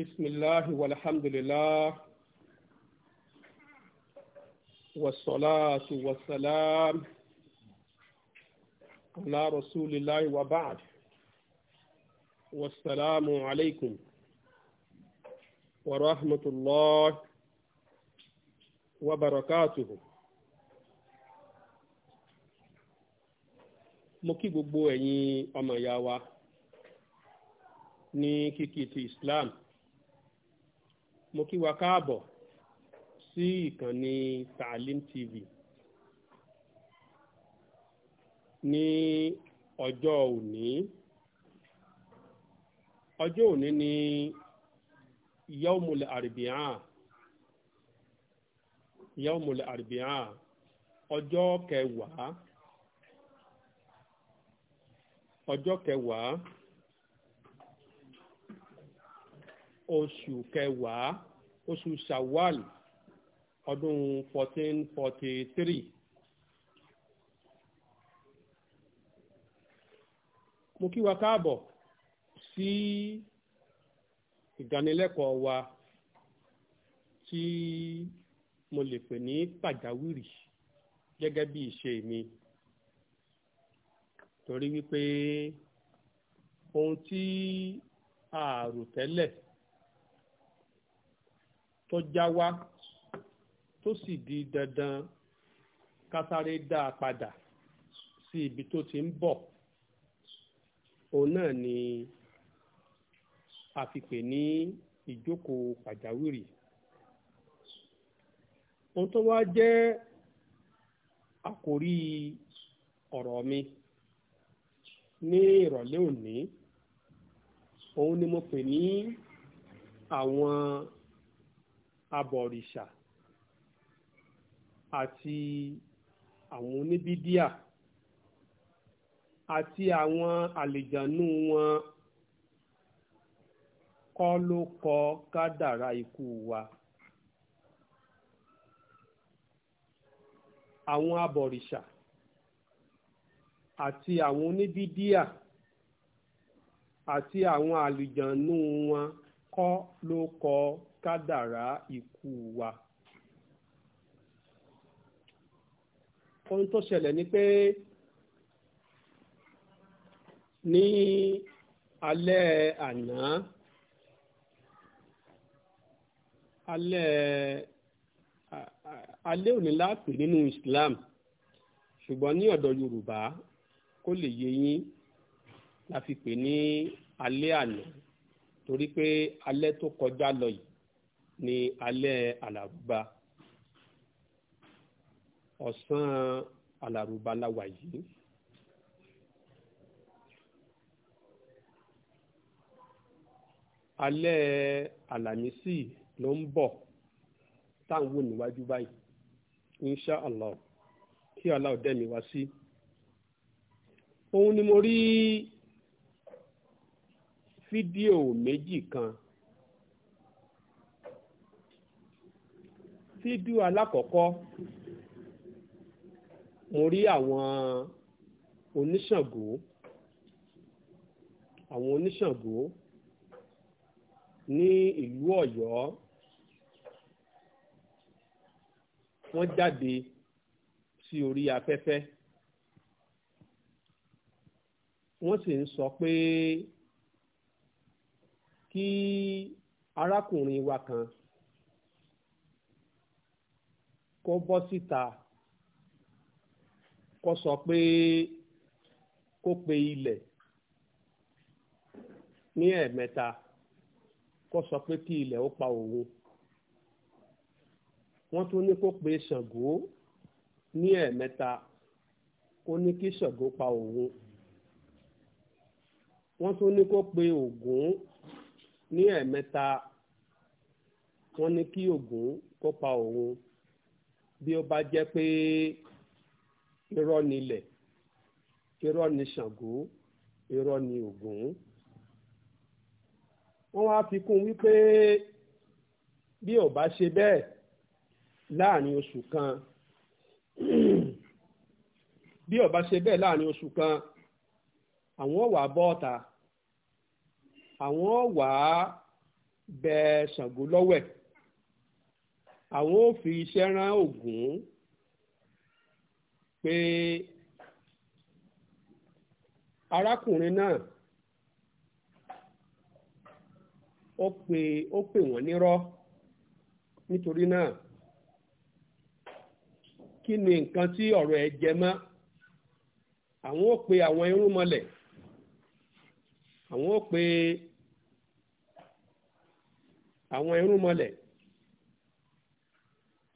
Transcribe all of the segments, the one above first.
بسم الله والحمد لله والصلاة والسلام على رسول الله وبعد والسلام عليكم ورحمة الله وبركاته mo kí gbogbo ẹ̀yin ọmọ ìyá wa ní kíkí ti Islam mo kí wa káàbọ̀ sí ìkànnì Taalim TV ní ọjọ́ òní ọjọ́ òní ni yaumul arbi'a yaumul arbi'a ọjọ́ kẹwàá ọjọ́ kẹwàá oṣù kẹwàá oṣù Shawwal ọdún 1443. mo kí wa káàbọ̀ sí ìdánilẹ́kọ̀ọ́ wa tí mo lè pè ní pàjáwìrì gẹ́gẹ́ bí ìṣe mi torí wípé ohun tí a rò tẹ́lẹ̀ tó já wá tó sì di dandan kásáré dá a padà sí ibi tó ti ń bọ̀ òun náà ni a fi pè ní ìjókòó pàjáwìrì ohun tó wá jẹ́ àkórí ọ̀rọ̀ mi ní ìrọ̀lẹ́ òní òun ni mo pè ní àwọn abọ̀rìṣà àti àwọn oníbídíà àti àwọn àlìjànú wọn kọ́ ló kọ kádàrá ikú wa. àwọn abọ̀rìṣà àti àwọn oníbídíà àti àwọn àlìjànú wọn kọ́ ló kọ kádàrá ikú wa. ohun tó ṣẹlẹ̀ ni pé ní alẹ́ àná alẹ́ alẹ́ òní nínú Islam ṣùgbọ́n ní ọ̀dọ̀ Yorùbá kó lè yé yín la fi pè ní alẹ́ àná torí pé alẹ́ tó kọjá lọ yìí ní alẹ́ àlàrúbá ọ̀sán àlàrúbá la wà yìí. alẹ́ àlàmísì ló ń bọ̀ táwọn wò níwájú báyìí insha allah kí allah dẹ́mi wá sí. òun ni mo rí fídíò méjì kan. fídíò alákọ̀ọ́kọ́ mo rí àwọn oníṣàngó àwọn oníṣàngó ní ìlú Ọ̀yọ́ wọ́n jáde sí orí afẹ́fẹ́ wọ́n sì ń sọ pé kí arákùnrin wa kan kó bọ́ síta kó sọ pé kó pe ilẹ̀ ní ẹ̀ẹ̀mẹ́ta kó sọ pé kí ilẹ̀ ó pa òun wọ́n tún ní kó pe Ṣàngó ní ẹ̀ẹ̀mẹ́ta kó ní kí Ṣàngó pa òun wọ́n tún ní kó pe Ògún ní ẹ̀ẹ̀mẹ́ta wọ́n ní kí Ògún kó pa òun bí ó bá jẹ́ pé irọ́ nílẹ̀ irọ́ ní Ṣàngó irọ́ ní Ògún wọ́n wá fi kún wípé bí ó bá ṣe bẹ́ẹ̀ láàrin oṣù kan bí ó bá ṣe bẹ́ẹ̀ láàrin oṣù kan àwọn wà bọ́ọ̀ta àwọn wà bẹ Ṣàngó lọ́wẹ̀. àwọn ò fi iṣẹ́ rán Ògún pé arákùnrin náà ó pè ó pè wọ́n nírọ́ nítorí náà kí ni nǹkan tí ọ̀rọ̀ ẹ jẹ mọ́ àwọn ò pe àwọn irúnmọlẹ̀ àwọn ò pe àwọn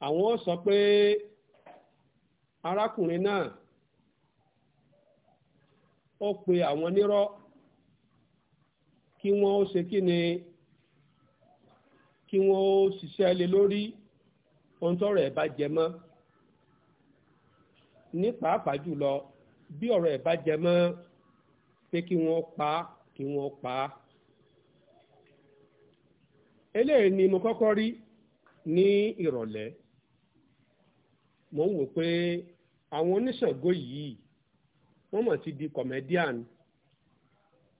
àwọn sọ pé arákùnrin náà ó pe àwọn nírọ́ kí wọ́n ó ṣe kí ni kí wọ́n ó ṣiṣẹ́ lé lórí ohun tọ́rọ̀ ẹ̀ bá jẹ mọ́ ní pàápàá jùlọ bí ọ̀rọ̀ ẹ̀ bá jẹ pé kí pa kí wọ́n pa á eléyìí ni mo kọ́kọ́ rí ní mo ń wò pé àwọn oníṣàngó yìí wọ́n mọ̀ ti di comedian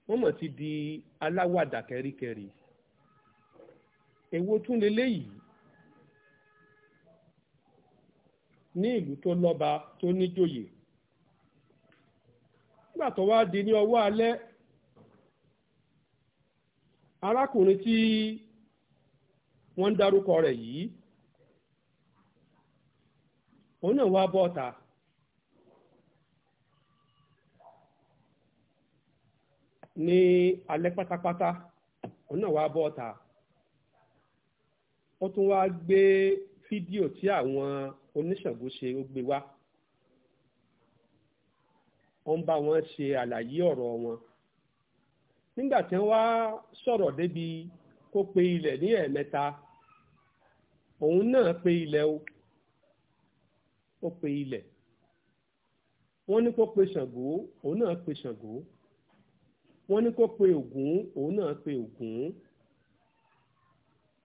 wọ́n mọ̀ ti di aláwàdà kẹ́ríkẹ́rí èwo tún leléyìí ní ìlú tó lọ́ba tó níjòyè nígbà tó wá di ní ọwọ́ alẹ́ arákùnrin tí wọ́n ń darúkọ rẹ̀ yìí òun náà wá ọta ni alẹ patapata ọ òun náà wá bọ́ ọ ó tún wá gbé fídíò tí àwọn oníṣàngó ṣe ó gbé wá ó ń bá wọn ṣe àlàyé ọrọ wọn nígbà tí wọ́n wá sọ̀rọ̀ débi kó pe ilẹ̀ ní ẹ̀ẹ̀mẹ́ta òun náà pe ilẹ̀ o. ó pe ilẹ̀ wọ́n ní kó pe Ṣàngó òun náà pe Ṣàngó wọ́n ní kó pe Ògún òun náà pe Ògún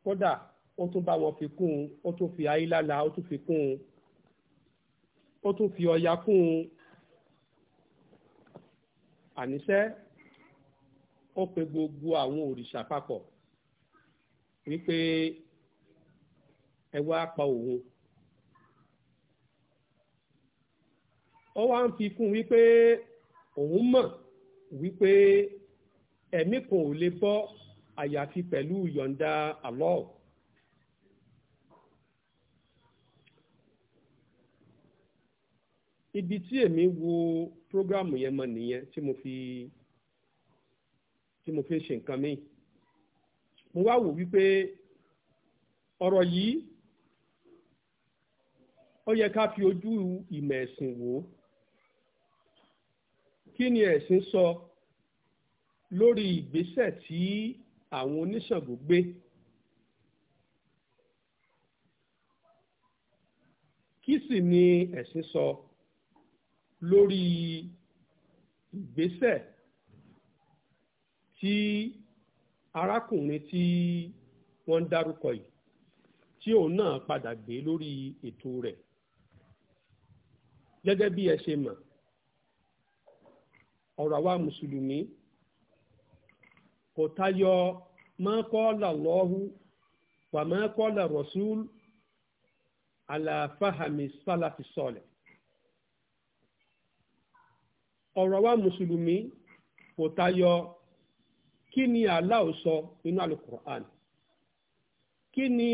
kódà ó tún bá wọn fi kún un ó tún fi ayílála ó tún fi kún un ó tún fi Ọya kún un àníṣẹ́ ó pe gbogbo àwọn òrìṣà papọ̀ wípé ẹ wá pa òun ó wá ń fi kún wípé òun mọ̀ wípé ẹ̀mí kan ò lè bọ́ àyàfi pẹ̀lú yọ̀ǹda Allah. ibi tí èmi wo prógrámù yẹn mọ nìyẹn tí mo fi tí mo fi ṣe nǹkan mi mo wá wò wípé ọ̀rọ̀ yìí ó yẹ ká fi ojú ìmọ̀ ẹ̀sìn wò ó kí ni ẹ̀sìn sọ lórí ìgbésẹ̀ tí àwọn oníṣàngó gbé kí sì ni ẹ̀sìn sọ lórí ìgbésẹ̀ tí arákùnrin tí wọ́n dárúkọ yìí tí òun náà padà gbé lórí ètò rẹ̀ gẹ́gẹ́ bí ẹ ṣe mọ̀ ọ̀rọ̀ àwa mùsùlùmí kò tayọ mọ́kọ́lá lọ́hù wà mọ́kọ́lá rọ̀ṣúl àlàfáhàmì sálàfi sọ̀lẹ̀. ọ̀rọ̀ àwa mùsùlùmí kò tayọ kí ni Allah sọ nínú alukur'an kí ni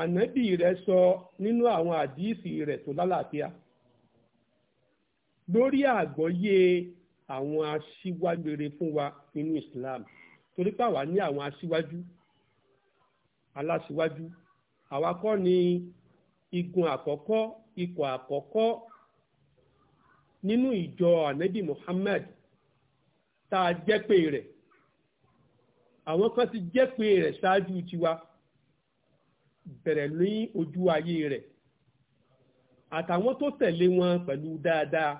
ànábì rẹ̀ sọ nínú àwọn àdíìsì rẹ̀ tó lálàáfíà lórí àgbọ́yé àwọn aṣíwájú rere fún wa nínú Islam torí pé àwa ní àwọn aṣíwájú aláṣíwájú àwa kọ́ ni igun àkọ́kọ́ ikọ̀ àkọ́kọ́ nínú ìjọ anabi Muhammad tá a jẹ́ pé rẹ̀ àwọn kan ti jẹ́ pé rẹ̀ ṣáájú tiwa bẹ̀rẹ̀ ní ojú ayé rẹ̀ àtàwọn tó tẹ̀lé wọn pẹ̀lú dáadáa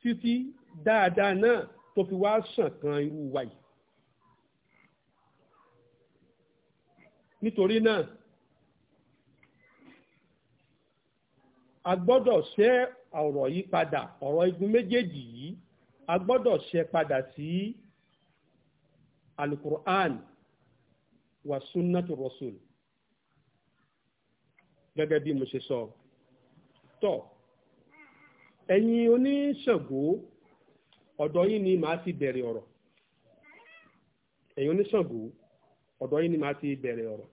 títí dáadáa náà tó fi wá sàn kan irú wa yìí. nítorí náà a gbọ́dọ̀ ṣẹ́ ọ̀rọ̀ yìí padà ọ̀rọ̀ igun méjèèjì yìí a gbọ́dọ̀ ṣẹ́ padà sí alukur'an wa sunnatu rasul gẹ́gẹ́ bí mo ṣe sọ tọ́ ẹ̀yin oníṣàngó ọ̀dọ̀ yín ni màá ti bẹ̀rẹ̀ ọ̀rọ̀ ẹ̀yin oníṣàngó ọ̀dọ̀ yín ni màá ti bẹ̀rẹ̀ ọ̀rọ̀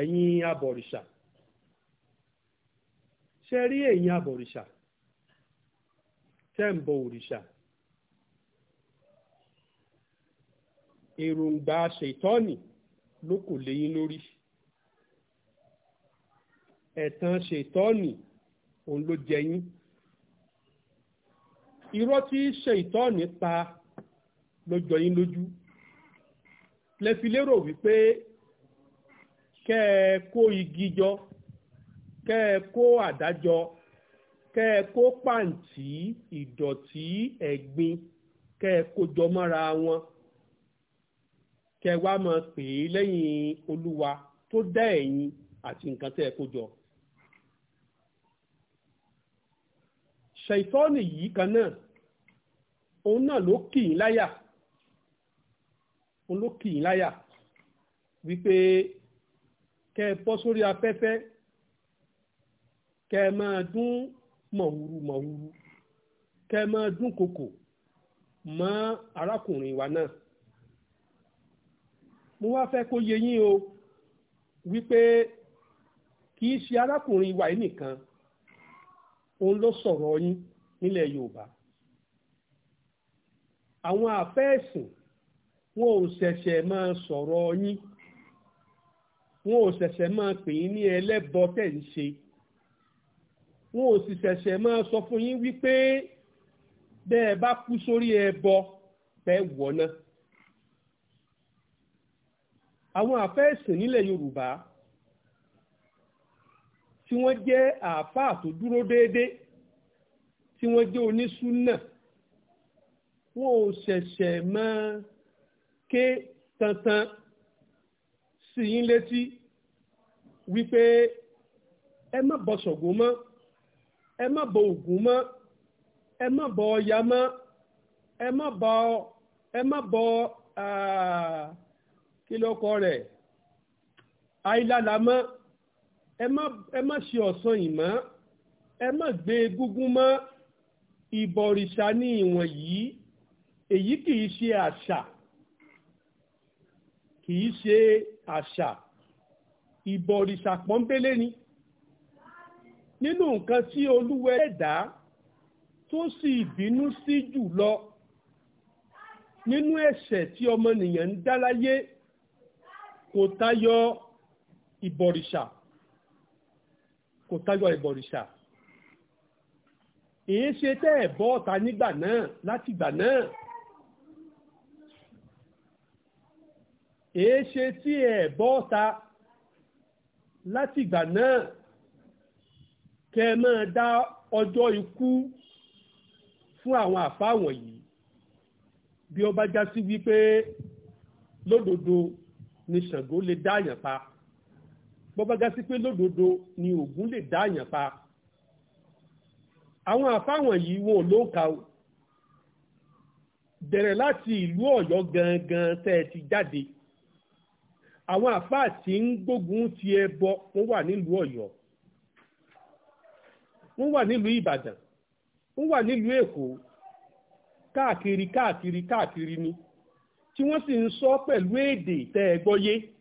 ẹ̀yin abọ̀rìṣà ṣe rí ẹ̀yin abọ̀rìṣà tẹ́ ń bọ òrìṣà èròǹgbà ṣètọ́nì ló kò léyìn lórí ẹ̀tàn ṣètọ́nì òun ló jẹ irọ́ tí ṣèitọ́ọ̀nì pa lójọ yín lójú lẹ́fi lérò wípé kẹ́ ẹ kó igi jọ kẹ́ ẹ kó àdá jọ kẹ́ ẹ kó pàǹtí ìdọ̀tí ẹ̀gbin kẹ́ jọ mọ́ra wọn kẹ́ ẹ wá lẹ́yìn olúwa tó dá ẹ̀yin àti nǹkan tẹ́ jọ. ṣètọ́nì yìí kan náà òun náà ló kì í láyà òun ló kì í láyà wípé kẹ ẹ bọ́ sórí afẹ́fẹ́ kẹ ẹ máa dún mọ̀wúrú mọ̀wúrú kẹ ẹ máa dún kòkò mọ́ arákùnrin wa náà mo wá fẹ́ kó yé yín o wípé kì í ṣe arákùnrin wa yìí nìkan òun ló sọ̀rọ̀ yín nílẹ̀ Yorùbá àwọn àfẹ́ẹ̀sìn wọn ò ṣẹ̀ṣẹ̀ máa sọ̀rọ̀ yín wọn ò ṣẹ̀ṣẹ̀ máa pè yín ní ẹlẹ́bọ tẹ̀ ń ṣe wọn ò sì ṣẹ̀ṣẹ̀ máa sọ fún yín wípé bẹ́ẹ̀ bá kú sórí ẹbọ pẹ́ wọ̀ àwọn àfẹ́ẹ̀sìn nílẹ̀ Yorùbá tí wọ́n jẹ́ àáfàá tó dúró déédéé tí wọ́n jẹ́ onísúnà wọn ò ṣẹ̀ṣẹ̀ máa ké tantan sí yín létí wípé ẹ má bọ Ṣàngó mọ́ ẹ má bọ Ògún mọ́ ẹ má bọ Ọya mọ́ ẹ má bọ ẹ má bọ kí ló rẹ̀ àìlàlà mọ́ ẹ má ṣe ọ̀sán ìmọ̀ ẹ má gbé egúngún mọ́ ìbọ̀rìṣà ní ìwọ̀n yìí èyí kì í ṣe àṣà kì í ṣe àṣà ìbọ̀rìṣà pọ́nbélé ni nínú nǹkan tí olúwa ẹ̀dá tó sì bínú sí jù lọ nínú ẹ̀ṣẹ̀ tí ọmọnìyàn ń dá láyé kò tayọ ìbọ̀rìṣà kò tayọ ìbọ̀rìṣà èyí ṣe tẹ́ ẹ̀ bọ́ ọ̀tá nígbà náà láti ìgbà náà èyí ṣe tí ẹ̀ bọ́ ọ̀tá láti ìgbà náà kẹ́ máa dá ọjọ́ ikú fún àwọn àfáà wọ̀nyí bí ó bá já sí wípé lódodo ni Ṣàngó lè dáàyàn pa bọ́bá ga sí pé lódodo ni oògùn lè dá àyàn pa àwọn àfáwọn yìí wọn ò ló ka o bẹ̀rẹ̀ láti ìlú ọ̀yọ́ gangan tẹ́ ẹ ti jáde àwọn àfáà tí ń gbógun ti ẹbọ wọ́n wà nílùú ọ̀yọ́ wọ́n wà nílùú ìbàdàn wọ́n wà nílùú èkó káàkiri káàkiri káàkiri ni tí wọ́n sì ń sọ pẹ̀lú èdè tẹ́ ẹ gbọ́yé. E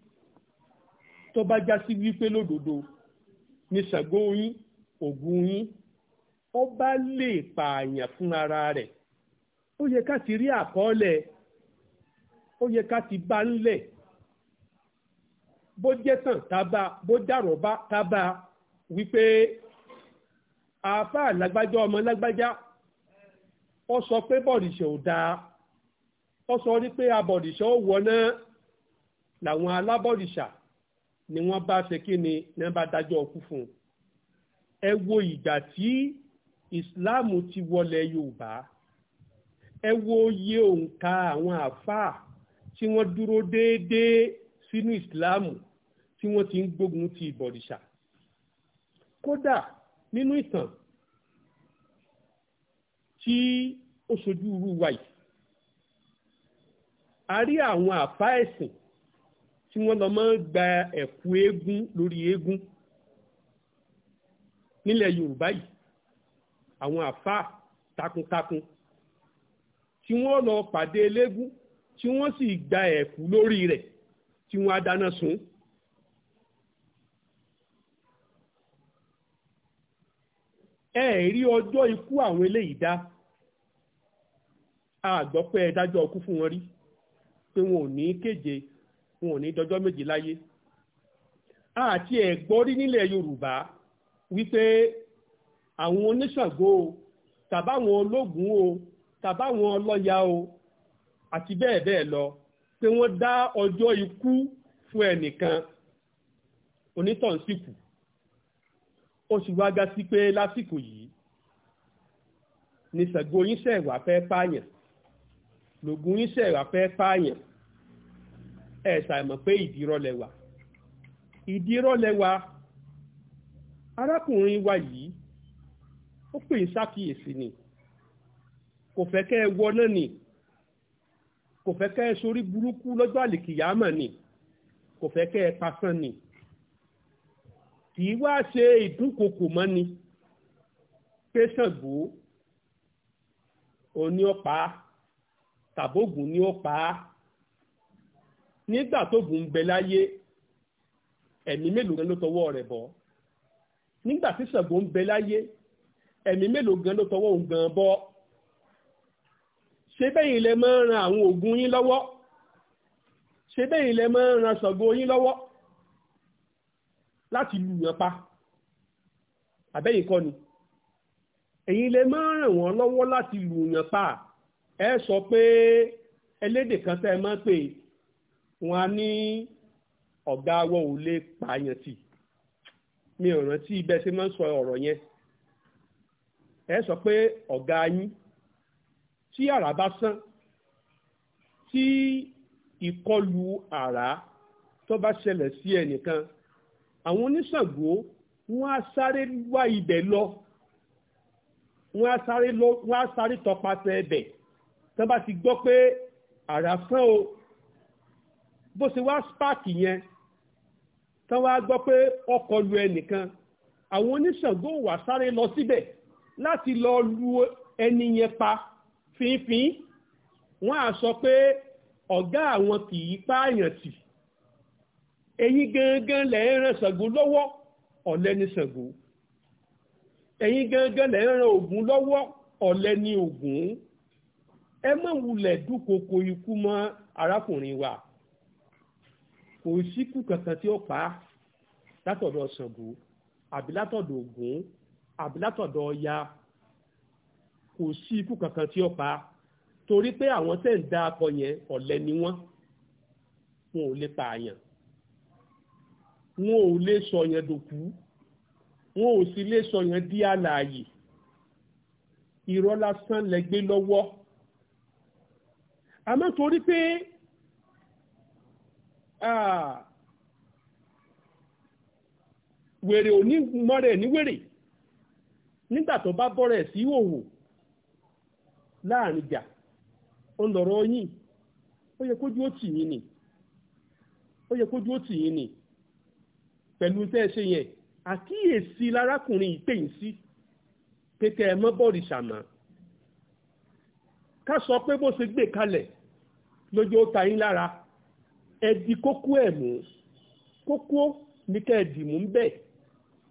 tó bá já sí wípé lódodo ní Ṣàngó yín Ògún yín ó bá lè pààyàn fúnra rẹ̀ ó yẹ ká ti rí àkọọ́lẹ̀ ó yẹ ká ti bá ńlẹ̀ bó jẹ́ tàn tábà bó dàrọ̀ bá tábà wípé àáfàá lágbájá ọmọ lágbájá ó sọ pé bọ̀rìṣẹ̀ ò dáa ó sọ wípé abọ̀rìṣẹ̀ ò wọná làwọn alábọ̀rìṣà ni wọ́n bá ṣe kí ni ni wọ́n bá dájọ́ ọkú fún un. ẹ wo ìgbà tí ìsìláàmù ti wọlé yorùbá ẹ wo iye òǹkà àwọn àáfàá tí wọ́n dúró déédéé sínú ìsìláàmù tí wọ́n ti ń gbógun ti ìbọ̀rìṣà kódà nínú ìtàn tí ó ṣojú irú wa a rí àwọn àáfàá ẹ̀sìn tí wọ́n lọ máa ń gba ẹ̀kú eégún lórí eégún nílẹ̀ Yorùbá yìí àwọn àfáà takuntakun tí wọ́n lọ pàdé eléégún tí wọ́n sì gba ẹ̀kú lórí rẹ̀ tí wọ́n á dáná sun. ẹ rí ọjọ́ ikú àwọn eléyìí dá a gbọ́ pé ẹ dájọ́ ikú fún wọn rí pé wọn ò ní kéje wọn ò ní dọjọ́ méje láyé àti ẹ̀gbọ́n rí nílẹ̀ Yorùbá wípé àwọn oníṣàngó o tàbáwọn ológun o tàbáwọn ọlọ́ya o àti bẹ́ẹ̀ bẹ́ẹ̀ lọ pé wọ́n dá ọjọ́ ikú fún ẹnìkan onítàn sì kù ó sì wá ga sí pé lásìkò yìí ni Ṣàngó yín ṣẹ̀wá fẹ́ pààyàn lògùn yín ṣẹ̀wá fẹ́ pààyàn ẹ̀ ṣàìmọ̀ pé ìdírọ́ lẹ́wà ìdírọ́ lẹ́wà arákùnrin wa yìí ó pè ń ṣàkíyèsí ni kò fẹ́ kẹ́ ẹ wọ náà ni kò fẹ́ kẹ́ ẹ sórí burúkú lọ́jọ́ àlìkìyàmọ̀ ni kò fẹ́ kẹ́ ẹ pasán ni kì í wá ṣe ìdúnkokò mọ́ ni pé Ṣàngó òun ni tàbógun ni ó nígbà tó gùn ń bẹ láyé ẹ̀mí mélòó gan ló tọwọ́ rẹ̀ bọ́ nígbà tí Ṣàngó ń bẹ láyé ẹ̀mí mélòó gan ló tọwọ́ òun gan bọ́ ṣé bẹ́yìn lẹ máa ń ran àwọn Ògún yín lọ́wọ́ ṣé bẹ́yìn lẹ máa ń ran Ṣàngó yín lọ́wọ́ láti lù yàn pa àbẹ́yìn kọ́ ni ẹ̀yin lè máa ràn wọ́n lọ́wọ́ láti lù yàn pa ẹ sọ pé ẹlẹ́dẹ̀ kan tẹ́ ẹ máa pè é wọ́n á ní ọ̀gá wọn ò lè pààyàn tì mi ò rántí ibẹ̀ ṣe máa ń sọ ọ̀rọ̀ yẹn ẹ sọ pé ọ̀gá yín tí àrá bá sán tí ìkọlù àrá tó bá ṣẹlẹ̀ sí ẹnìkan àwọn oníṣàngó wọ́n á sáré wá ibẹ̀ lọ wọ́n á sáré tọpasẹ̀ ẹbẹ̀ tó bá ti gbọ́ pé àrá sán o bó ṣe wá spáàkì yẹn tán wá gbọ́ pé ọkọ̀ lu ẹnìkan àwọn oníṣàngó wà sáré lọ síbẹ̀ láti lọ lu ẹni yẹn pa fínfín wọ́n á sọ pé ọ̀gá àwọn kì í pààyàn tì ẹ̀yin gangan lẹ̀ ń ran Ṣàngó lọ́wọ́ ọ̀lẹ ni Ṣàngó ẹ̀yin gangan lẹ̀ ń ran Ògún lọ́wọ́ ọ̀lẹ ni Ògún ẹ má wulẹ̀ dúkokò ikú mọ́ arákùnrin wa kò síkù kankan tí ó pa á látọ̀dọ̀ Ṣàngó àbí látọ̀dọ̀ Ògún àbí látọ̀dọ̀ Ọya kò sí ikú kankan tí ó pa á torí pé àwọn tẹ̀ ń dá akọ yẹn ọ̀lẹ ni wọ́n wọn ò lè pààyàn wọn ò lè sọyàn dòkú wọn ò sì lè sọyàn di alààyè irọ́ lásán lọ́wọ́ àmọ́ torí pé Were ò ní mọ́rẹ̀ ní wèrè nígbà tó bá bọ́rẹ̀ sí òwò láàrin ìjà ó ń ó yẹ kójú ó tì yín ni ó yẹ kójú ó tì yín ni pẹ̀lú tẹ́ ṣe yẹn àkíyèsí lárákùnrin ìpéyìn sí pé kẹ́ ẹ ṣàmà ká ẹ̀dì kókó ẹ̀ mú kókó ní kẹ́ ẹ̀dì mú ń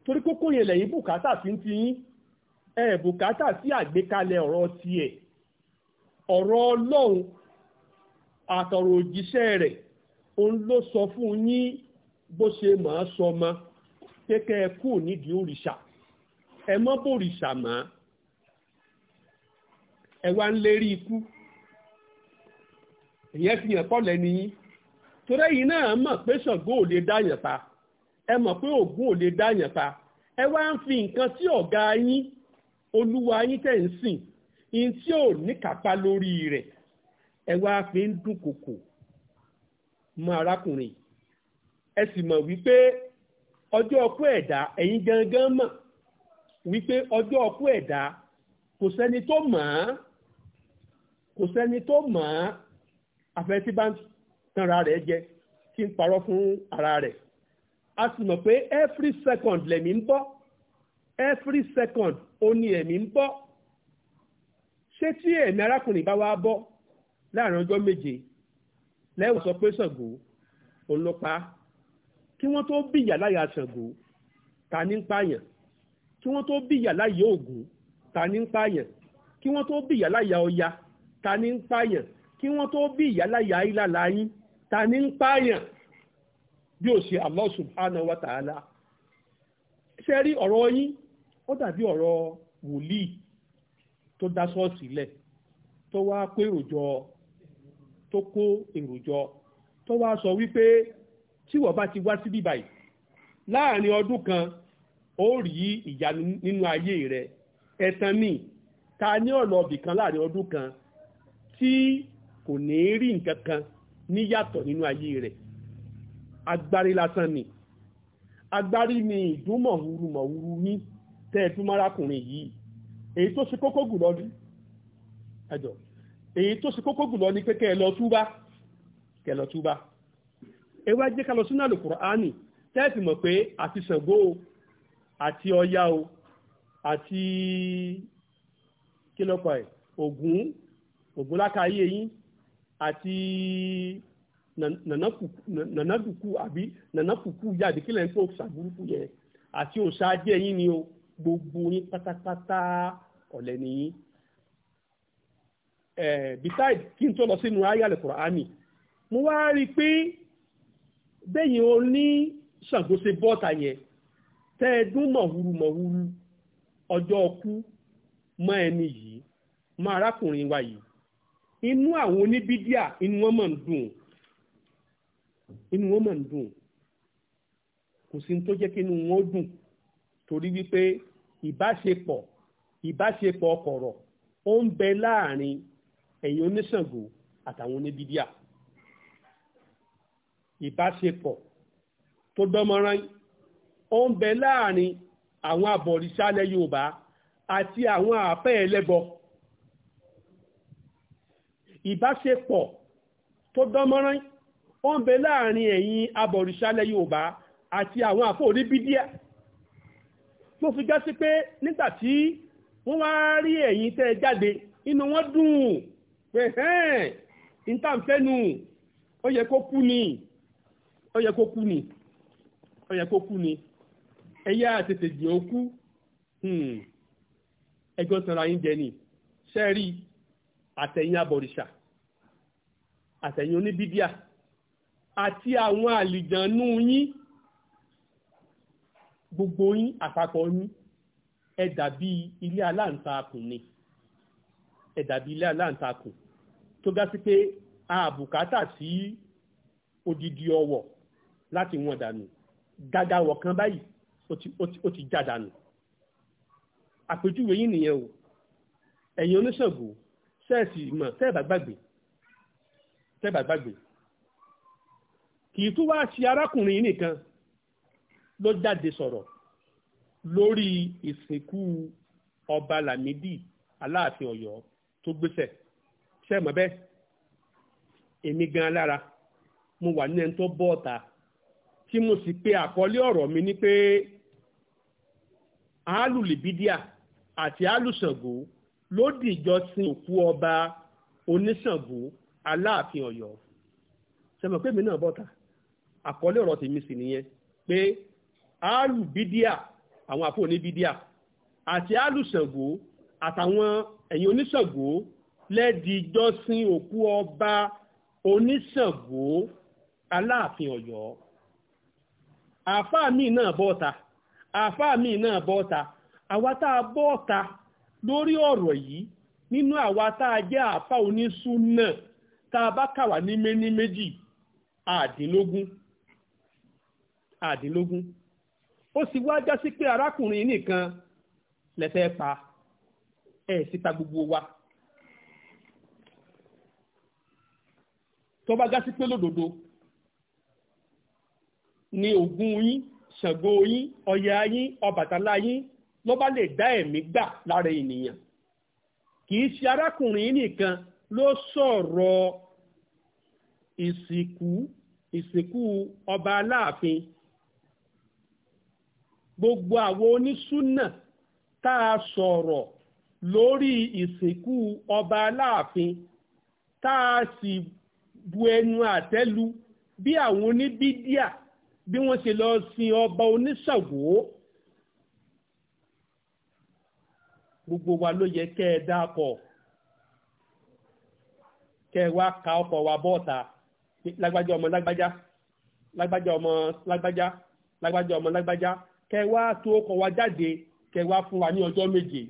torí kókó yẹn lẹ́yìn bùkátà sí ti yín ẹ̀ bùkátà sí àgbékalẹ̀ ọrọ tiẹ̀ ọrọ ọlọ́run àtọ̀rọ̀ òun ló sọ fún yín bó ṣe máa sọ ma pé kú nídìí òrìṣà ẹ mọ́ bòrìṣà mọ́ ẹ wá ń lérí ikú ìyẹn fi hàn torí ẹ̀yin náà mọ̀ pé Ṣàngó ò lè dáyàn pa ẹ mọ̀ pé Ògún ò lè dáyàn pa ẹ wá ń fi nǹkan tí ọ̀gá yín olúwa yín tẹ̀ ń sìn in tí ò ní kápá lórí rẹ̀ ẹ wá fi ń dúnkòkò mọ́ arákùnrin ẹ sì mọ̀ wípé ọjọ́ ọkú ẹ̀dá ẹ̀yin gangan mọ̀ wípé ọjọ́ ọkú ẹ̀dá kò sẹ́ni tó mọ̀ ọ́ kò sẹ́ni tó mọ̀ ọ́ àfẹ́tí bá ń tù tanra rẹ̀ jẹ tí ń parọ́ fún ara rẹ̀ a sì mọ̀ pé every second lẹ̀mí ń bọ́ every second ó ní ẹ̀mí ń bọ́ ṣé tí ẹ̀mí arákùnrin bá wá bọ́ láàrin ọjọ́ méje lẹ́wọ̀n sọ pé Ṣàngó òun ló pa á kí wọ́n tó bìyà láyà Ṣàngó ta ní ń pààyàn kí wọ́n tó bìyà láyà Ògún ta ní ń pààyàn kí wọ́n tó bìyà láyà Ọya ta ní ń pààyàn kí wọ́n tó bìyà láyà ìlàlá ta ni ń pààyàn bí ó ṣe Allah subhanahu wa ta'ala ṣe rí ọ̀rọ̀ yín ó dàbí ọ̀rọ̀ wòlíì tó dá ṣọ́ọ̀ṣì lẹ̀ tó wá kó èròjọ tó kó èròjọ tó wá sọ wípé tí wọ́n bá ti wá síbí báyìí láàrin ọdún kan ó rí ìyanu nínú ayé rẹ ẹ̀tàn ni ta ní ọ̀nà ọ̀bì kan láàrin ọdún kan tí kò ní rí nǹkan kan níyàtọ̀ nínú ayé rẹ̀ agbárí lásán ni agbárí ni ìdúnmọ̀húrú mọ̀húrú yín tẹ́ẹ̀tún márákùnrin yìí èyí tó ṣe kókó gùn lọ ní ẹ̀dọ̀ èyí tó ṣe kókó gùn lọ ní pé kẹ́ẹ̀lọ túbá kẹ́ẹ̀lọ túbá ẹ wá jẹ́ ká lọ sínú àlùkùránì tẹ́ẹ̀tì mọ̀ pé àti Ṣàngó lákàáyé yín àti nànàkùkù àbí nànàkùkù jáde kílẹ̀ ń pò ṣàbúrúkú yẹn àti òṣà ajé yín ni o gbogbo yín pátápátá ọ̀lẹ nìyí. beside kí n tó lọ sínú ayálẹ̀ kùránì mo wá rí i pé bẹ́yìn o ní ṣàgbọ́sẹ̀ bọ́ta yẹn tẹ́ ẹ dún mọ̀húrú mọ̀húrú ọjọ́ ọkú mọ́ ẹni yìí mọ́ arákùnrin wa yìí inú àwọn oníbídíà inú wọn máa ń dùn inú wọn máa ń dùn kò sí tó jẹ́ kí inú wọn dùn torí wípé ìbáṣepọ̀ ìbáṣepọ̀ ọkọ̀rọ̀ ó ń bẹ láàrin ẹ̀yin oníṣàngó àtàwọn oníbídíà ìbáṣepọ̀ tó dánmọ́rán ó ń bẹ láàrin àwọn abọ̀rìṣà Yorùbá àti àwọn àfẹ́ ẹlẹ́bọ ìbáṣepọ̀ tó dánmọ́rán ó ń bẹ láàrin ẹ̀yin abọ̀rìṣàlẹ̀ Yorùbá àti àwọn àfòrí bídíà tó fi já sí pé nígbà tí wọ́n wá rí ẹ̀yin tẹ́ ẹ jáde inú wọn dùn pé hẹ́ẹ̀ ìtàǹfẹ́nu ó yẹ kó kú ni ó yẹ kó kú ni ó yẹ kó kú ni ẹ̀yà tètè jẹ́ ó kú hmm, ẹgbọ́n yín jẹ ni ṣẹ́ẹ̀rí àtẹ̀yìn abọ̀rìṣà àtẹ̀yìn oníbídíà àti àwọn àlìjànú yín gbogbo yín àpapọ̀ yín ẹ dàbí ilé aláǹtakùn ni ẹ dàbí ilé aláǹtakùn tó ga sí pé àbùkátà sí odidi ọwọ̀ láti wọn dànù gàgàwọ̀ kan báyìí ó ti já dànù àpèjúwe yín nìyẹn o ẹ̀yin oníṣègùn ṣẹ́ẹ̀sì mọ̀ tẹ́ẹ̀ tẹ́bà gbàgbé kì í tún wá ṣe arákùnrin nìkan ló jáde sọ̀rọ̀ lórí ìsìnkú ọba Lámídì Aláàfin Ọ̀yọ́ tó gbéṣẹ̀ ṣe mọ̀ bẹ́ẹ̀ èmi gan lára mo wà ní ẹni tó bọ́ ọ̀tá tí mo sì pe àkọlé ọ̀rọ̀ mi ni pé alùlìbídíà àti alùsàngó ló dìjọ sin òkú ọba onísàngó aláàfin ọ̀yọ́ sẹ́mi pé mi náà bọ́ta àkọlé ọ̀rọ̀ tèmi sì nìyẹn pé áàlù bídíà àwọn àpò ní bídíà àti áàlù ṣàngó àtàwọn ẹ̀yìn oníṣàngó lẹ́dìjọ́ sin òkú ọba oníṣàngó aláàfin ọ̀yọ́ àfáà míì náà bọ́ta àfáà míì náà bọ́ta àwa tá a bọ́ta lórí ọ̀rọ̀ yìí nínú àwa tá a jẹ́ àfáà oníṣú náà tá a bá kà wá ní méní méjì àdínlógún àdínlógún ó sì wá já sí pé arákùnrin nìkan lẹ́fẹ́ pa ẹ̀ síta gbogbo wa tó bá já sí pé lódodo ni Ògún yín Ṣàngó yín Ọya yín Ọbàtálá yín ló bá lè dá ẹ̀mí gbà lára ènìyàn kì í ṣe arákùnrin nìkan ló sọ̀rọ̀ ìsìnkú ìsìnkú ọba aláàfin gbogbo àwọn onísúnà tá a sọ̀rọ̀ lórí ìsìnkú ọba aláàfin tá a sì bu ẹnu àtẹ́lu bí àwọn oníbídíà bí wọ́n ṣe lọ sin ọba oníṣàgbó gbogbo wa ló yẹ kẹ́ ẹ dákọ̀ kẹ́ ẹ wá ka ọkọ̀ wa bọ́ta lágbájá ọmọ lágbájá lágbájá ọmọ lágbájá lágbájá ọmọ lágbájá kẹ wá tó kọ wá jáde kẹ wá fún wa ní ọjọ́ méje.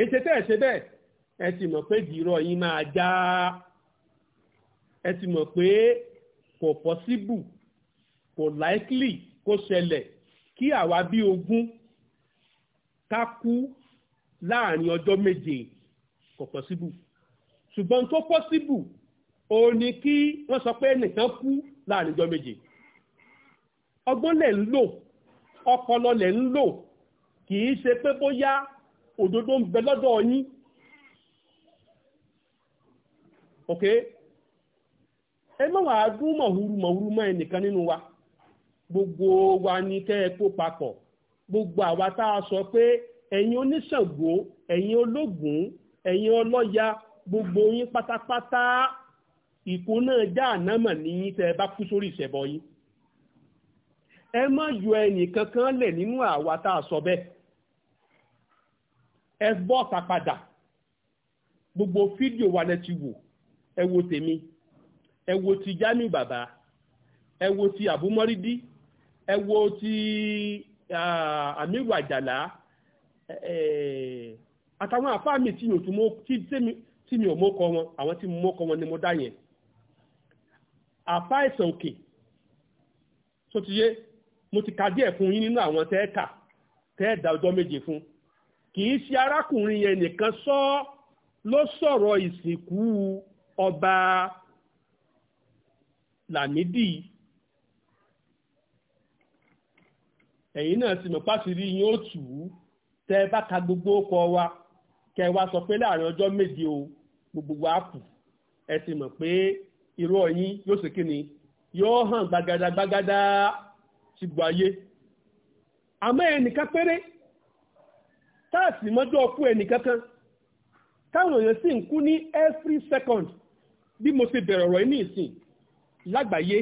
èsì tẹ́ ẹ̀ ṣe bẹ́ẹ̀ ẹ ti mọ̀ pé dìrọ̀ yín máa já ẹ ti pé kò pọ́síbù kò láìkìlì kó ṣẹlẹ̀ kí àwa bí ogún ká kú láàrin ọjọ́ méje kò pọ́síbù ṣùgbọ́n tó pọ́síbù òun ni kí wọ́n sọ pé nìkan kú láàrin ìjọ méje ọgbọ́n lẹ̀ ń lò ọpọlọ lẹ̀ ń lò kì í ṣe pé bóyá òdodo ń bẹ lọ́dọ̀ yín ok ẹ má wàá dún mọ̀húrú mọ̀húrú mọ́ ẹnìkan nínú wa gbogbo wa ni kẹ́ ẹ kó papọ̀ gbogbo àwa tá a sọ pé ẹ̀yin oníṣàngó ẹ̀yin ológun ẹ̀yin ọlọ́ya gbogbo yín pátápátá ìkó náà já ànámọ̀ ní tẹ́ bá kú sórí ìṣẹ̀bọ yín ẹ má yọ ẹnì kankan lẹ̀ nínú àwa tá a sọ bẹ́ẹ̀ ẹ bọ́ ta padà gbogbo fídíò wa lẹ ti wò ẹ wo tèmi ẹ wo ti Jamiu bàbá ẹ wo ti Àbúmọ́rídì ẹ wo ti Amiru Àjàlá àtàwọn àfáàmì tí yòó tún mọ́ tí tèmi tí mi ò mọ́kọ wọn àwọn tí mo mọ́kọ wọn ni mo dá yẹn àfa ẹ̀sẹ̀ òkè tó ti yé mo ti ka díẹ̀ fún yín nínú àwọn tẹ́ẹ̀kà tẹ́ẹ̀dá ọjọ́ méje fún kì í ṣe arákùnrin yẹn nìkan sọ ló sọ̀rọ̀ ìsìnkú ọba Lámídì ẹ̀yin náà sì mọ̀ pàṣírí yín ó tù ú tẹ́ ẹ bá ka gbogbo ọkọ̀ wa kẹ́ sọ pé láàrin ọjọ́ méje o gbogbo wa kù ẹ sì mọ̀ pé irú ọ̀yìn yóò ṣe kí ni yóò hàn gbagada gbagada ti gbọ́ ayé àmọ́ ẹnìkan péré táàsì mọ́jọ́ ọkú ẹnìkan táwọn èèyàn sì ń kú ní every second bí mo ṣe bẹ̀rẹ̀ ọ̀rọ̀ yìí ní ìsìn lágbàáyé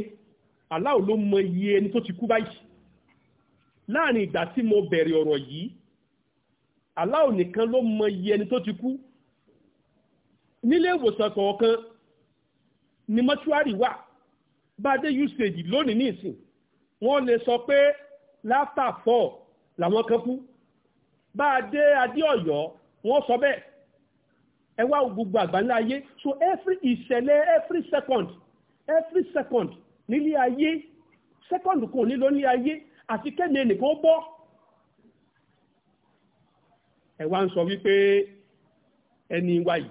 aláwo ló mọ iye ẹni tó ti kú báyìí láàrin ìgbà tí mo bẹ̀rẹ̀ ọ̀rọ̀ yìí aláwo nìkan ló mọ iye ẹni tó ti kú nílé ìwòsàn kọ̀ọ̀kan ni mọ́ṣúárì wà bá dé usage lónìí nísìn wọ́n lè sọ pé láfà fọ́ làwọn kan kú bá dé adé ọ̀yọ́ wọ́n sọ bẹ́ẹ̀ ẹ wá gbogbo àgbáńlá ayé so every ìṣẹ̀lẹ̀ every second every second nílé ayé second kò ní lónílé ayé àti kẹ́ni ẹnìkan bọ́ ẹ wá ń sọ wípé ẹni wáyìí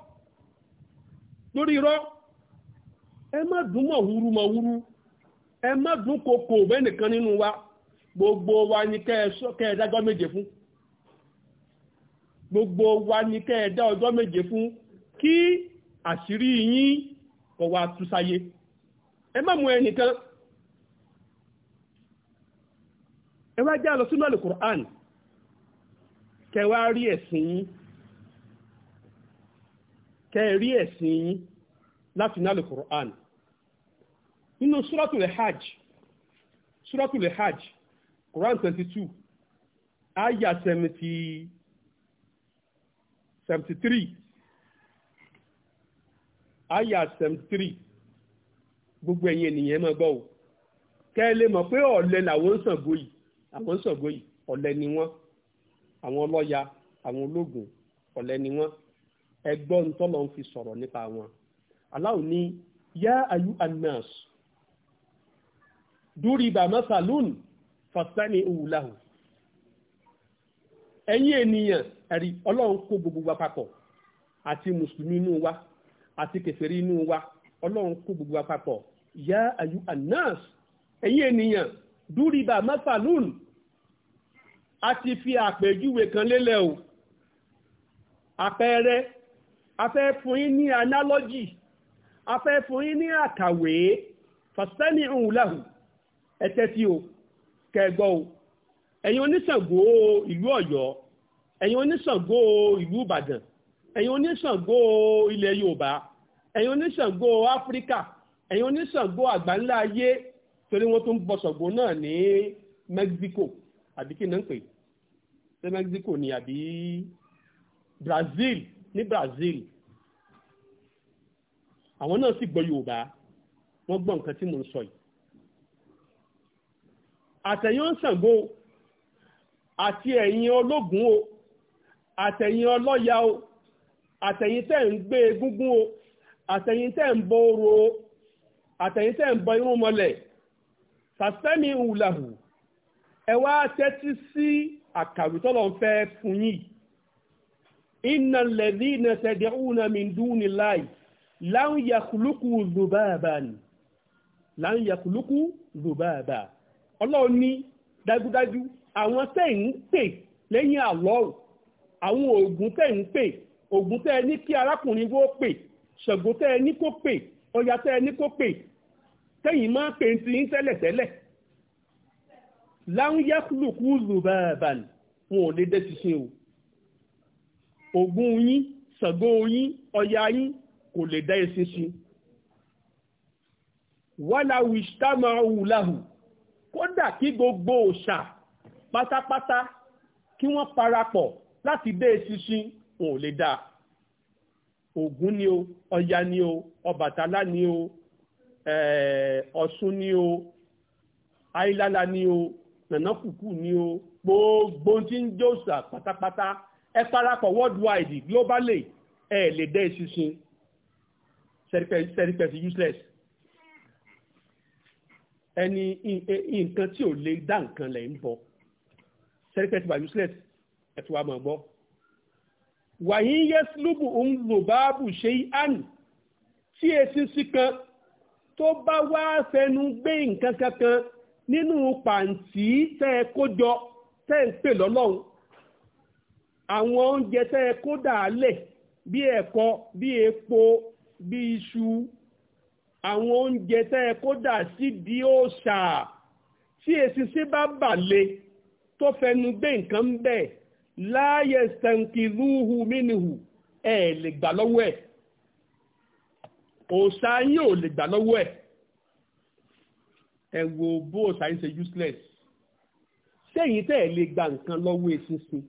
lórí irọ́ ẹ má dùn mọ̀ wúrú mọ̀ wúrú ẹ má dùn kòkò bẹ́nìkan nínú wa gbogbo wa ni kẹ́ ẹ dájọ́ méje fún gbogbo wa ni kẹ́ ẹ dá ọjọ́ méje fún kí àṣírí yín kọ̀ wá tú sáyé ẹ má mú ẹnìkan ẹ wá já lọ sínú àlùkùránì kẹ́ wá rí ẹ̀sìn yín. kẹ́ ẹ rí ẹ̀sìn yín láti ní alukur'an nínú suratul hajj suratul hajj quran twenty two aya seventy gbogbo ẹ̀yin ènìyàn máa gbọ́ o kẹ́ ẹ lè mọ̀ pé ọ̀lẹ làwọn ń Ṣàngó yìí àwọn ń ẹgbọ́n tọ́lọ̀ ń fi sọ̀rọ̀ nípa wọn Allah ní yá ayú anas duriba masalun fastani ulahu ẹ̀yin ènìyàn ẹ̀rí ọlọ́run kó gbogbo wa papọ̀ àti mùsùlùmí inú wa àti kèfèrí inú wa ọlọ́run kó gbogbo wa papọ̀ yá ayú anas ẹ̀yin ènìyàn duriba masalun a ti fi àpèjúwe kan lélẹ̀ o àpẹẹrẹ a fẹ́ fún yín ní analogy a fẹ́ fún yín ní àkàwé fàṣẹ́ni ìhùnláhù ẹ tẹ́tí o kẹgbọ́ o ẹ̀yin oníṣàngó ìlú ọ̀yọ́ ẹ̀yin oníṣàngó ìlú ìbàdàn ẹ̀yin oníṣàngó ilẹ̀ yorùbá ẹ̀yin oníṣàngó áfíríkà ẹ̀yin oníṣàngó àgbáńlá ayé torí wọ́n tún bọ ṣàngó náà ní mexico àbí kí náà ń pè ṣé mexico ni àbí brazil ní Brazil àwọn náà sì gbọ́ Yorùbá wọ́n gbọ́ nǹkan tí mò ń sọ yìí àtẹ̀yìn Ṣàngó àti ẹ̀yin ológun o àtẹ̀yìn ọlọ́ya o àtẹ̀yìn tẹ́ ń gbé egúngún o àtẹ̀yìn tẹ́ ń bọ orò o àtẹ̀yìn tẹ́ ń bọ irun mọ́lẹ̀ sàfẹ́mi ìhùlàhù ẹ wá tẹ́tí sí àkàwé tọ́lọ́ ń fẹ́ fún yìí innal ladhina tad'una min dunillahi lan yakhluqu dhubaban lan yakhluqu dhubaba ọlọ́run ní dájúdájú àwọn tẹ́ ń pè lẹ́yìn àlọ́ọ̀ àwọn oògùn tẹ́ ń pè oògùn tẹ́ ẹ ní kí arákùnrin wó pè ṣògùn tẹ́ ẹ ní kó pè ọya tẹ́ ẹ ní kó pè tẹ́yìn máa pè ń ti ń tẹ́lẹ̀tẹ́lẹ̀ láwọn yẹ́kùlùkù lùbàbàn wọn ò lè dé o. Ògún yín Ṣàngó yín Ọya yín kò lè dá eṣinṣin wàlá wìṣtámà òwúláhù kódà kí gbogbo òṣà pátápátá kí wọ́n parapọ̀ láti dé eṣinṣin wọn ò lè dá Ògún ni o Ọya ni o Ọbàtálá ni o eh, Ọ̀ṣun ni o Ayílálá ni o nànákùkù ni o gbogbo tí ń jẹ́ òṣà pátápátá ẹ parapọ̀ worldwide globally ẹ lè dẹ́ ìṣinṣin sẹ́rípẹ̀sì useless ẹni nǹkan tí ò lè dá nǹkan lẹ̀ ń bọ̀ sẹ́rípẹ̀sì by useless ẹ ti wá mọ̀ gbọ́ wàyí yẹ́sùlùbù ń lò báàbù ṣe án tí eṣinṣin kan tó bá wá fẹnu gbé nǹkan kankan nínú pàǹtí tẹ́ ẹ kó jọ tẹ́ ẹ ń pè lọ́lọ́run àwọn oúnjẹ tẹ́ ẹ kó dàálẹ̀ bí ẹ̀kọ bí epo bí iṣu àwọn oúnjẹ tẹ́ ẹ kó dà sí di òòṣà tí èsìsí bá bàlẹ̀ tó fẹnu gbé nǹkan bẹ́ẹ̀ láàyè sẹ̀ǹkìlúhu mínìhù ẹ̀ lè gbà lọ́wọ́ ẹ̀ òòṣà yín ò lè gbà lọ́wọ́ ẹ̀ ẹ wo bó òòṣà yín ṣe useless ṣé èyí tẹ́ ẹ lè gba nǹkan lọ́wọ́ eṣinṣin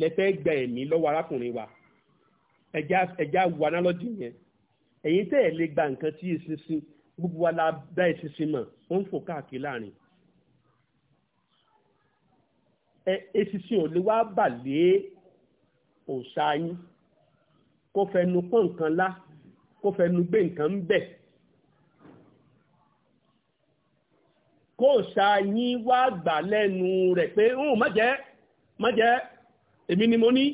lẹ fẹ́ gba ẹ̀mí lọ́wọ́ arákùnrin wa ẹja wo analogy yẹn ẹ̀yin tẹ́ ẹ̀ lè gba nǹkan tí eṣinṣin gbogbo wa la dá eṣinṣin mọ̀ ó ń fò káàkiri láàrin eṣinṣin ò lè wá bà lé òòṣà yín kó fẹnu pọ̀ nǹkan lá kó fẹnu gbé nǹkan ń bẹ̀. kó ṣàyín wá gbà lẹ́nu rẹ̀ pé ń má jẹ́ má jẹ́ èmi ni mo ní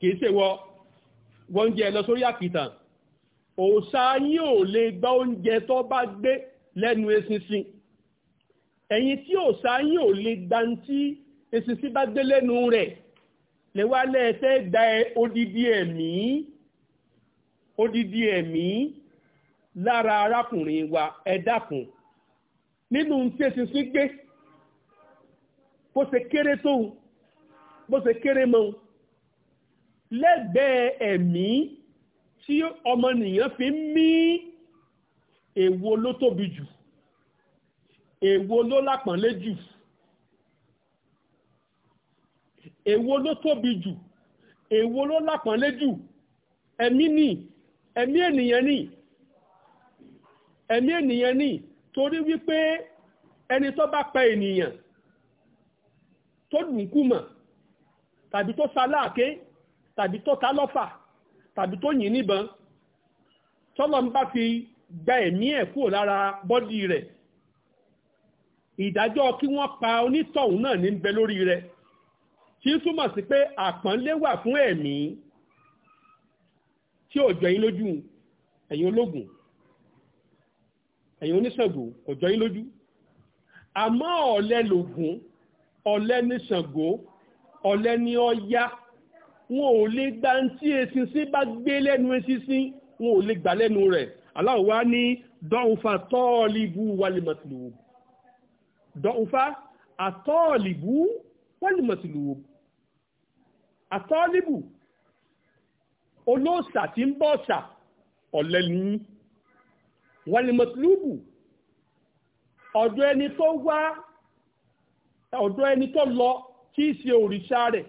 kìí ṣe wọ wọ́n jẹ lọ sórí àkìtàn òòṣà yín ò lè gba oúnjẹ tó bá gbé lẹ́nu eṣinṣin ẹ̀yin tí òòṣà yín ò lè gba ń tí eṣinṣin bá gbé lẹ́nu rẹ̀ lẹ́wálẹ̀ ẹ̀fẹ́ da odidi ẹ̀mí odidi ẹ̀mí lára arákùnrin wa ẹ nínú tí eṣinṣin gbé kó ṣe kéré tóun bó ṣe kéré mọ́ lẹ́gbẹ̀ẹ́ ẹ̀mí tí ọmọnìyàn fi ń mí èwo ló tóbi jù èwo ló lápọ̀nlé jù èwo ló tóbi jù èwo ló lápọ̀nlé jù ẹ̀mí ni ẹ̀mí ènìyàn ni ẹ̀mí ènìyàn ni torí wípé ẹni tó bá pa ènìyàn tó dùn kú mọ̀ tàbí tó sa láàké tàbí tó ta lọ́fà tàbí tó yìn níbọn tọ́lọ́ ń bá fi gba ẹ̀mí ẹ̀ kúrò lára bọ́dì rẹ̀ ìdájọ́ kí wọ́n pa onítọ̀hún náà ní bẹ lórí rẹ̀ tí ń túmọ̀ sí pé àpọ́nlé wà fún ẹ̀mí tí ò jọ yín lójú ẹ̀yin ológun ẹ̀yin oníṣàngó kò jọ yín lójú àmọ́ ọ̀lẹ lògùn ọ̀lẹ níṣàngó ọ̀lẹ ni ọ yá wọn ò lè gba tí eṣinṣin bá gbé lẹ́nu eṣinṣin wọn ò lè gbà lẹ́nu rẹ̀ Allah wá ní dọ́nfà tọ́ọ̀lìbù wálìmọ̀tìlù dọ́nfà àtọ́ọ̀lìbù wálìmọ̀tìlù àtọ́ọ̀lìbù olóòṣà tí ń bọ̀ ṣà ọ̀lẹ ni wálìmọ̀tìlù ọ̀dọ̀ ẹni tó wá ọ̀dọ̀ ẹni tó lọ tí í ṣe òrìṣà rẹ̀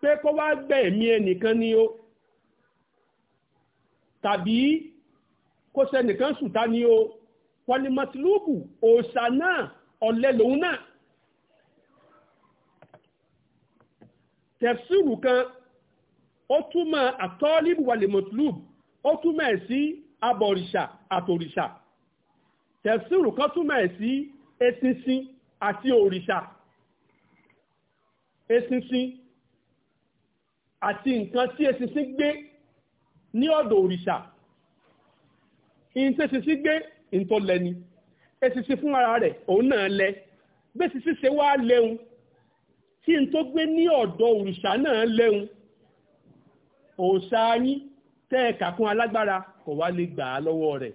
pé kó wá gbẹ̀mí ẹnìkan ni ó tàbí kó sẹ́nìkan sùtá ni ó wọ́n ní mọ́tìlúùbù òòṣà náà ọ̀lẹ lòun náà tẹ̀síwù kan ó túmọ̀ àtọ́líbù wàlẹ̀ mọ́tìlúùbù ó túmọ̀ ẹ̀ sí abọ̀rìṣà àtòrìṣà tẹ̀síwù kan túmọ̀ ẹ̀ sí eṣinṣin àti òrìṣà eṣinṣin àti nǹkan tí eṣinṣin gbé ní ọ̀dọ̀ òrìṣà ìǹtẹ́ṣinṣin gbé ìǹtọ́lẹ́ni eṣinṣin fún ara rẹ̀ òun náà lẹ gbẹ́ṣinṣin ṣe wá lẹ́hun tí n tó gbé ní ọ̀dọ̀ òrìṣà náà lẹ́hun òòṣà yín tẹ́ẹ̀kà kún alágbára kò wá lè gbà á lọ́wọ́ rẹ̀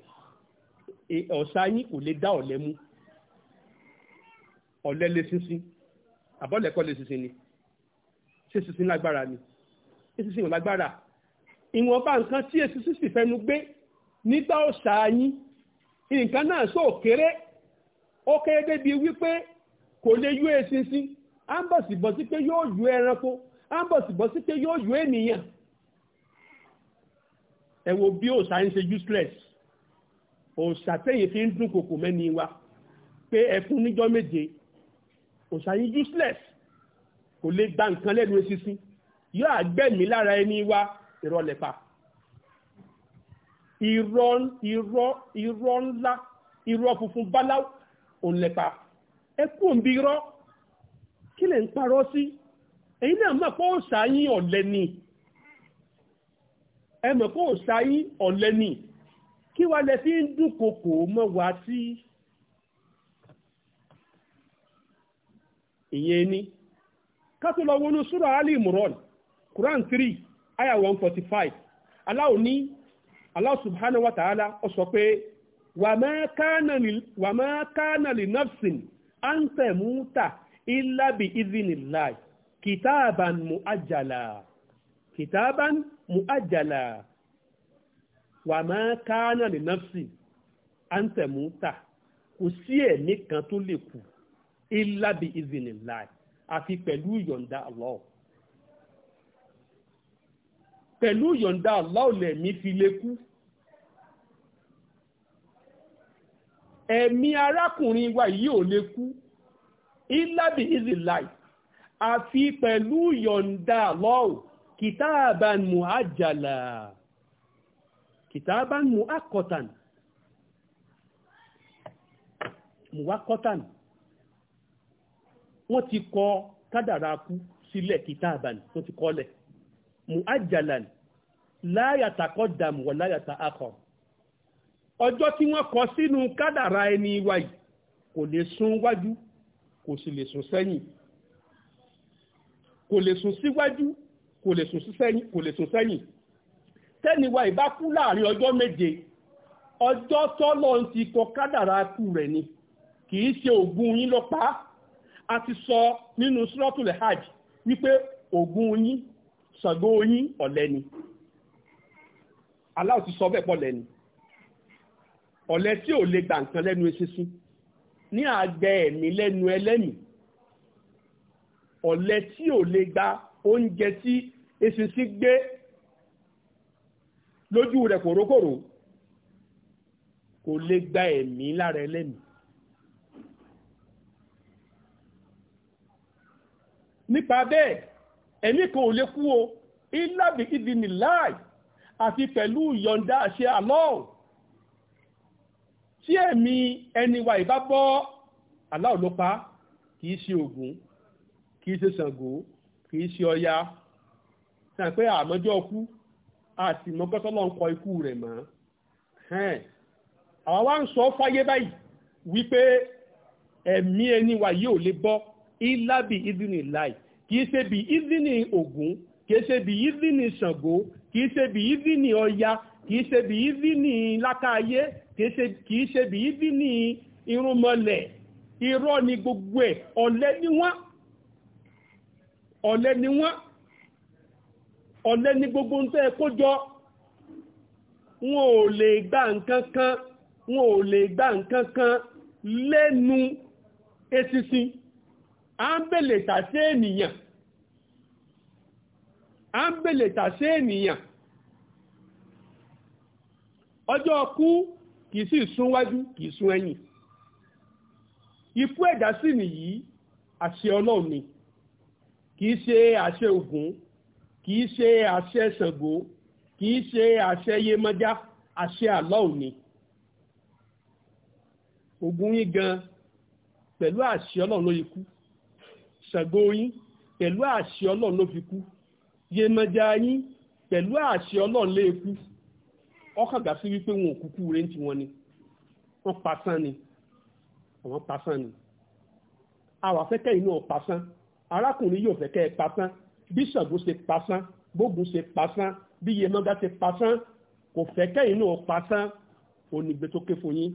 òòṣà kò lè dá ọ̀lẹ mú àbọ̀lẹ̀kọ́ lè ṣinṣin ni ṣe ṣinṣin lágbára ni ṣinṣin lágbára ìwọ̀nba nǹkan tí èsì sì fẹnu gbé nígbà ọ̀sà yín nǹkan náà sọ kéré ó kéré débi wípé kò lè yó eṣinṣin á ń bọ̀ sí bọ́ sí pé yóò yó ẹranko á ń bọ̀ sí bọ́ sí pé yóò yó ènìyàn ẹ wo bí òòṣà ń ṣe useless òòṣà tẹ̀yìn fi ń dún kòkò mẹ́ni wa pé ẹ níjọ́ méje òṣà yìí useless kò lè gba nǹkan lẹ́nu eṣinṣin yóò àgbẹ̀mí lára ẹni wa irọ́ lẹ́pa irọ́ irọ́ irọ́ ńlá irọ́ funfun báláwo òun lẹ́pa ẹ kú òǹbí irọ́ kí lè ń parọ́ sí ẹ̀yin náà mọ̀ pé òṣà yín ọ̀lẹ ni ẹ mọ̀ pé òṣà yín ọ̀lẹ ni kí wàá lẹ fi ń dúnkokò mọ́ wá sí. Si ìyẹn ní kátó lọ wọnú súrà ali imran quran three aya one forty five Allah ní Allah subhanahu wa ta'ala ó sọ pé wa ma kana li nafsin an tamuta illa bi idhnillahi kitaban mu'ajjala kitaban mu'ajjala wa ma kana li nafsin an tamuta kò sí ẹ̀mí kan tó lè kù ìlàbí ìzìnìláì àfi pẹ̀lú ìyọ̀ǹda Allah pẹ̀lú ìyọ̀ǹda Allah lẹ̀mí fi lè kú ẹ̀mí arákùnrin wa yìí ò lè kú ìlàbí ìzìnìláì àfi pẹ̀lú ìyọ̀ǹda Allah kìtàbàn muhajjala kìtàbàn muakọtan muakọtan. Mu wọ́n ti kọ kádàrá kú sílẹ̀ kitaban wọ́n ti kọ́lẹ̀ mu'ajjalan la yataqaddam wa la yata'akhkhar ọjọ́ tí wọ́n kọ sínú kádàrá ẹni wa yìí kò lè sún wájú kò sì lè sún sẹ́yìn kò lè sún síwájú kò lè sún sẹ́yìn kò lè sún tẹ́ni wa ìbá kú láàrin ọjọ́ méje ọjọ́ tọ́lọ́ ti kọ kádàrá kú rẹ̀ ni kì í ṣe ògùn yín ló pa á a ti sọ nínú suratul hajj wípé ògún yín ṣàngó yín ọ̀lẹ ni Allah ti sọ bẹ́ẹ̀ pọ̀ lẹ́nu ọ̀lẹ tí ò lè gbà nǹkan lẹ́nu eṣinṣin ní àgbẹ̀ ẹ̀mí lẹ́nu ẹlẹ́mìí ọ̀lẹ tí ò lè gba oúnjẹ tí eṣinṣin gbé lójú rẹ̀ kòrókòrò kò lè gba ẹ̀mí lára ẹlẹ́mìí nípa bẹ́ẹ̀ ẹ̀mí kan ò lè kú o ìlàbí ìdí ni láì àti pẹ̀lú ìyọ̀ǹda àṣẹ Allah tí ẹ̀mí ẹni wa ìbá bọ́ Allah ló pa kìí ṣe Ògún kìí ṣe Ṣàngó kìí ṣe Ọya sàn pé àmọ́jọ́ ọkú àti mọ́gọ́tọ́lọ́ ń kọ ikú rẹ̀ mọ́ àwọn wa ń sọ fáyé báyìí wípé ẹ̀mí ẹni wa yìí ò lè bọ́ ìlàbí ìdínì láì kìí ṣe bi ìdínì Ògún kìí ṣe bí ìdínì Ṣàngó kìí ṣe bí ìdínì Ọya kìí ṣe bí ìdínì Lákáayé kìí ṣe bí ìdínì Irúnmọlẹ̀ irọ́ ni gbogbo ẹ̀ ọ̀lẹ ni wọ́n ọ̀lẹ ni wọ́n ọ̀lẹ ni gbogbo ń tẹ́ kó jọ wọn ò lè gbà nǹkan kan wọn ò lè gbà nǹkan kan lẹ́nu eṣinṣin ámbèlè tàṣé ènìyàn ámbèlè tàṣé ènìyàn ọjọ́ ọkú kìí sì súnwájú kìí sún ẹ̀yìn ikú ẹ̀dá sì nìyí àṣẹ ọlọ́run ni kìí ṣe àṣẹ Ògún kìí ṣe àṣẹ Ṣàngó kìí ṣe àṣẹ Yemọja àṣẹ àlọ́run ni Ògún yín gan pẹ̀lú àṣẹ ọlọ́run ló yẹ kú ṣàgbó yín pẹ̀lú àṣẹ ọlọ́run ló fi kú yemọja yín pẹ̀lú àṣẹ ọlọ́run lè e kú ọkàgà sí wípé wọn ò kúkú rẹ̀ ń ti wọn ni wọ́n pasán ni àwọn pasán ni àwa fẹ́kẹ́ inú ọ̀ pasán arákùnrin yóò fẹ́kẹ́ pasán bí ṣàgbó ṣe pasán bógun ṣe pasán bí yemọja ṣe pasán kò fẹ́kẹ́ inú ọ̀ pasán onígbé fún yín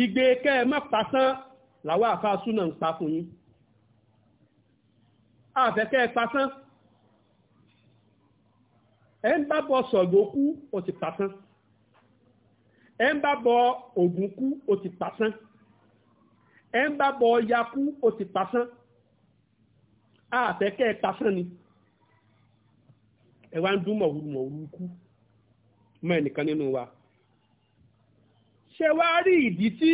igbe kẹ́ ẹ má pasán làwọn àfáà súnà ń pa fún yín àfẹ́kẹ́ ẹ pasán ẹ ń bá bọ sọ̀gbọ́ kú ó ti pasán ẹ ń bá bọ ògùn kú ó ti pasán ẹ ń bá bọ ọya kú ó ti pasán àfẹ́kẹ́ ẹ pasán ni ẹ wá ń dún mọ̀wúrú mọ̀wúrú kú mọ́ ẹnìkan nínú wa ṣe wá rí ìdí tí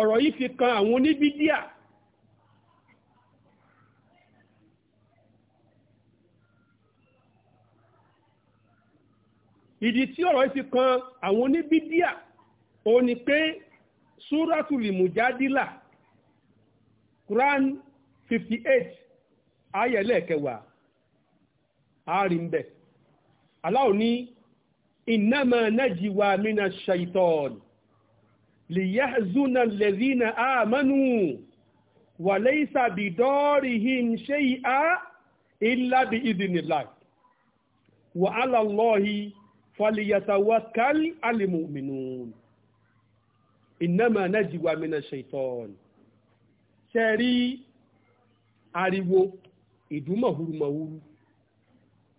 ọ̀rọ̀ yìí fi kan àwọn oníbídíà ìdí tí ọ̀rọ̀ yìí fi kan àwọn oníbídíà ó ní pé súrátùlì Quran 58 ayẹ̀lẹ́ kẹwàá àárí ń bẹ̀ aláwọ̀ ní ìnámà nájíwá mínà ṣaitọ́ọ̀nù ليحزن الذين آمنوا وليس بدارهم شيئا إلا بإذن الله وعلى الله فليتوكل المؤمنون إنما نجوى من الشيطان ṣẹ́rí ariwo ìdúmọ̀húrúmọ̀húrú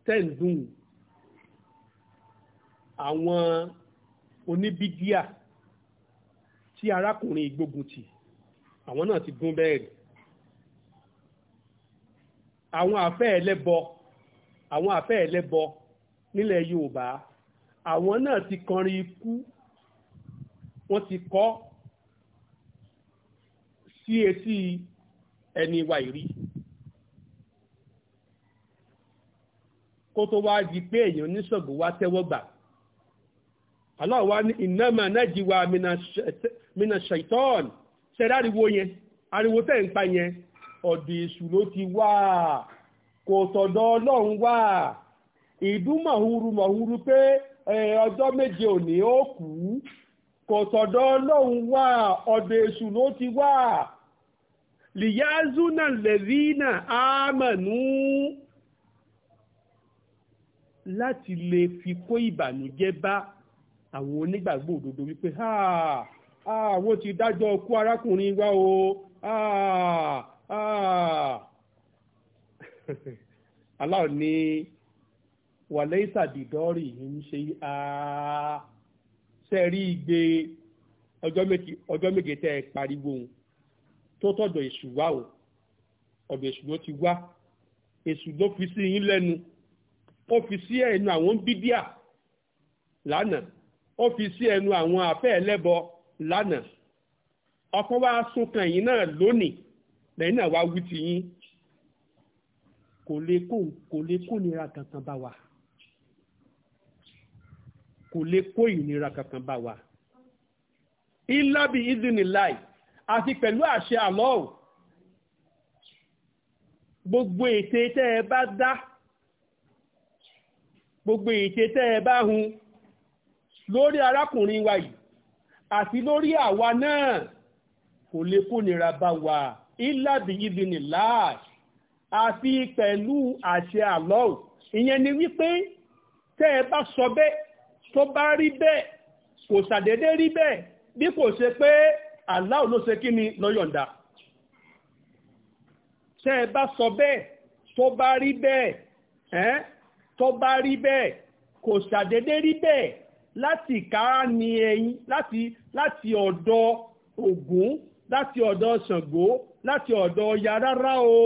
tẹ́ǹdùn àwọn oníbídíà tí arákùnrin ìgbógun tì àwọn náà ti gún bẹ́ẹ̀ rí àwọn àfẹ́ ẹlẹ́bọ àwọn àfẹ́ ẹlẹ́bọ nílẹ̀ Yorùbá àwọn náà ti kọrin ikú wọ́n ti kọ́ sí etí ẹni wa ìrí kó tó wá di pé èèyàn oníṣègùn wá tẹ́wọ́ gbà aláwọ̀ wá ìnáma náà jí wa mina ṣẹ́tẹ́ mina shaitan ṣẹ̀dá ariwo yẹn ariwo tẹ̀ ń pa yẹn ọ̀dẹ̀ èṣù ló ti wá kò tọ̀dọ̀ ọlọ́run wá ìdúmọ̀húru mọ̀húru pé ọjọ́ méje òní ó kú kò tọ̀dọ̀ ọlọ́run wá ọ̀dẹ̀ èṣù ló ti wá lìyázúnà lẹ́vínà ámànú láti lè fi kó ìbànújẹ́ bá àwọn onígbàgbọ́ òdodo wípé háà. àwọn ah, ti dájọ́ ọkú arákùnrin wa o ah, ah. aláwọ̀ ní wàlẹ́ ìsàdìdọ́rì ń ṣe sẹ́rí igbe ọjọ́ méje tẹ́ ẹ pariwo tó tọ́jọ́ èṣù wá o ọ̀dọ̀ èṣù ló ti wá èṣù ló fi sí yín lẹ́nu ó fi sí ẹnu àwọn bídíà lánàá ó fi sí ẹnu àwọn àfẹ́ ẹlẹ́bọ Lana, ọkọ wa sunkan yìí náà lónìí lẹ́yìn náà wá wí ti yín kò lè kó kò lè kó nira kankan bá wa kò lè kó ìnira kankan bá wa ilabi idinilai àti pẹ̀lú àṣẹ àlọ́ọ̀ gbogbo ète tẹ́ ẹ bá dá gbogbo ète tẹ́ ẹ bá hun lórí arákùnrin wa yìí àti lórí àwa náà kò lè kó nira bá wa ìlàbí ibi nìlá àfi pẹ̀lú àṣẹ àlọ́ ìyẹn ni wípé tẹ́ ẹ bá sọ bẹ́ẹ̀ tó bá rí bẹ́ẹ̀ kò ṣàdédé rí bẹ́ẹ̀ bí kò ṣe pé aláwò ló ṣe kí ni lọ́yọ̀ǹda tẹ́ ẹ bá sọ bẹ́ẹ̀ tó bá rí bẹ́ẹ̀ tó bá rí bẹ́ẹ̀ kò ṣàdédé rí bẹ́ẹ̀ láti ìkárá ni ẹyin láti láti ọ̀dọ̀ Ògún láti ọ̀dọ̀ Ṣàngó láti ọ̀dọ̀ Ọya rárá o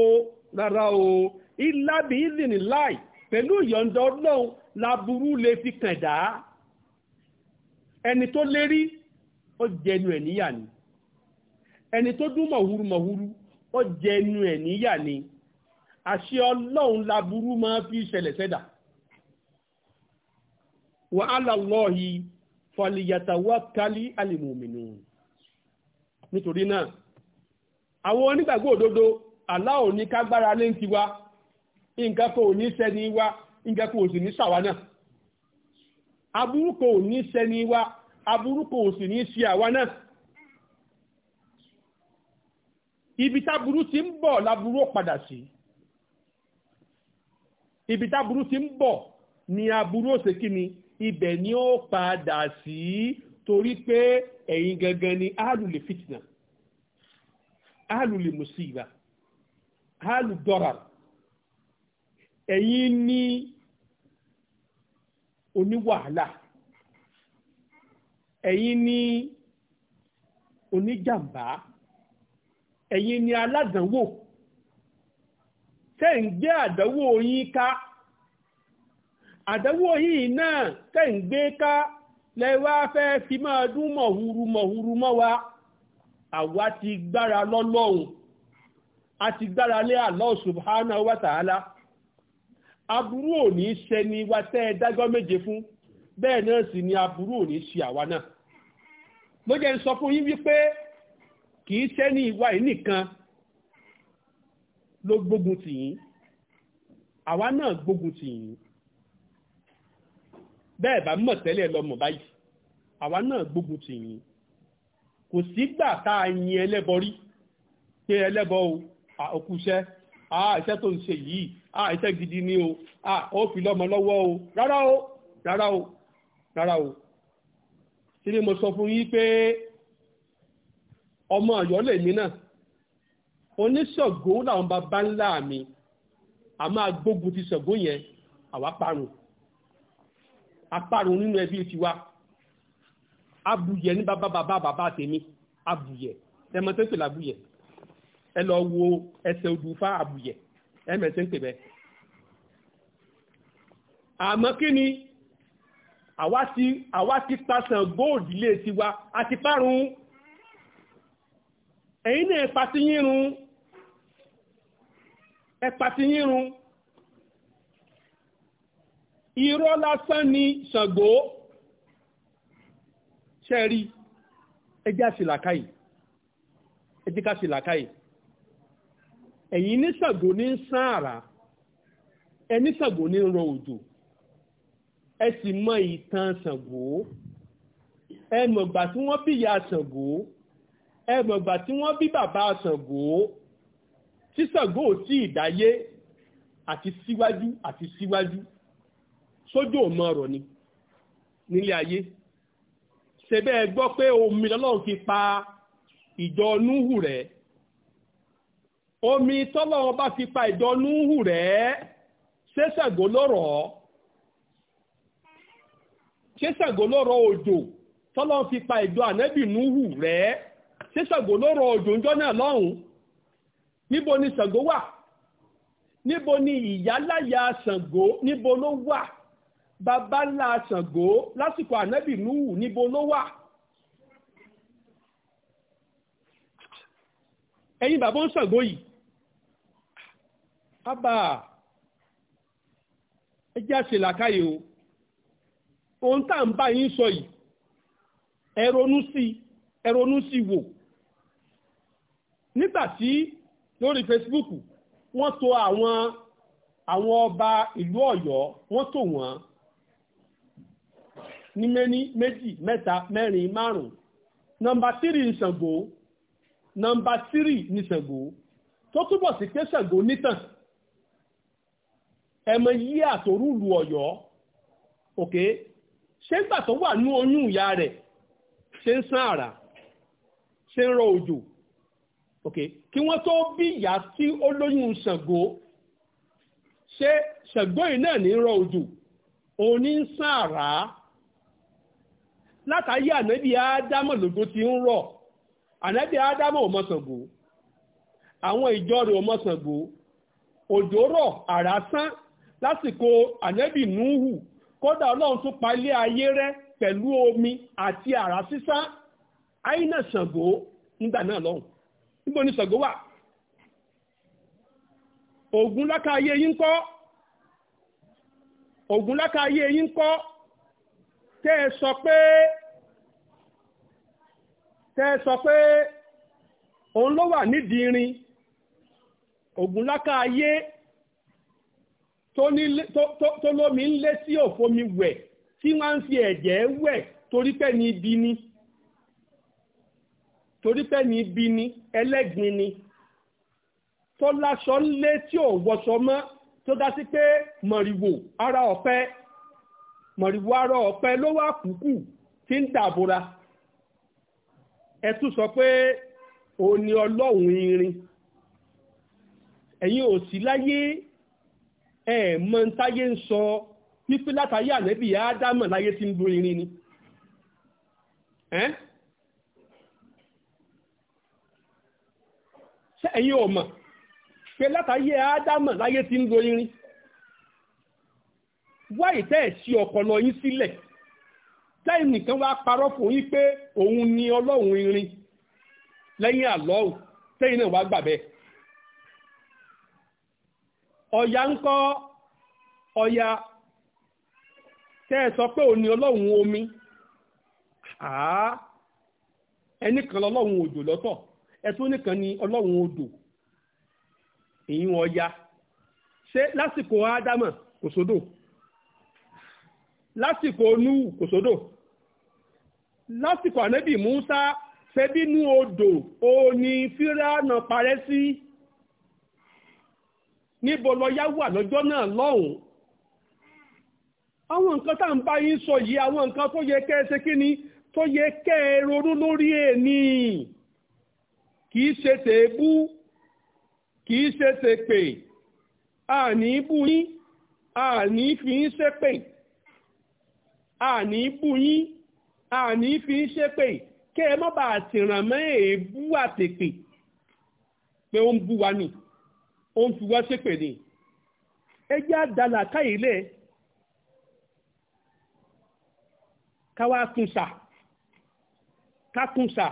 rárá o ìlàbí ìlìní láì pẹ̀lú ìyọ̀ǹda Ọlọ́run laburú lè fi kàn dá ẹni tó lérí ó jẹnu ẹ̀ níyà ni ẹni tó dún mọ̀húrú mọ̀húrú ó jẹnu ẹ̀ níyà ni àṣẹ Ọlọ́run laburú máa fi ṣẹlẹ̀ sẹ́dà. wa ala Allahi falyatawakkali al nítorí náà àwọn onígbàgbọ́ òdodo Allah ò ní kágbára lé ń tiwa nǹkan kò ní sẹ́ni wá nǹkan kò sì ní sàwa náà aburú kò ní sẹ́ni wá aburú kò sì ní sí àwa náà ibi táburú ti ń bọ̀ láburú padà sí ibi táburú ti ń bọ̀ ni aburú òsèkí ni ibẹ̀ ni ó padà sí torí pé ẹ̀yin gangan ni alùlẹ̀ fitna alùlẹ̀ musiba alùdọ́ra ẹ̀yin ni oníwàhálà ẹ̀yin ni oníjàmbá ẹ̀yin ni aládànwò tẹ́ ń gbé àdánwò yín ká àdánwò yìí náà tẹ̀ ń gbé ká lẹ́wà fẹ́ fi máa dún mọ̀húrú mọ̀húrú mọ́ wa àwa ti gbára lọ́lọ́hun a ti gbára lé Allah subhanahu wa ta'ala aburú ò ní ṣẹni wa tẹ́ ẹ dájọ́ méje fún bẹ́ẹ̀ náà sì ni aburú ò ní ṣe àwa náà ló jẹ́ ń sọ fún yín wípé kì í ṣẹ́ni ìwà yìí nìkan ló gbógun tì yín àwa náà gbógun tì yín bẹ́ẹ̀ bá mọ̀ tẹ́lẹ̀ lọ mọ̀ báyìí àwa náà gbógun tì yín kò sígbà tá a yin ẹlẹ́bọ pé ẹlẹ́bọ o àkúṣẹ́ a iṣẹ́ tó ń ṣe yìí a iṣẹ́ gidi ni o a ó fi lọ́mọ lọ́wọ́ o rárá o rárá o rárá o tí ni mo sọ fún yín pé ọmọ ọ̀yọ́ lèmi náà oníṣọ̀gbó làwọn bàbá ńlá mi a máa ti ṣọ̀gbó yẹn àwa parun apárun nínú ẹbí tiwa abuyẹ ní bàbá bàbá bàbá tèmi abuyẹ tẹmọ tó ń pè ẹ lọ wo ẹsẹ odù fá abuyẹ ẹ mẹsẹ ń pè bẹ. kí ni àwa ti àwa ti pasàn góòdì lé tiwa àti párun ẹ̀yin náà ẹ pati yín run ẹ pati yín run irọ́ lásán ni Ṣàngó ṣẹ́rí ẹjẹ́ àṣìlàkáyì ẹjẹ́ káṣìlàkáyì ẹ̀yin ní Ṣàngó ní sáàrà ẹni Ṣàngó ní rọ òjò ẹ sì mọ ìtàn Ṣàngó ẹ mọ̀gbà tí wọ́n bí ìyá Ṣàngó ẹ mọ̀gbà tí wọ́n bí bàbá Ṣàngó tí Ṣàngó ò tí ì dáyé àti síwájú àti síwájú. Si sójú ò mọ ni nílé ayé ṣebẹ́ ẹ gbọ́ pé omi lọ́lọ́run fi pa ìjọ núhù rẹ̀ omi tọ́lọ́run bá fi pa ìjọ núhù rẹ̀ ṣẹ́ṣàgó lọ́rọ̀ ṣẹ́ṣàgó lọ́rọ̀ òjò tọ́lọ́run fi pa ìjọ ànẹ́bì núhù rẹ̀ ṣẹ́ṣàgó lọ́rọ̀ òjò ńjọ́ náà lọ́hùn níbo ni Ṣàngó wà níbo ni ìyáláyà Ṣàngó níbo ló wà bàbá ńlá Ṣàngó lásìkò ànábì núhù níbo ló wà ẹ̀yin bàbá ń Ṣàngó yìí ábà ẹ jẹ́ àṣelàkáyè o ohun tá à ń bá yín sọ yìí ẹ ronú sí ẹ sí wò nígbà lórí Facebook wọ́n tò àwọn àwọn ọba ìlú Ọ̀yọ́ wọ́n tò wọ́n ní méní méjì mẹ́ta mẹ́rin márùn-ún nọmba tírì ní Ṣàngó nọmba tírì ní Ṣàngó tó túbọ̀ sí pé Ṣàngó nítàn ẹmọ yí àtòrúlu Ọ̀yọ́ òkè ṣé gbà tó wà ní oyún ìyá rẹ̀ ṣe ń sán àrà ṣe ń rọ òjò òkè kí wọ́n tó bí ìyá tí ó lóyún Ṣàngó ṣé yìí náà ní rọ òjò òní ń sán àrà látàrí ànábì ádámọ̀ lògó ti ń rọ̀ ànábì ádámọ̀ ò awon ijoro àwọn ìjọ rẹ̀ ò mọ òjò rọ̀ àrá lásìkò ànábì núhù kódà ọlọ́run pa ayé pẹ̀lú omi àti ara sisa àìnà Ṣàngó nígbà náà lọ́hùn níbo ni Ṣàngó wà ogun lákà yín kọ́ ogun lákà yín kọ́ tẹ́ sọ pé tẹ́ sọ pé òun ló wà nídìí irin ògúnláka ayé tó lómi ń lé sí òfomi wẹ̀ tí wọ́n ń fi ẹ̀jẹ̀ wẹ̀ torí pé ní ibi ni torí pé ní ibi ni ẹlẹ́gbin ni tó láṣọ ń lé tí ò wọṣọ mọ́ tó dá sí pé mọ̀rìwò ara ọ̀pẹ mọ̀rìwò ara ọ̀pẹ ló wà kúkú tí ń dàbòra ẹ tún sọ pé òun ni ọlọ́run irin ẹ̀yin ò sí láyé ẹ̀ mọ táyé ń sọ wípé látàyé ànẹ́bì ádámọ̀ láyé tí ń lo irin ni ẹ̀yin ò mọ̀ pé látàyé ádámọ̀ láyé tí ń lo irin wáyé tẹ́ ẹ̀ sí ọpọlọ yín sílẹ̀ si táì nìkan wá parọ́ fún yín pé òun ni ọlọ́run irin lẹ́yìn àlọ́hùn tẹ́yìn náà wá gbà bẹ́ẹ̀. ọ̀yà ń kọ́ ọ̀yà tẹ́ ẹ sọ pé òun ni ọlọ́run omi ẹnì kan lọ́lọ́run òjò lọ́tọ̀ ẹtún nìkan ni ọlọ́run odò ìyún ọ̀yà ṣe lásìkò ádámà kò sódò lásìkò onú kò sódò lásìkò ànábì Musa fẹbínú odò òní fíráànà parẹ́ sí níbo lọ́yá wà lọ́jọ́ náà lọ́hùn àwọn nǹkan tá sọ yìí àwọn nǹkan tó yẹ kẹ́ ẹ ṣe kí ni tó yẹ kẹ́ ẹ ronú lórí ẹni ṣe tèébú ṣe tèpè àní bú yín àní àní fi ń ṣépè kí ẹ má bàa tìràn mọ́ èébú àtèpè pé ó ń bú wa nì ó ń fi wá ṣépè ni ẹ jẹ́ àdàlà káyìlẹ̀ káwá kùnsà kákùnsà